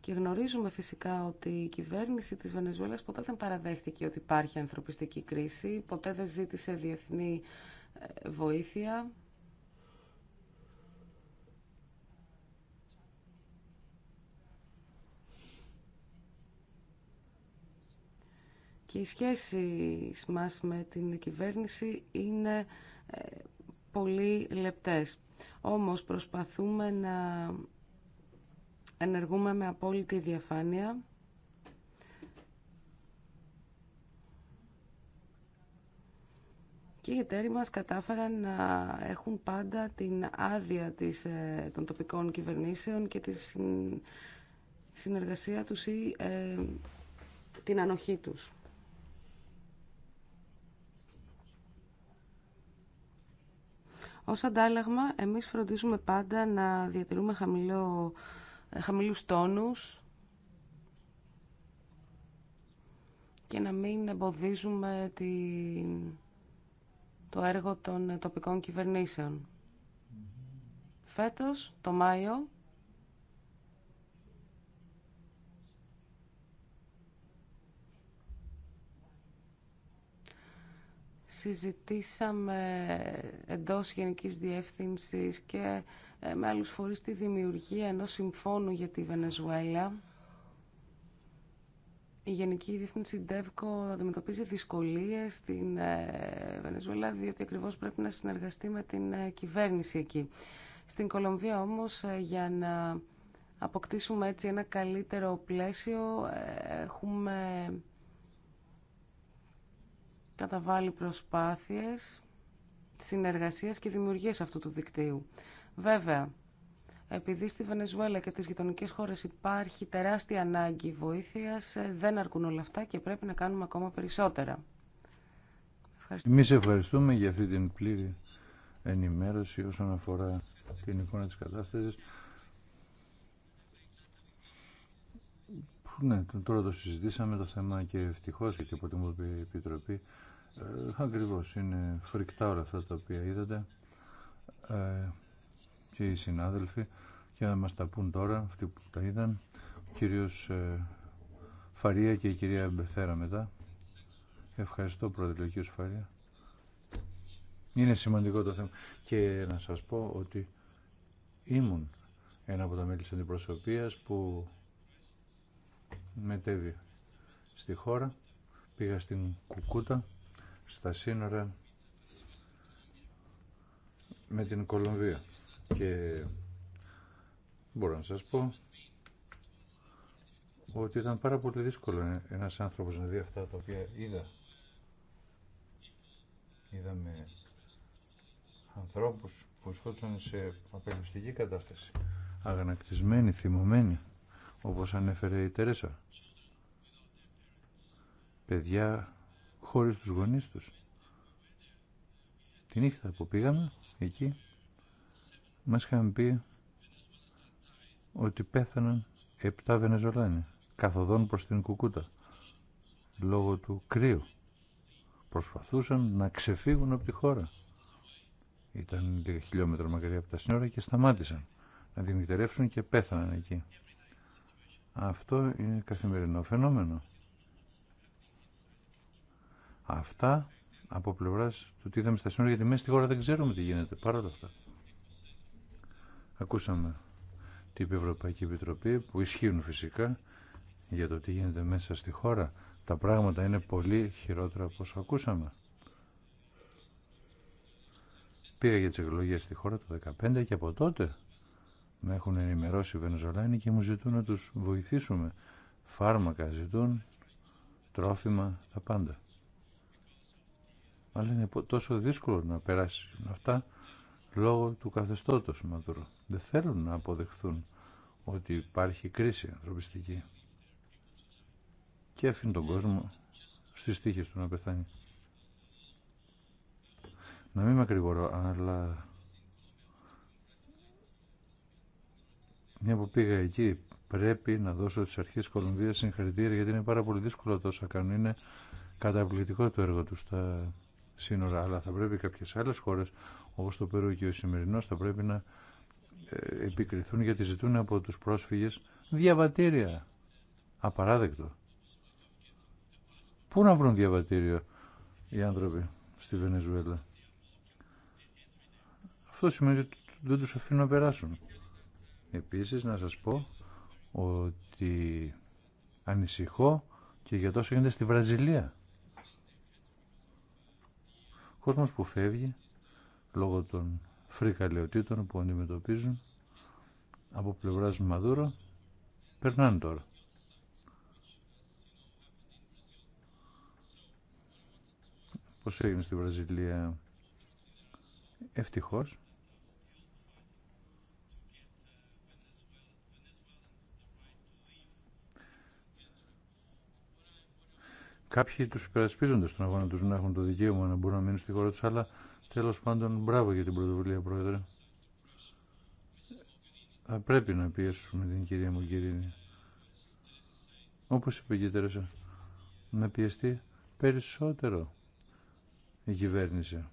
Και γνωρίζουμε φυσικά ότι η κυβέρνηση της Βενεζουέλας ποτέ δεν παραδέχτηκε ότι υπάρχει ανθρωπιστική κρίση, ποτέ δεν ζήτησε διεθνή ε, βοήθεια. Και οι σχέσεις μας με την κυβέρνηση είναι ε, πολύ λεπτές. Όμως προσπαθούμε να ενεργούμε με απόλυτη διαφάνεια και οι εταίροι μας κατάφεραν να έχουν πάντα την άδεια της, ε, των τοπικών κυβερνήσεων και τη συνεργασία τους ή ε, την ανοχή τους. Ως αντάλλαγμα, εμείς φροντίζουμε πάντα να διατηρούμε χαμηλό χαμηλούς τόνους και να μην εμποδίζουμε το έργο των τοπικών κυβερνήσεων. Φέτος, το Μάιο, συζητήσαμε εντός Γενικής Διεύθυνσης και ε, με άλλους φορείς τη δημιουργία ενός συμφώνου για τη Βενεζουέλα. Η Γενική Διεύθυνση ΔΕΒΚΟ αντιμετωπίζει δυσκολίες στην ε, Βενεζουέλα, διότι ακριβώς πρέπει να συνεργαστεί με την ε, κυβέρνηση εκεί. Στην Κολομβία όμως, για να αποκτήσουμε έτσι ένα καλύτερο πλαίσιο, έχουμε καταβάλει προσπάθειες συνεργασίας και δημιουργίας αυτού του δικτύου. Βέβαια, επειδή στη Βενεζουέλα και τις γειτονικές χώρες υπάρχει τεράστια ανάγκη βοήθειας, ε, δεν αρκούν όλα αυτά και πρέπει να κάνουμε ακόμα περισσότερα. Εμεί ευχαριστούμε για αυτή την πλήρη ενημέρωση όσον αφορά την εικόνα της κατάστασης. Ναι, τώρα το συζητήσαμε το θέμα και ευτυχώ και από την Επιτροπή. Ε, Ακριβώ είναι φρικτά όλα αυτά τα οποία είδατε. Ε, και οι συνάδελφοι για να μας τα πούν τώρα, αυτοί που τα είδαν, ο κύριος ε, Φαρία και η κυρία Μπεθέρα μετά. Ευχαριστώ πρόεδρε ο Φαρία. Είναι σημαντικό το θέμα. Και να σας πω ότι ήμουν ένα από τα μέλη της αντιπροσωπείας που μετέβη στη χώρα. Πήγα στην Κουκούτα, στα σύνορα με την Κολομβία. Και μπορώ να σας πω ότι ήταν πάρα πολύ δύσκολο ε, ένας άνθρωπος να δει αυτά τα οποία είδα. Είδαμε ανθρώπους που σκότσαν σε απελπιστική κατάσταση. Αγανακτισμένοι, θυμωμένοι, όπως ανέφερε η Τερέσα. Παιδιά χωρίς τους γονείς τους. Τη νύχτα που πήγαμε εκεί, μας είχαν πει ότι πέθαναν 7 Βενεζολάνοι καθοδόν προς την Κουκούτα λόγω του κρύου. Προσπαθούσαν να ξεφύγουν από τη χώρα. Ήταν 10 χιλιόμετρα μακριά από τα σύνορα και σταμάτησαν να δημιουργηθούν και πέθαναν εκεί. Αυτό είναι καθημερινό φαινόμενο. Αυτά από πλευράς του τι είδαμε στα σύνορα, γιατί μέσα στη χώρα δεν ξέρουμε τι γίνεται παρόλα αυτά. Ακούσαμε τι είπε Ευρωπαϊκή Επιτροπή που ισχύουν φυσικά για το τι γίνεται μέσα στη χώρα. Τα πράγματα είναι πολύ χειρότερα από όσο ακούσαμε. Πήγα για τις εκλογές στη χώρα το 2015 και από τότε με έχουν ενημερώσει οι Βενεζολάνοι και μου ζητούν να τους βοηθήσουμε. Φάρμακα ζητούν, τρόφιμα, τα πάντα. Αλλά είναι τόσο δύσκολο να περάσει αυτά λόγω του καθεστώτος Μαδούρο. Δεν θέλουν να αποδεχθούν ότι υπάρχει κρίση ανθρωπιστική και αφήνει τον κόσμο στις τύχες του να πεθάνει. Να μην με αλλά μια που πήγα εκεί πρέπει να δώσω τις αρχές Κολομβίας συγχαρητήρια γιατί είναι πάρα πολύ δύσκολο τόσα κάνουν. Είναι καταπληκτικό το έργο του στα σύνορα, αλλά θα πρέπει κάποιες άλλες χώρες Όπω το Περού και ο σημερινό θα πρέπει να ε, επικριθούν γιατί ζητούν από τους πρόσφυγες διαβατήρια. Απαράδεκτο. Πού να βρουν διαβατήριο οι άνθρωποι στη Βενεζουέλα. Αυτό σημαίνει ότι δεν τους αφήνουν να περάσουν. Επίσης να σας πω ότι ανησυχώ και για τόσο γίνεται στη Βραζιλία. Ο κόσμος που φεύγει λόγω των φρικαλαιοτήτων που αντιμετωπίζουν από πλευράς Μαδούρο περνάνε τώρα. Πώς έγινε στη Βραζιλία ευτυχώς Κάποιοι τους υπερασπίζονται στον αγώνα τους να έχουν το δικαίωμα να μπορούν να μείνουν στη χώρα τους, αλλά Τέλος πάντων, μπράβο για την πρωτοβουλία, Πρόεδρε. Θα ε, πρέπει να πιέσουμε την κυρία Μογγυρίνη. Όπως είπε η Τέρεσα, να πιεστεί περισσότερο η κυβέρνηση.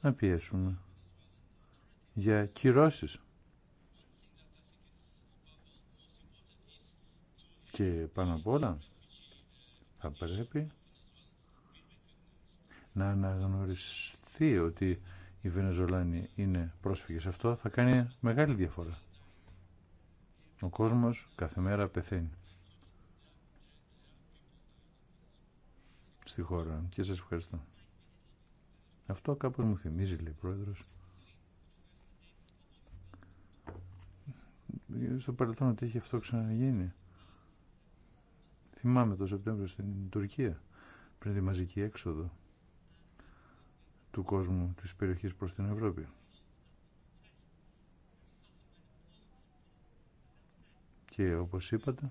Να πιέσουμε για κυρώσεις. Και πάνω απ' όλα θα πρέπει να αναγνωριστεί ότι οι Βενεζολάνοι είναι πρόσφυγες. Αυτό θα κάνει μεγάλη διαφορά. Ο κόσμος κάθε μέρα πεθαίνει. Στη χώρα. Και σας ευχαριστώ. Αυτό κάπως μου θυμίζει, λέει ο Πρόεδρος. Στο παρελθόν ότι έχει αυτό ξαναγίνει. Θυμάμαι το Σεπτέμβριο στην Τουρκία, πριν τη μαζική έξοδο του κόσμου της περιοχής προς την Ευρώπη. Και όπως είπατε,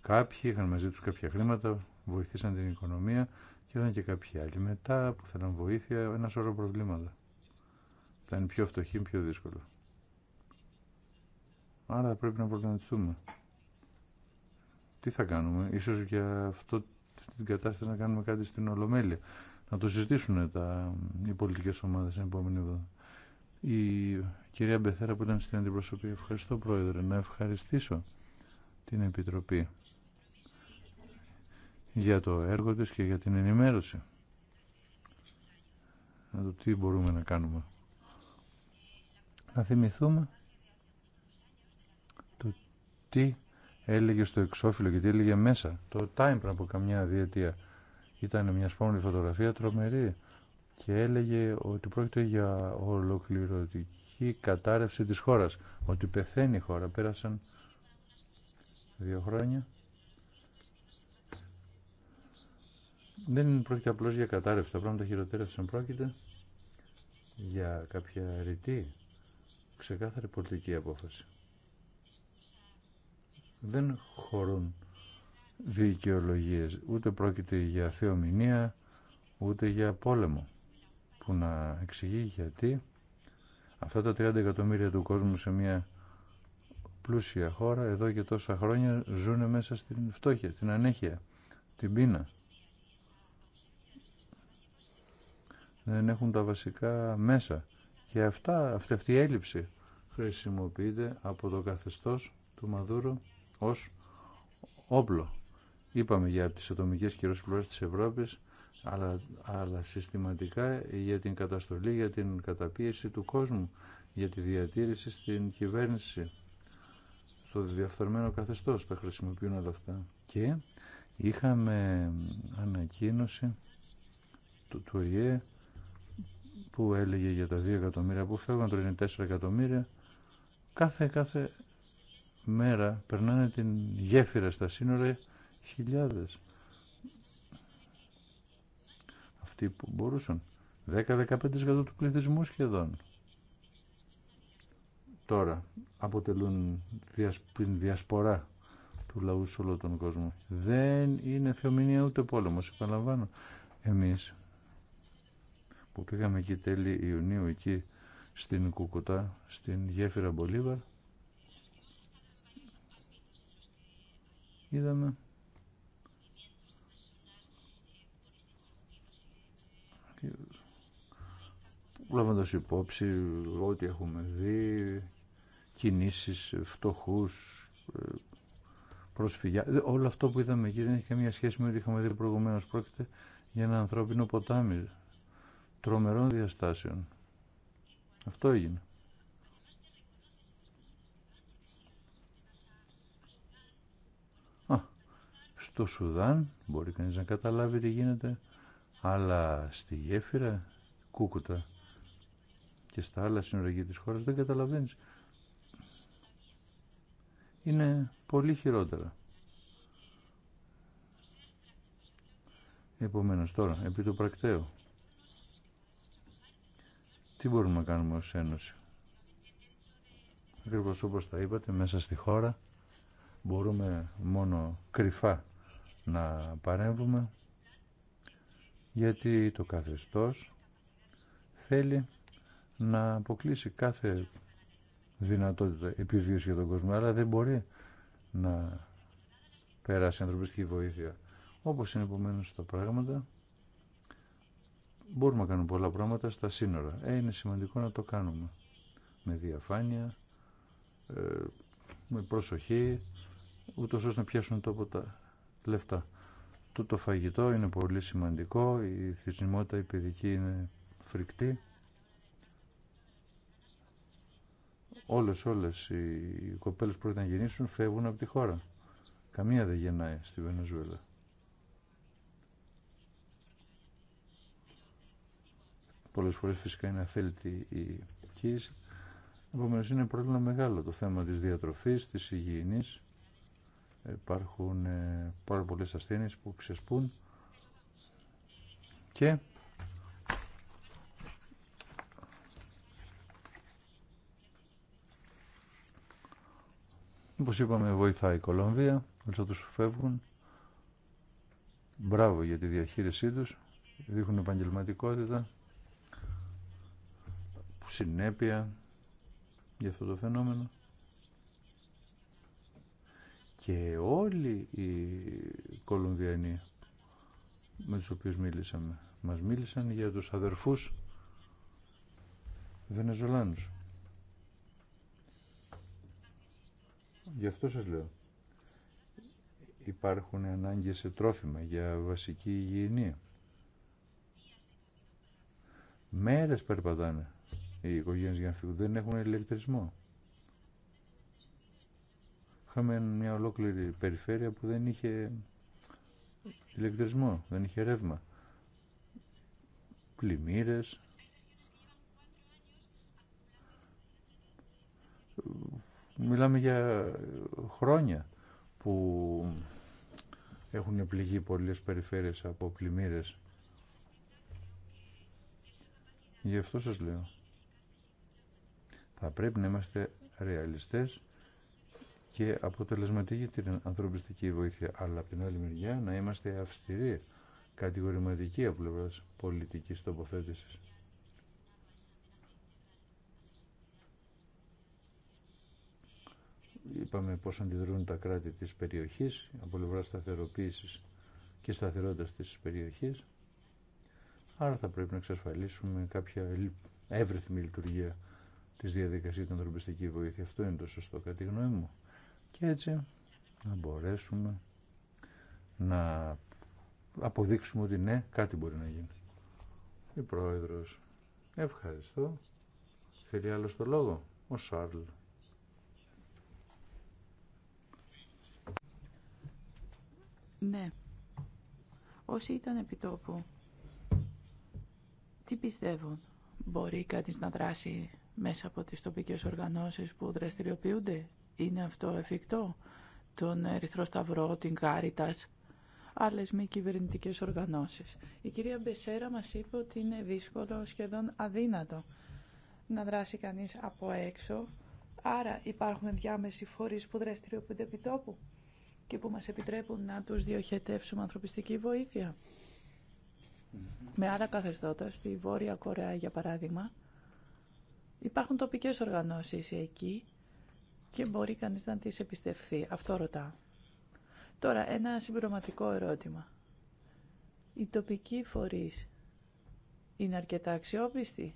κάποιοι είχαν μαζί τους κάποια χρήματα, βοηθήσαν την οικονομία και ήταν και κάποιοι άλλοι μετά που θέλαν βοήθεια, ένα σωρό προβλήματα. Ήταν πιο φτωχοί, πιο δύσκολο. Άρα πρέπει να προγραμματιστούμε. Τι θα κάνουμε, ίσως για αυτό την κατάσταση να κάνουμε κάτι στην Ολομέλεια. Να το συζητήσουν τα, οι πολιτικές ομάδες την επόμενη εβδομάδα. Η κυρία Μπεθέρα που ήταν στην αντιπροσωπή. Ευχαριστώ Πρόεδρε. Να ευχαριστήσω την Επιτροπή για το έργο της και για την ενημέρωση. Να το τι μπορούμε να κάνουμε. Να θυμηθούμε τι έλεγε στο εξώφυλλο και τι έλεγε μέσα. Το time από καμιά διετία ήταν μια σπόμενη φωτογραφία τρομερή και έλεγε ότι πρόκειται για ολοκληρωτική κατάρρευση της χώρας. Ότι πεθαίνει η χώρα. Πέρασαν δύο χρόνια. Δεν πρόκειται απλώς για κατάρρευση. Τα πράγματα χειροτέρευσαν πρόκειται για κάποια ρητή, ξεκάθαρη πολιτική απόφαση δεν χωρούν δικαιολογίε. Ούτε πρόκειται για θεομηνία, ούτε για πόλεμο. Που να εξηγεί γιατί αυτά τα 30 εκατομμύρια του κόσμου σε μια πλούσια χώρα εδώ και τόσα χρόνια ζουν μέσα στην φτώχεια, την ανέχεια, την πείνα. Δεν έχουν τα βασικά μέσα. Και αυτά, αυτή, η έλλειψη χρησιμοποιείται από το καθεστώς του Μαδούρου ως όπλο. Είπαμε για τις ατομικές κυρώσεις της Ευρώπης, αλλά, αλλά συστηματικά για την καταστολή, για την καταπίεση του κόσμου, για τη διατήρηση στην κυβέρνηση, στο διαφθαρμένο καθεστώς τα χρησιμοποιούν όλα αυτά. Και είχαμε ανακοίνωση του, του ΙΕ που έλεγε για τα 2 εκατομμύρια που φεύγαν, τώρα είναι 4 εκατομμύρια. Κάθε, κάθε μέρα περνάνε την γέφυρα στα σύνορα χιλιάδες. Αυτοί που μπορούσαν. 10-15% του πληθυσμού σχεδόν. Τώρα αποτελούν την διασπορά του λαού σε όλο τον κόσμο. Δεν είναι θεομηνία ούτε πόλεμο, επαναλαμβάνω. Εμείς που πήγαμε εκεί τέλη Ιουνίου εκεί στην Κουκουτά, στην γέφυρα Μπολίβαρ, είδαμε λάβοντας υπόψη ό,τι έχουμε δει κινήσεις, φτωχούς ε, προσφυγιά όλο αυτό που είδαμε εκεί δεν έχει καμία σχέση με ό,τι είχαμε δει προηγουμένως πρόκειται για ένα ανθρώπινο ποτάμι τρομερών διαστάσεων αυτό έγινε στο Σουδάν, μπορεί κανείς να καταλάβει τι γίνεται, αλλά στη γέφυρα κούκουτα και στα άλλα συνοριακή της χώρας δεν καταλαβαίνεις. Είναι πολύ χειρότερα. Επομένως τώρα, επί του πρακτέο τι μπορούμε να κάνουμε ως Ένωση. Ακριβώς όπως τα είπατε, μέσα στη χώρα μπορούμε μόνο κρυφά να παρέμβουμε γιατί το καθεστώς θέλει να αποκλείσει κάθε δυνατότητα επιβίωση για τον κόσμο, αλλά δεν μπορεί να περάσει ανθρωπιστική βοήθεια. Όπως είναι επομένως τα πράγματα, μπορούμε να κάνουμε πολλά πράγματα στα σύνορα. Ε, είναι σημαντικό να το κάνουμε με διαφάνεια, ε, με προσοχή, ούτως ώστε να πιάσουν τόπο τα λεφτά. Το, το φαγητό είναι πολύ σημαντικό, η θυσιμότητα η παιδική είναι φρικτή. Όλες, όλες οι κοπέλες που να γεννήσουν φεύγουν από τη χώρα. Καμία δεν γεννάει στη Βενεζουέλα. Πολλές φορές φυσικά είναι αθέλητη η κοίηση. Επομένως είναι πρόβλημα μεγάλο το θέμα της διατροφής, της υγιεινής υπάρχουν ε, πάρα πολλές ασθένειες που ξεσπούν και όπως είπαμε βοηθάει η Κολομβία όλες τους φεύγουν μπράβο για τη διαχείρισή τους δείχνουν επαγγελματικότητα συνέπεια για αυτό το φαινόμενο και όλοι οι Κολομβιανοί με τους οποίους μίλησαμε μας μίλησαν για τους αδερφούς Βενεζολάνους γι' αυτό σας λέω υπάρχουν ανάγκες σε τρόφιμα για βασική υγιεινή μέρες περπατάνε οι οικογένειες για να φύγουν δεν έχουν ηλεκτρισμό Είχαμε μια ολόκληρη περιφέρεια που δεν είχε ηλεκτρισμό, δεν είχε ρεύμα. Πλημμύρε. Μιλάμε για χρόνια που έχουν πληγεί πολλές περιφέρειες από πλημμύρες. Γι' αυτό σας λέω. Θα πρέπει να είμαστε ρεαλιστές και αποτελεσματική την ανθρωπιστική βοήθεια, αλλά από την άλλη μεριά να είμαστε αυστηροί, κατηγορηματικοί από πλευρά πολιτική τοποθέτηση. Είπαμε πώς αντιδρούν τα κράτη της περιοχής, από πλευρά σταθεροποίηση και σταθερότητα της περιοχής. Άρα θα πρέπει να εξασφαλίσουμε κάποια εύρυθμη λειτουργία της διαδικασίας την ανθρωπιστική βοήθεια. Αυτό είναι το σωστό, κατά τη γνώμη μου και έτσι να μπορέσουμε να αποδείξουμε ότι ναι, κάτι μπορεί να γίνει. Η Πρόεδρος. Ευχαριστώ. Θέλει άλλο το λόγο. Ο Σάρλ. Ναι. Όσοι ήταν τόπου, τι πιστεύουν. Μπορεί κάτι να δράσει μέσα από τις τοπικές οργανώσεις που δραστηριοποιούνται είναι αυτό εφικτό. Τον Ερυθρό Σταυρό, την Κάριτας, άλλες μη κυβερνητικέ οργανώσεις. Η κυρία Μπεσέρα μας είπε ότι είναι δύσκολο, σχεδόν αδύνατο να δράσει κανείς από έξω. Άρα υπάρχουν διάμεση φορείς που δραστηριοποιούνται επί τόπου και που μας επιτρέπουν να τους διοχετεύσουμε ανθρωπιστική βοήθεια. Mm Με άλλα καθεστώτα, στη Βόρεια Κορέα για παράδειγμα, υπάρχουν τοπικές οργανώσεις εκεί και μπορεί κανείς να τις εμπιστευθεί. Αυτό ρωτάω. Τώρα, ένα συμπληρωματικό ερώτημα. Η τοπική φορείς είναι αρκετά αξιόπιστη?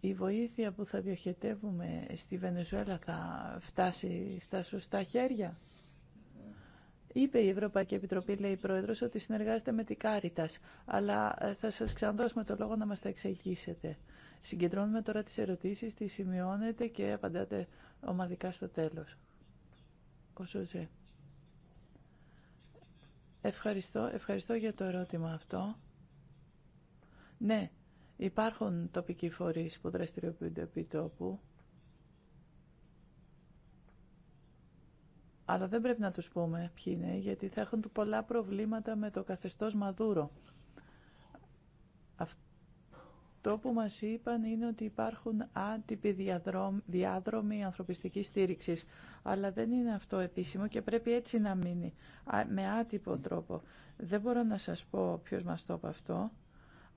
Η βοήθεια που θα διοχετεύουμε στη Βενεζουέλα θα φτάσει στα σωστά χέρια. Είπε η Ευρωπαϊκή Επιτροπή, λέει η Πρόεδρος, ότι συνεργάζεται με την Κάριτας, αλλά ε, θα σας ξανδώσουμε το λόγο να μας τα εξηγήσετε. Συγκεντρώνουμε τώρα τις ερωτήσεις, τις σημειώνετε και απαντάτε ομαδικά στο τέλος. Ο Ευχαριστώ, ευχαριστώ για το ερώτημα αυτό. Ναι, υπάρχουν τοπικοί φορείς που δραστηριοποιούνται επί τόπου. Αλλά δεν πρέπει να τους πούμε ποιοι είναι, γιατί θα έχουν πολλά προβλήματα με το καθεστώς Μαδούρο. Το που μας είπαν είναι ότι υπάρχουν άτυποι διάδρομοι ανθρωπιστικής στήριξης, αλλά δεν είναι αυτό επίσημο και πρέπει έτσι να μείνει, με άτυπο τρόπο. Δεν μπορώ να σας πω ποιος μας το είπε αυτό,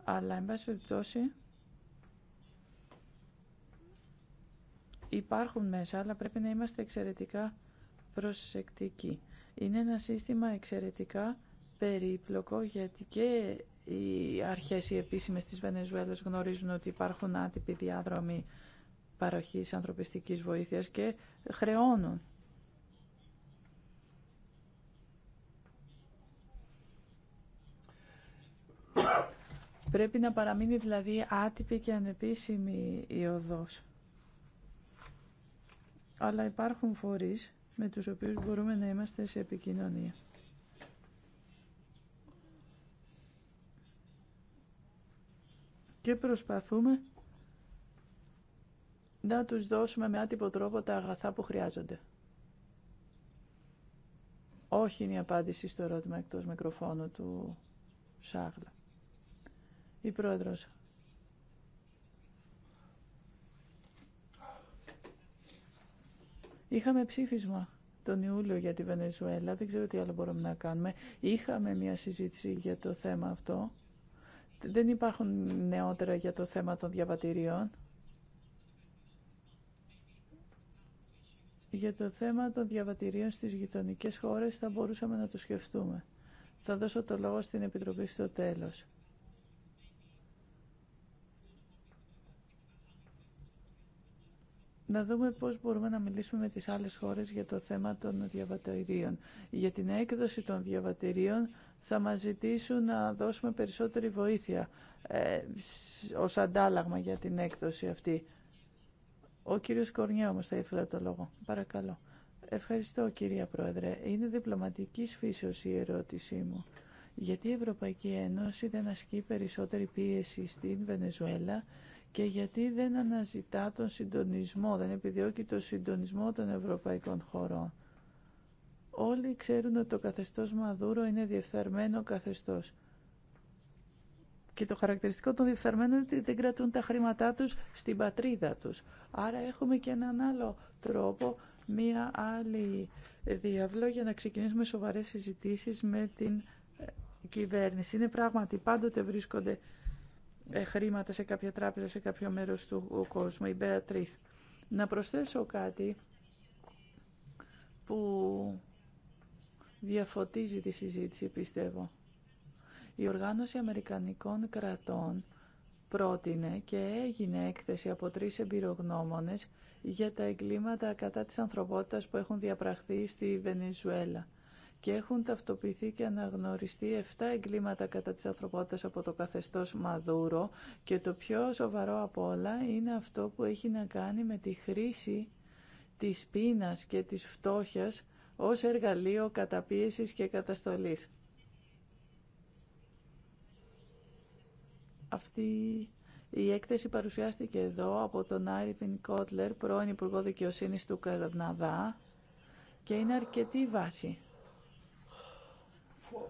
αλλά εν πάση περιπτώσει υπάρχουν μέσα, αλλά πρέπει να είμαστε εξαιρετικά προσεκτικοί. Είναι ένα σύστημα εξαιρετικά περίπλοκο γιατί και οι αρχές οι επίσημες της Βενεζουέλας γνωρίζουν ότι υπάρχουν άτυποι διάδρομοι παροχής ανθρωπιστικής βοήθειας και χρεώνουν. Πρέπει να παραμείνει δηλαδή άτυπη και ανεπίσημη η οδός. Αλλά υπάρχουν φορείς με τους οποίους μπορούμε να είμαστε σε επικοινωνία. και προσπαθούμε να τους δώσουμε με άτυπο τρόπο τα αγαθά που χρειάζονται. Όχι είναι η απάντηση στο ερώτημα εκτός μικροφώνου του Σάγλα. Η πρόεδρος. Είχαμε ψήφισμα τον Ιούλιο για τη Βενεζουέλα, δεν ξέρω τι άλλο μπορούμε να κάνουμε. Είχαμε μια συζήτηση για το θέμα αυτό. Δεν υπάρχουν νεότερα για το θέμα των διαβατηρίων. Για το θέμα των διαβατηρίων στις γειτονικές χώρες θα μπορούσαμε να το σκεφτούμε. Θα δώσω το λόγο στην Επιτροπή στο τέλος. να δούμε πώς μπορούμε να μιλήσουμε με τις άλλες χώρες για το θέμα των διαβατηρίων. Για την έκδοση των διαβατηρίων θα μας ζητήσουν να δώσουμε περισσότερη βοήθεια ε, ως αντάλλαγμα για την έκδοση αυτή. Ο κύριος Κορνιά όμως θα ήθελα το λόγο. Παρακαλώ. Ευχαριστώ κυρία Πρόεδρε. Είναι διπλωματική φύσεως η ερώτησή μου. Γιατί η Ευρωπαϊκή Ένωση δεν ασκεί περισσότερη πίεση στην Βενεζουέλα και γιατί δεν αναζητά τον συντονισμό, δεν επιδιώκει τον συντονισμό των ευρωπαϊκών χωρών. Όλοι ξέρουν ότι το καθεστώς Μαδούρο είναι διεφθαρμένο καθεστώς. Και το χαρακτηριστικό των διεφθαρμένων είναι ότι δεν κρατούν τα χρήματά τους στην πατρίδα τους. Άρα έχουμε και έναν άλλο τρόπο, μία άλλη διαβλό για να ξεκινήσουμε σοβαρές συζητήσεις με την ε, κυβέρνηση. Είναι πράγματι πάντοτε βρίσκονται ε, χρήματα σε κάποια τράπεζα σε κάποιο μέρος του κόσμου, η Να προσθέσω κάτι που διαφωτίζει τη συζήτηση, πιστεύω. Η Οργάνωση Αμερικανικών Κρατών πρότεινε και έγινε έκθεση από τρεις εμπειρογνώμονες για τα εγκλήματα κατά της ανθρωπότητας που έχουν διαπραχθεί στη Βενεζουέλα και έχουν ταυτοποιηθεί και αναγνωριστεί 7 εγκλήματα κατά της ανθρωπότητας από το καθεστώς Μαδούρο και το πιο σοβαρό από όλα είναι αυτό που έχει να κάνει με τη χρήση της πείνας και της φτώχειας ως εργαλείο καταπίεσης και καταστολής. Αυτή η έκθεση παρουσιάστηκε εδώ από τον Άριφιν Κότλερ, πρώην Υπουργό Δικαιοσύνης του Καναδά και είναι αρκετή βάση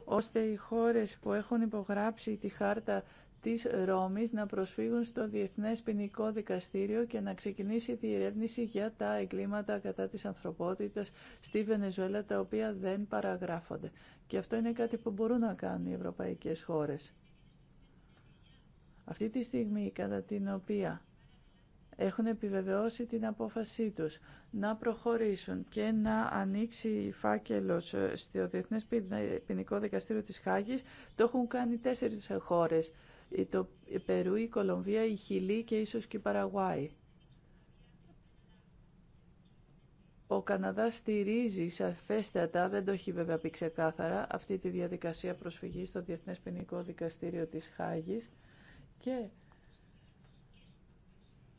ώστε οι χώρες που έχουν υπογράψει τη χάρτα της Ρώμης να προσφύγουν στο Διεθνές Ποινικό Δικαστήριο και να ξεκινήσει τη διερεύνηση για τα εγκλήματα κατά της ανθρωπότητας στη Βενεζουέλα τα οποία δεν παραγράφονται. Και αυτό είναι κάτι που μπορούν να κάνουν οι ευρωπαϊκές χώρες. Αυτή τη στιγμή κατά την οποία έχουν επιβεβαιώσει την απόφασή τους να προχωρήσουν και να ανοίξει φάκελος ε, στο Διεθνές Ποινικό Δικαστήριο της Χάγης. Το έχουν κάνει τέσσερις χώρες, το, Περού, η Κολομβία, η Χιλή και ίσως και η Παραγουάη. Ο Καναδάς στηρίζει σαφέστατα, δεν το έχει βέβαια πει ξεκάθαρα, αυτή τη διαδικασία προσφυγής στο Διεθνές Ποινικό Δικαστήριο της Χάγης και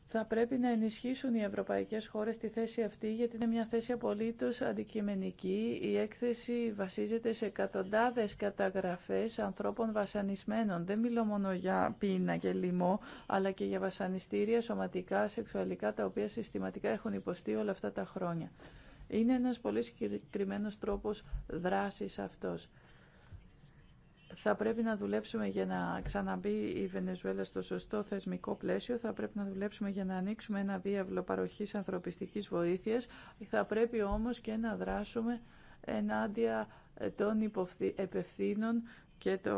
θα πρέπει να ενισχύσουν οι ευρωπαϊκές χώρες τη θέση αυτή γιατί είναι μια θέση απολύτως αντικειμενική. Η έκθεση βασίζεται σε εκατοντάδες καταγραφές ανθρώπων βασανισμένων. Δεν μιλώ μόνο για πείνα και λοιμό, αλλά και για βασανιστήρια σωματικά, σεξουαλικά, τα οποία συστηματικά έχουν υποστεί όλα αυτά τα χρόνια. Είναι ένας πολύ συγκεκριμένο τρόπος δράσης αυτός θα πρέπει να δουλέψουμε για να ξαναμπεί η Βενεζουέλα στο σωστό θεσμικό πλαίσιο, θα πρέπει να δουλέψουμε για να ανοίξουμε ένα διάβλο παροχή ανθρωπιστικής βοήθειας, θα πρέπει όμως και να δράσουμε ενάντια των υπευθύνων και το,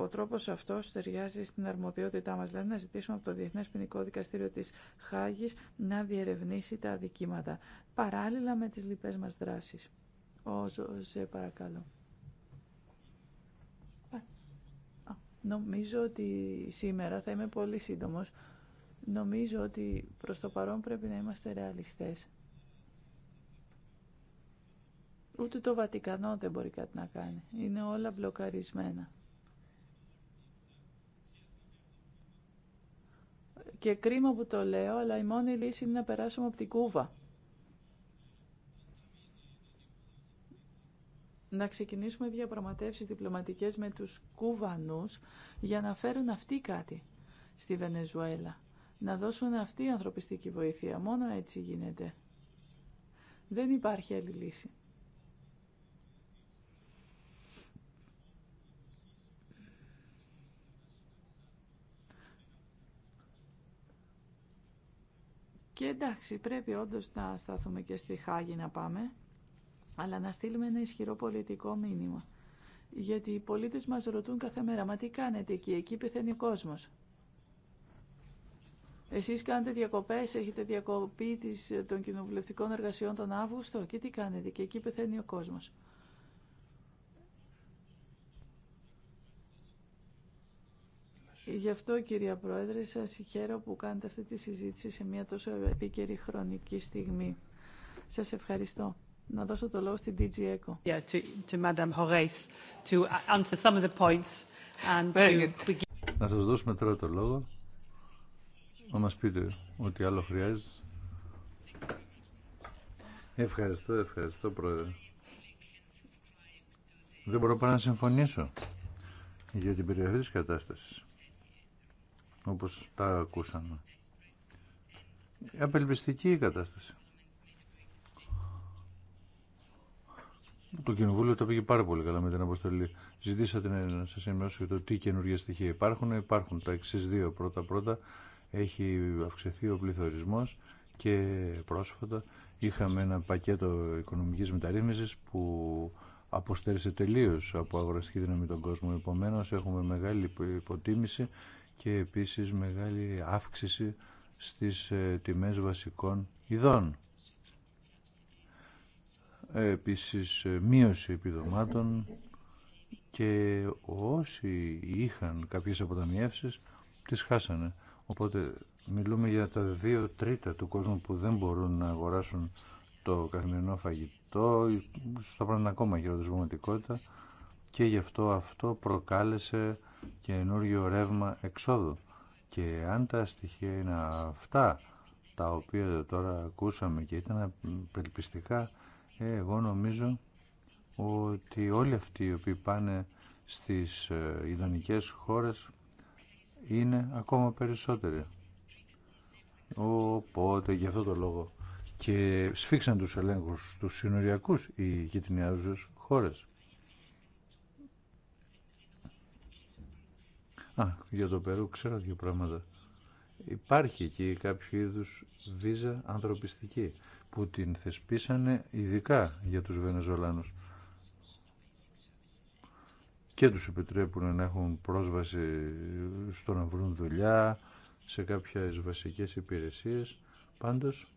ο τρόπο αυτό ταιριάζει στην αρμοδιότητά μας. Δηλαδή να ζητήσουμε από το Διεθνέ Ποινικό Δικαστήριο τη Χάγης να διερευνήσει τα αδικήματα, παράλληλα με τι λοιπέ μα δράσει. Ω, σε παρακαλώ. Νομίζω ότι σήμερα θα είμαι πολύ σύντομος. Νομίζω ότι προς το παρόν πρέπει να είμαστε ρεαλιστές. Ούτε το Βατικανό δεν μπορεί κάτι να κάνει. Είναι όλα μπλοκαρισμένα. Και κρίμα που το λέω, αλλά η μόνη λύση είναι να περάσουμε από την Κούβα. να ξεκινήσουμε διαπραγματεύσεις διπλωματικές με τους Κουβανούς για να φέρουν αυτοί κάτι στη Βενεζουέλα. Να δώσουν αυτή η ανθρωπιστική βοήθεια. Μόνο έτσι γίνεται. Δεν υπάρχει άλλη λύση. Και εντάξει, πρέπει όντως να σταθούμε και στη Χάγη να πάμε αλλά να στείλουμε ένα ισχυρό πολιτικό μήνυμα. Γιατί οι πολίτες μας ρωτούν κάθε μέρα, μα τι κάνετε εκεί, εκεί πεθαίνει ο κόσμος. Εσείς κάνετε διακοπές, έχετε διακοπή της, των κοινοβουλευτικών εργασιών τον Αύγουστο και τι κάνετε και εκεί πεθαίνει ο κόσμος. Γι' αυτό κυρία Πρόεδρε σας χαίρομαι που κάνετε αυτή τη συζήτηση σε μια τόσο επίκαιρη χρονική στιγμή. Σας ευχαριστώ. Να δώσω το λόγο στην DG ECO. Uh, να σας δώσουμε τώρα το λόγο, να μας πείτε ό,τι άλλο χρειάζεται. Ευχαριστώ, ευχαριστώ Πρόεδρε. Δεν μπορώ παρά να συμφωνήσω για την περιοχή της κατάστασης, όπως τα ακούσαμε. Απελπιστική η κατάσταση. Το Κοινοβούλιο το πήγε πάρα πολύ καλά με την αποστολή. Ζητήσατε να σα ενημερώσω για το τι καινούργια στοιχεία υπάρχουν. Υπάρχουν τα εξή δύο. Πρώτα-πρώτα έχει αυξηθεί ο πληθωρισμό και πρόσφατα είχαμε ένα πακέτο οικονομική μεταρρύθμιση που αποστέρισε τελείω από αγοραστική δύναμη τον κόσμο. Επομένω έχουμε μεγάλη υποτίμηση και επίση μεγάλη αύξηση στι ε, τιμέ βασικών ειδών επίσης μείωση επιδομάτων και όσοι είχαν κάποιες αποταμιεύσεις τις χάσανε. Οπότε μιλούμε για τα δύο τρίτα του κόσμου που δεν μπορούν να αγοράσουν το καθημερινό φαγητό, στο πράγμα ακόμα γεροδοσμωματικότητα και γι' αυτό αυτό προκάλεσε καινούργιο ρεύμα εξόδου. Και αν τα στοιχεία είναι αυτά τα οποία τώρα ακούσαμε και ήταν απελπιστικά, ε, εγώ νομίζω ότι όλοι αυτοί οι οποίοι πάνε στις ε, ιδανικές χώρες είναι ακόμα περισσότεροι. Οπότε γι' αυτό το λόγο και σφίξαν τους ελέγχους τους συνοριακούς οι κοινωνιάζουσες χώρες. Α, για το Περού ξέρω δύο πράγματα. Υπάρχει εκεί κάποιο είδους βίζα ανθρωπιστική που την θεσπίσανε ειδικά για τους Βενεζολάνους και τους επιτρέπουν να έχουν πρόσβαση στο να βρουν δουλειά, σε κάποιες βασικές υπηρεσίες. Πάντως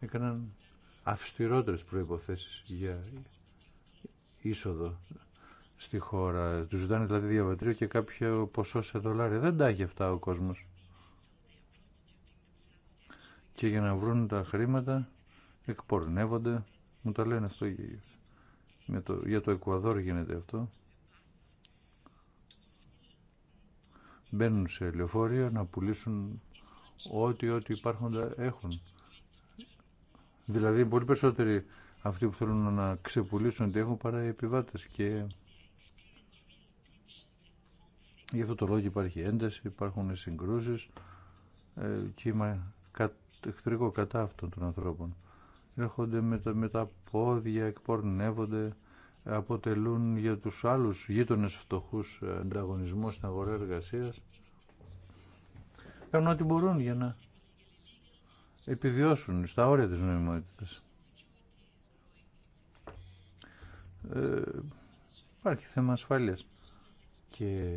έκαναν αυστηρότερες προϋποθέσεις για είσοδο στη χώρα. Τους ζητάνε δηλαδή διαβατήριο και κάποιο ποσό σε δολάρια. Δεν τα έχει αυτά ο κόσμος και για να βρουν τα χρήματα εκπορνεύονται, μου τα λένε αυτό με το, για το Εκουαδόρ γίνεται αυτό. Μπαίνουν σε λεωφόρια να πουλήσουν ό,τι ό,τι υπάρχοντα έχουν. Δηλαδή πολύ περισσότεροι αυτοί που θέλουν να ξεπουλήσουν ότι έχουν παρά οι επιβάτες και γι' αυτό το λόγο υπάρχει ένταση, υπάρχουν συγκρούσεις ε, και εχθρικό κατά αυτών των ανθρώπων. Έρχονται με τα, πόδια, εκπορνεύονται, αποτελούν για τους άλλους γείτονες φτωχούς ε, ανταγωνισμό στην αγορά εργασίας. Κάνουν ό,τι μπορούν για να επιβιώσουν στα όρια της νομιμότητας. Ε, υπάρχει θέμα ασφάλειας και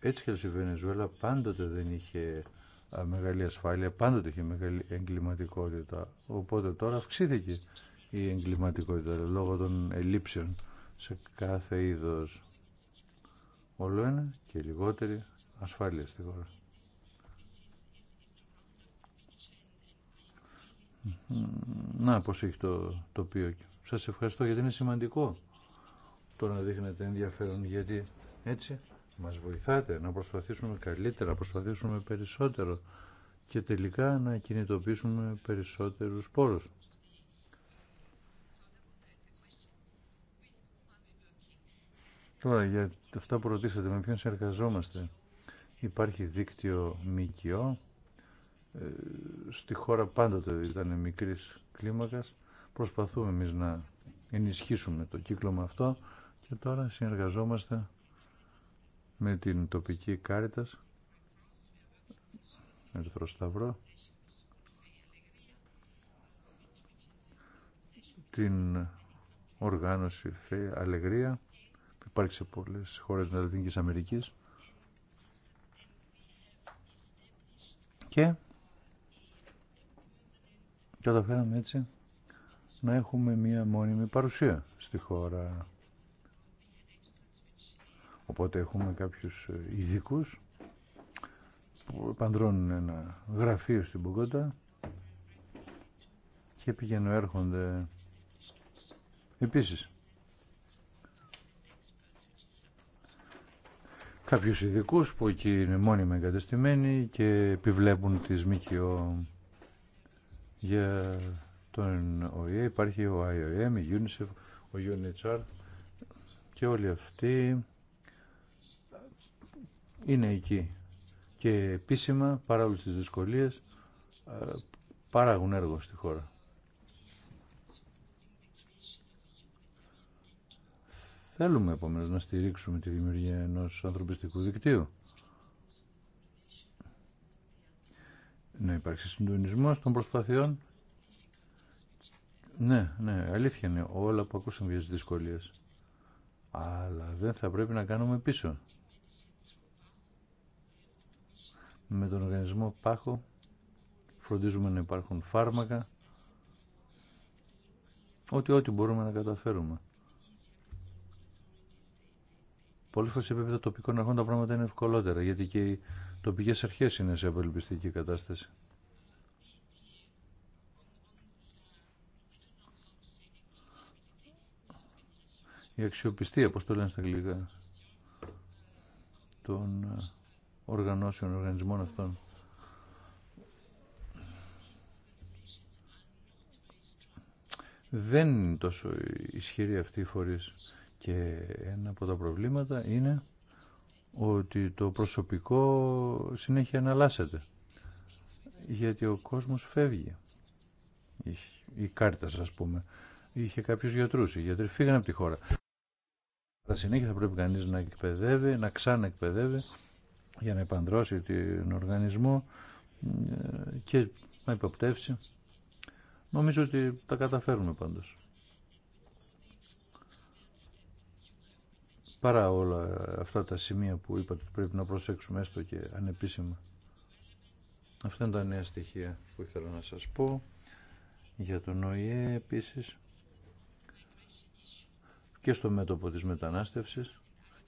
έτσι και η Βενεζουέλα πάντοτε δεν είχε μεγάλη ασφάλεια, πάντοτε είχε μεγάλη εγκληματικότητα. Οπότε τώρα αυξήθηκε η εγκληματικότητα λόγω των ελλείψεων σε κάθε είδος. Όλο ένα και λιγότερη ασφάλεια στη χώρα. Να πως έχει το τοπίο. Σας ευχαριστώ γιατί είναι σημαντικό το να δείχνετε ενδιαφέρον γιατί έτσι μας βοηθάτε να προσπαθήσουμε καλύτερα, να προσπαθήσουμε περισσότερο και τελικά να κινητοποιήσουμε περισσότερους πόρους. Τώρα, για αυτά που ρωτήσατε, με ποιον συνεργαζόμαστε. Υπάρχει δίκτυο ΜΚΟ. Ε, στη χώρα πάντοτε ήταν μικρής κλίμακας. Προσπαθούμε εμείς να ενισχύσουμε το κύκλωμα αυτό και τώρα συνεργαζόμαστε με την τοπική κάριτας, Ερθρό Σταυρό, την οργάνωση ΦΕ Αλεγρία, που υπάρχει σε πολλές χώρες της Λατινικής Αμερικής και καταφέραμε έτσι να έχουμε μία μόνιμη παρουσία στη χώρα. Οπότε έχουμε κάποιους ε, ειδικού που παντρώνουν ένα γραφείο στην Πογκότα και πηγαίνουν έρχονται επίσης. Κάποιους ειδικού που εκεί είναι μόνιμα εγκατεστημένοι και επιβλέπουν τη ΜΚΟ για τον ΟΗΕ, υπάρχει ο IOM, η UNICEF, ο UNHR και όλοι αυτοί είναι εκεί και επίσημα παρά όλες τις δυσκολίες ε, παράγουν έργο στη χώρα. Θέλουμε επομένω να στηρίξουμε τη δημιουργία ενός ανθρωπιστικού δικτύου. Να υπάρξει συντονισμός των προσπαθειών. Ναι, ναι, αλήθεια είναι όλα που ακούσαμε για τις δυσκολίες. Αλλά δεν θα πρέπει να κάνουμε πίσω. με τον οργανισμό πάχο φροντίζουμε να υπάρχουν φάρμακα ό,τι ό,τι μπορούμε να καταφέρουμε. Πολλές φορές σε επίπεδο τοπικών αρχών τα πράγματα είναι ευκολότερα γιατί και οι τοπικές αρχές είναι σε απελπιστική κατάσταση. Η αξιοπιστία, όπως το λένε στα αγγλικά, των ε, οργανώσεων, οργανισμών αυτών. Δεν είναι τόσο ισχυρή αυτή η φορής και ένα από τα προβλήματα είναι ότι το προσωπικό συνέχεια αναλάσσεται γιατί ο κόσμος φεύγει. Η κάρτα ας πούμε, είχε κάποιους γιατρούς, οι γιατροί φύγανε από τη χώρα. Τα συνέχεια θα πρέπει κανείς να εκπαιδεύει, να ξαναεκπαιδεύει για να επανδρώσει τον οργανισμό ε, και να υποπτεύσει. Νομίζω ότι τα καταφέρουμε πάντως. Παρά όλα αυτά τα σημεία που είπατε ότι πρέπει να προσέξουμε έστω και ανεπίσημα. Αυτά είναι τα νέα στοιχεία που ήθελα να σας πω. Για τον ΟΗΕ επίσης και στο μέτωπο της μετανάστευσης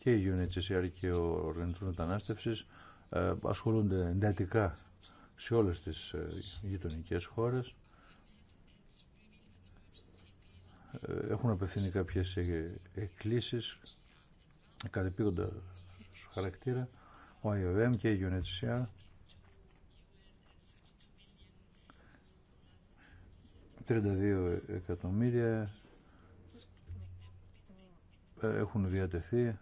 και η UNHCR και ο Οργανισμός Μετανάστευσης ε, ασχολούνται εντατικά σε όλες τις ε, γειτονικές χώρες. Ε, έχουν απευθύνει κάποιες εκκλήσεις κατεπίγοντα χαρακτήρα ο IOM και η UNHCR 32 εκατομμύρια έχουν διατεθεί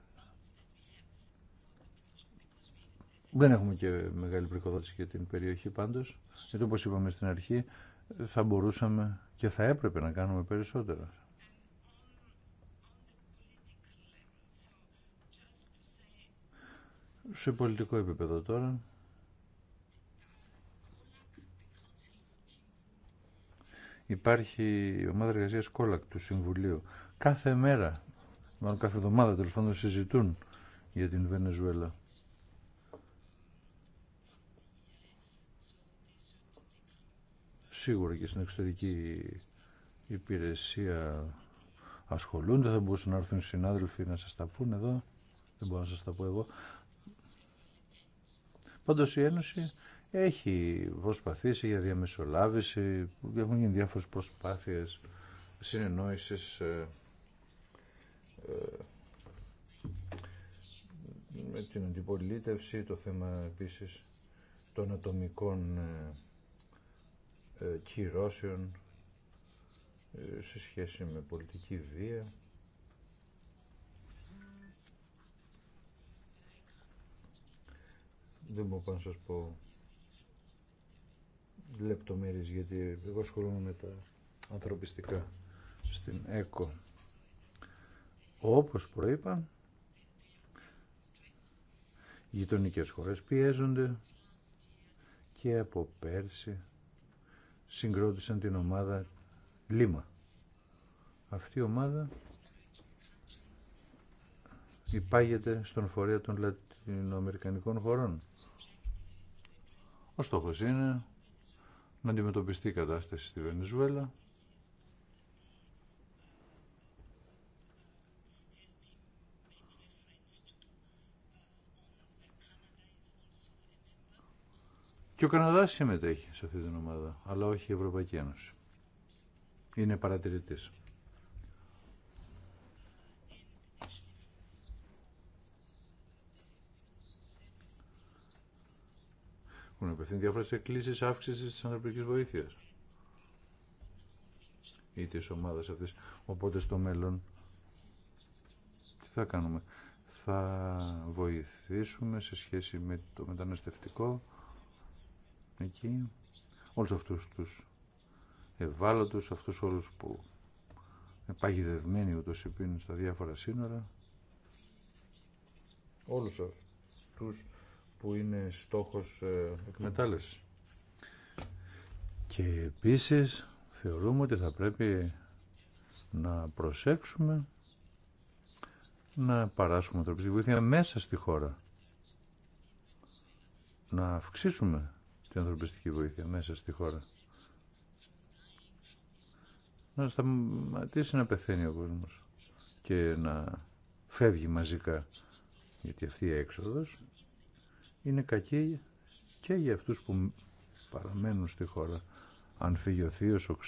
Δεν έχουμε και μεγάλη πρικοδότηση για την περιοχή πάντως, γιατί όπω είπαμε στην αρχή θα μπορούσαμε και θα έπρεπε να κάνουμε περισσότερα. Σε πολιτικό επίπεδο τώρα. Υπάρχει η ομάδα εργασία Κόλακ του Συμβουλίου. Κάθε μέρα, μάλλον κάθε εβδομάδα τέλος πάντων συζητούν για την Βενεζουέλα. σίγουρα και στην εξωτερική υπηρεσία ασχολούνται, θα μπορούσαν να έρθουν συνάδελφοι να σας τα πούν εδώ, δεν μπορώ να σας τα πω εγώ. Πάντως η Ένωση έχει προσπαθήσει για διαμεσολάβηση, έχουν γίνει διάφορες προσπάθειες συνεννόησης ε, ε με την αντιπολίτευση, το θέμα επίσης των ατομικών ε, ε, κυρώσεων ε, σε σχέση με πολιτική βία. Δεν μπορώ να σας πω λεπτομέρειες γιατί εγώ ασχολούμαι με τα ανθρωπιστικά στην ΕΚΟ. Όπως προείπα, οι γειτονικές χώρες πιέζονται και από πέρσι συγκρότησαν την ομάδα Λίμα. Αυτή η ομάδα υπάγεται στον φορέα των λατινοαμερικανικών χωρών. Ο στόχος είναι να αντιμετωπιστεί η κατάσταση στη Βενεζουέλα Και ο Καναδάς συμμετέχει σε αυτή την ομάδα, αλλά όχι η Ευρωπαϊκή Ένωση. Είναι παρατηρητής. Έχουν απευθύνει διάφορε εκκλήσει αύξηση τη ανθρωπική βοήθεια ή τη ομάδα αυτή. Οπότε στο μέλλον τι θα κάνουμε. Θα βοηθήσουμε σε σχέση με το μεταναστευτικό εκεί όλους αυτούς τους ευάλωτους, αυτούς όλους που είναι παγιδευμένοι ούτως υπήνουν στα διάφορα σύνορα. Όλους αυτούς που είναι στόχος ε, εκμετάλλευσης. Και επίσης θεωρούμε ότι θα πρέπει να προσέξουμε να παράσχουμε ανθρωπιστική βοήθεια μέσα στη χώρα. Να αυξήσουμε την ανθρωπιστική βοήθεια μέσα στη χώρα. Να σταματήσει να πεθαίνει ο κόσμος και να φεύγει μαζικά. Γιατί αυτή η έξοδος είναι κακή και για αυτούς που παραμένουν στη χώρα. Αν φύγει ο θείος, ο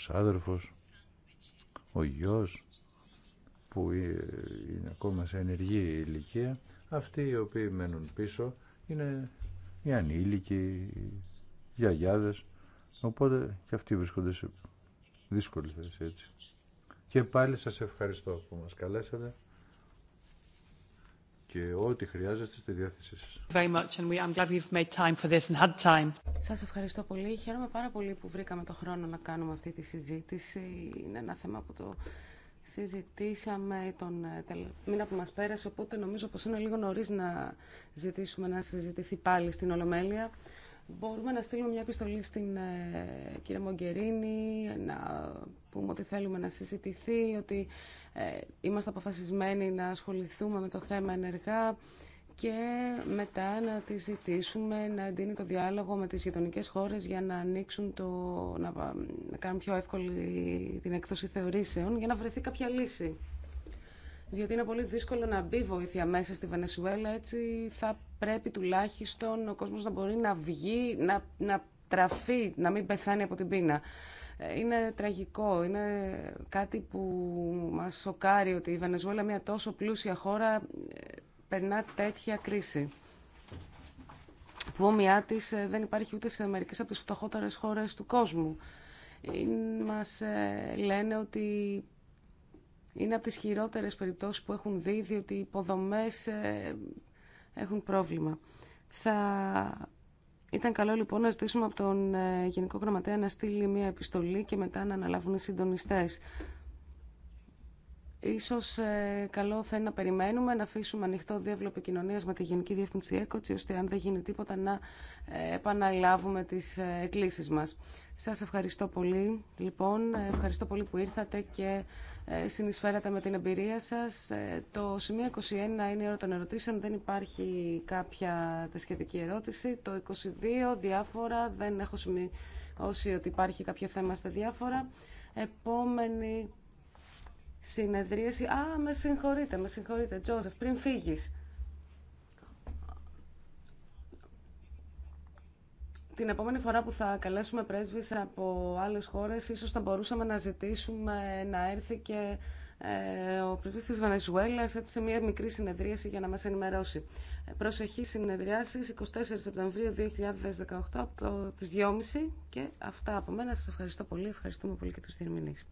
ο γιος που είναι ακόμα σε ενεργή ηλικία, αυτοί οι οποίοι μένουν πίσω είναι οι ανήλικοι, γιαγιάδες, οπότε και αυτοί βρίσκονται σε δύσκολη θέση έτσι. Και πάλι σας ευχαριστώ που μας καλέσατε και ό,τι χρειάζεστε στη διάθεσή σας. Σας ευχαριστώ πολύ. Χαίρομαι πάρα πολύ που βρήκαμε το χρόνο να κάνουμε αυτή τη συζήτηση. Είναι ένα θέμα που το συζητήσαμε τον ε, μήνα που μας πέρασε, οπότε νομίζω πως είναι λίγο νωρίς να ζητήσουμε να συζητηθεί πάλι στην Ολομέλεια. Μπορούμε να στείλουμε μια επιστολή στην ε, κυρία Μογκερίνη, να πούμε ότι θέλουμε να συζητηθεί, ότι ε, είμαστε αποφασισμένοι να ασχοληθούμε με το θέμα ενεργά και μετά να τη ζητήσουμε να εντείνει το διάλογο με τις γειτονικέ χώρες για να ανοίξουν το, να, να κάνουν πιο εύκολη την έκδοση θεωρήσεων για να βρεθεί κάποια λύση διότι είναι πολύ δύσκολο να μπει βοήθεια μέσα στη Βενεσουέλα, έτσι θα πρέπει τουλάχιστον ο κόσμος να μπορεί να βγει, να, να τραφεί, να μην πεθάνει από την πείνα. Ε, είναι τραγικό, είναι κάτι που μας σοκάρει ότι η Βενεζουέλα, μια τόσο πλούσια χώρα, ε, περνά τέτοια κρίση. Που όμοιά τη ε, δεν υπάρχει ούτε σε μερικές από τις φτωχότερες χώρες του κόσμου. Μας λένε ότι είναι από τις χειρότερες περιπτώσεις που έχουν δει, διότι οι υποδομές ε, έχουν πρόβλημα. Θα... Ήταν καλό λοιπόν να ζητήσουμε από τον ε, Γενικό Γραμματέα να στείλει μια επιστολή και μετά να αναλάβουν οι συντονιστές. Ίσως ε, καλό θα είναι να περιμένουμε, να αφήσουμε ανοιχτό διεύλο επικοινωνία με τη Γενική Διεθνή ΕΚΟΤΣΙ, ώστε αν δεν γίνει τίποτα να επαναλάβουμε τις εκκλήσεις μας. Σας ευχαριστώ πολύ, λοιπόν. Ευχαριστώ πολύ που ήρθατε και ε, συνεισφέρατε με την εμπειρία σας. Ε, το σημείο 21 είναι η ώρα των ερωτήσεων. Δεν υπάρχει κάποια σχετική ερώτηση. Το 22 διάφορα. Δεν έχω σημειώσει ότι υπάρχει κάποιο θέμα στα διάφορα. Επόμενη συνεδρίαση. Α, με συγχωρείτε, με συγχωρείτε. Τζόζεφ, πριν φύγεις. την επόμενη φορά που θα καλέσουμε πρέσβεις από άλλες χώρες, ίσως θα μπορούσαμε να ζητήσουμε να έρθει και ε, ο πρεσβής της Βενεζουέλας έτσι σε μια μικρή συνεδρίαση για να μας ενημερώσει. Ε, προσεχή συνεδρίαση 24 Σεπτεμβρίου 2018 από το, τις 2.30 και αυτά από μένα. Σας ευχαριστώ πολύ. Ευχαριστούμε πολύ και τους διερμηνείς.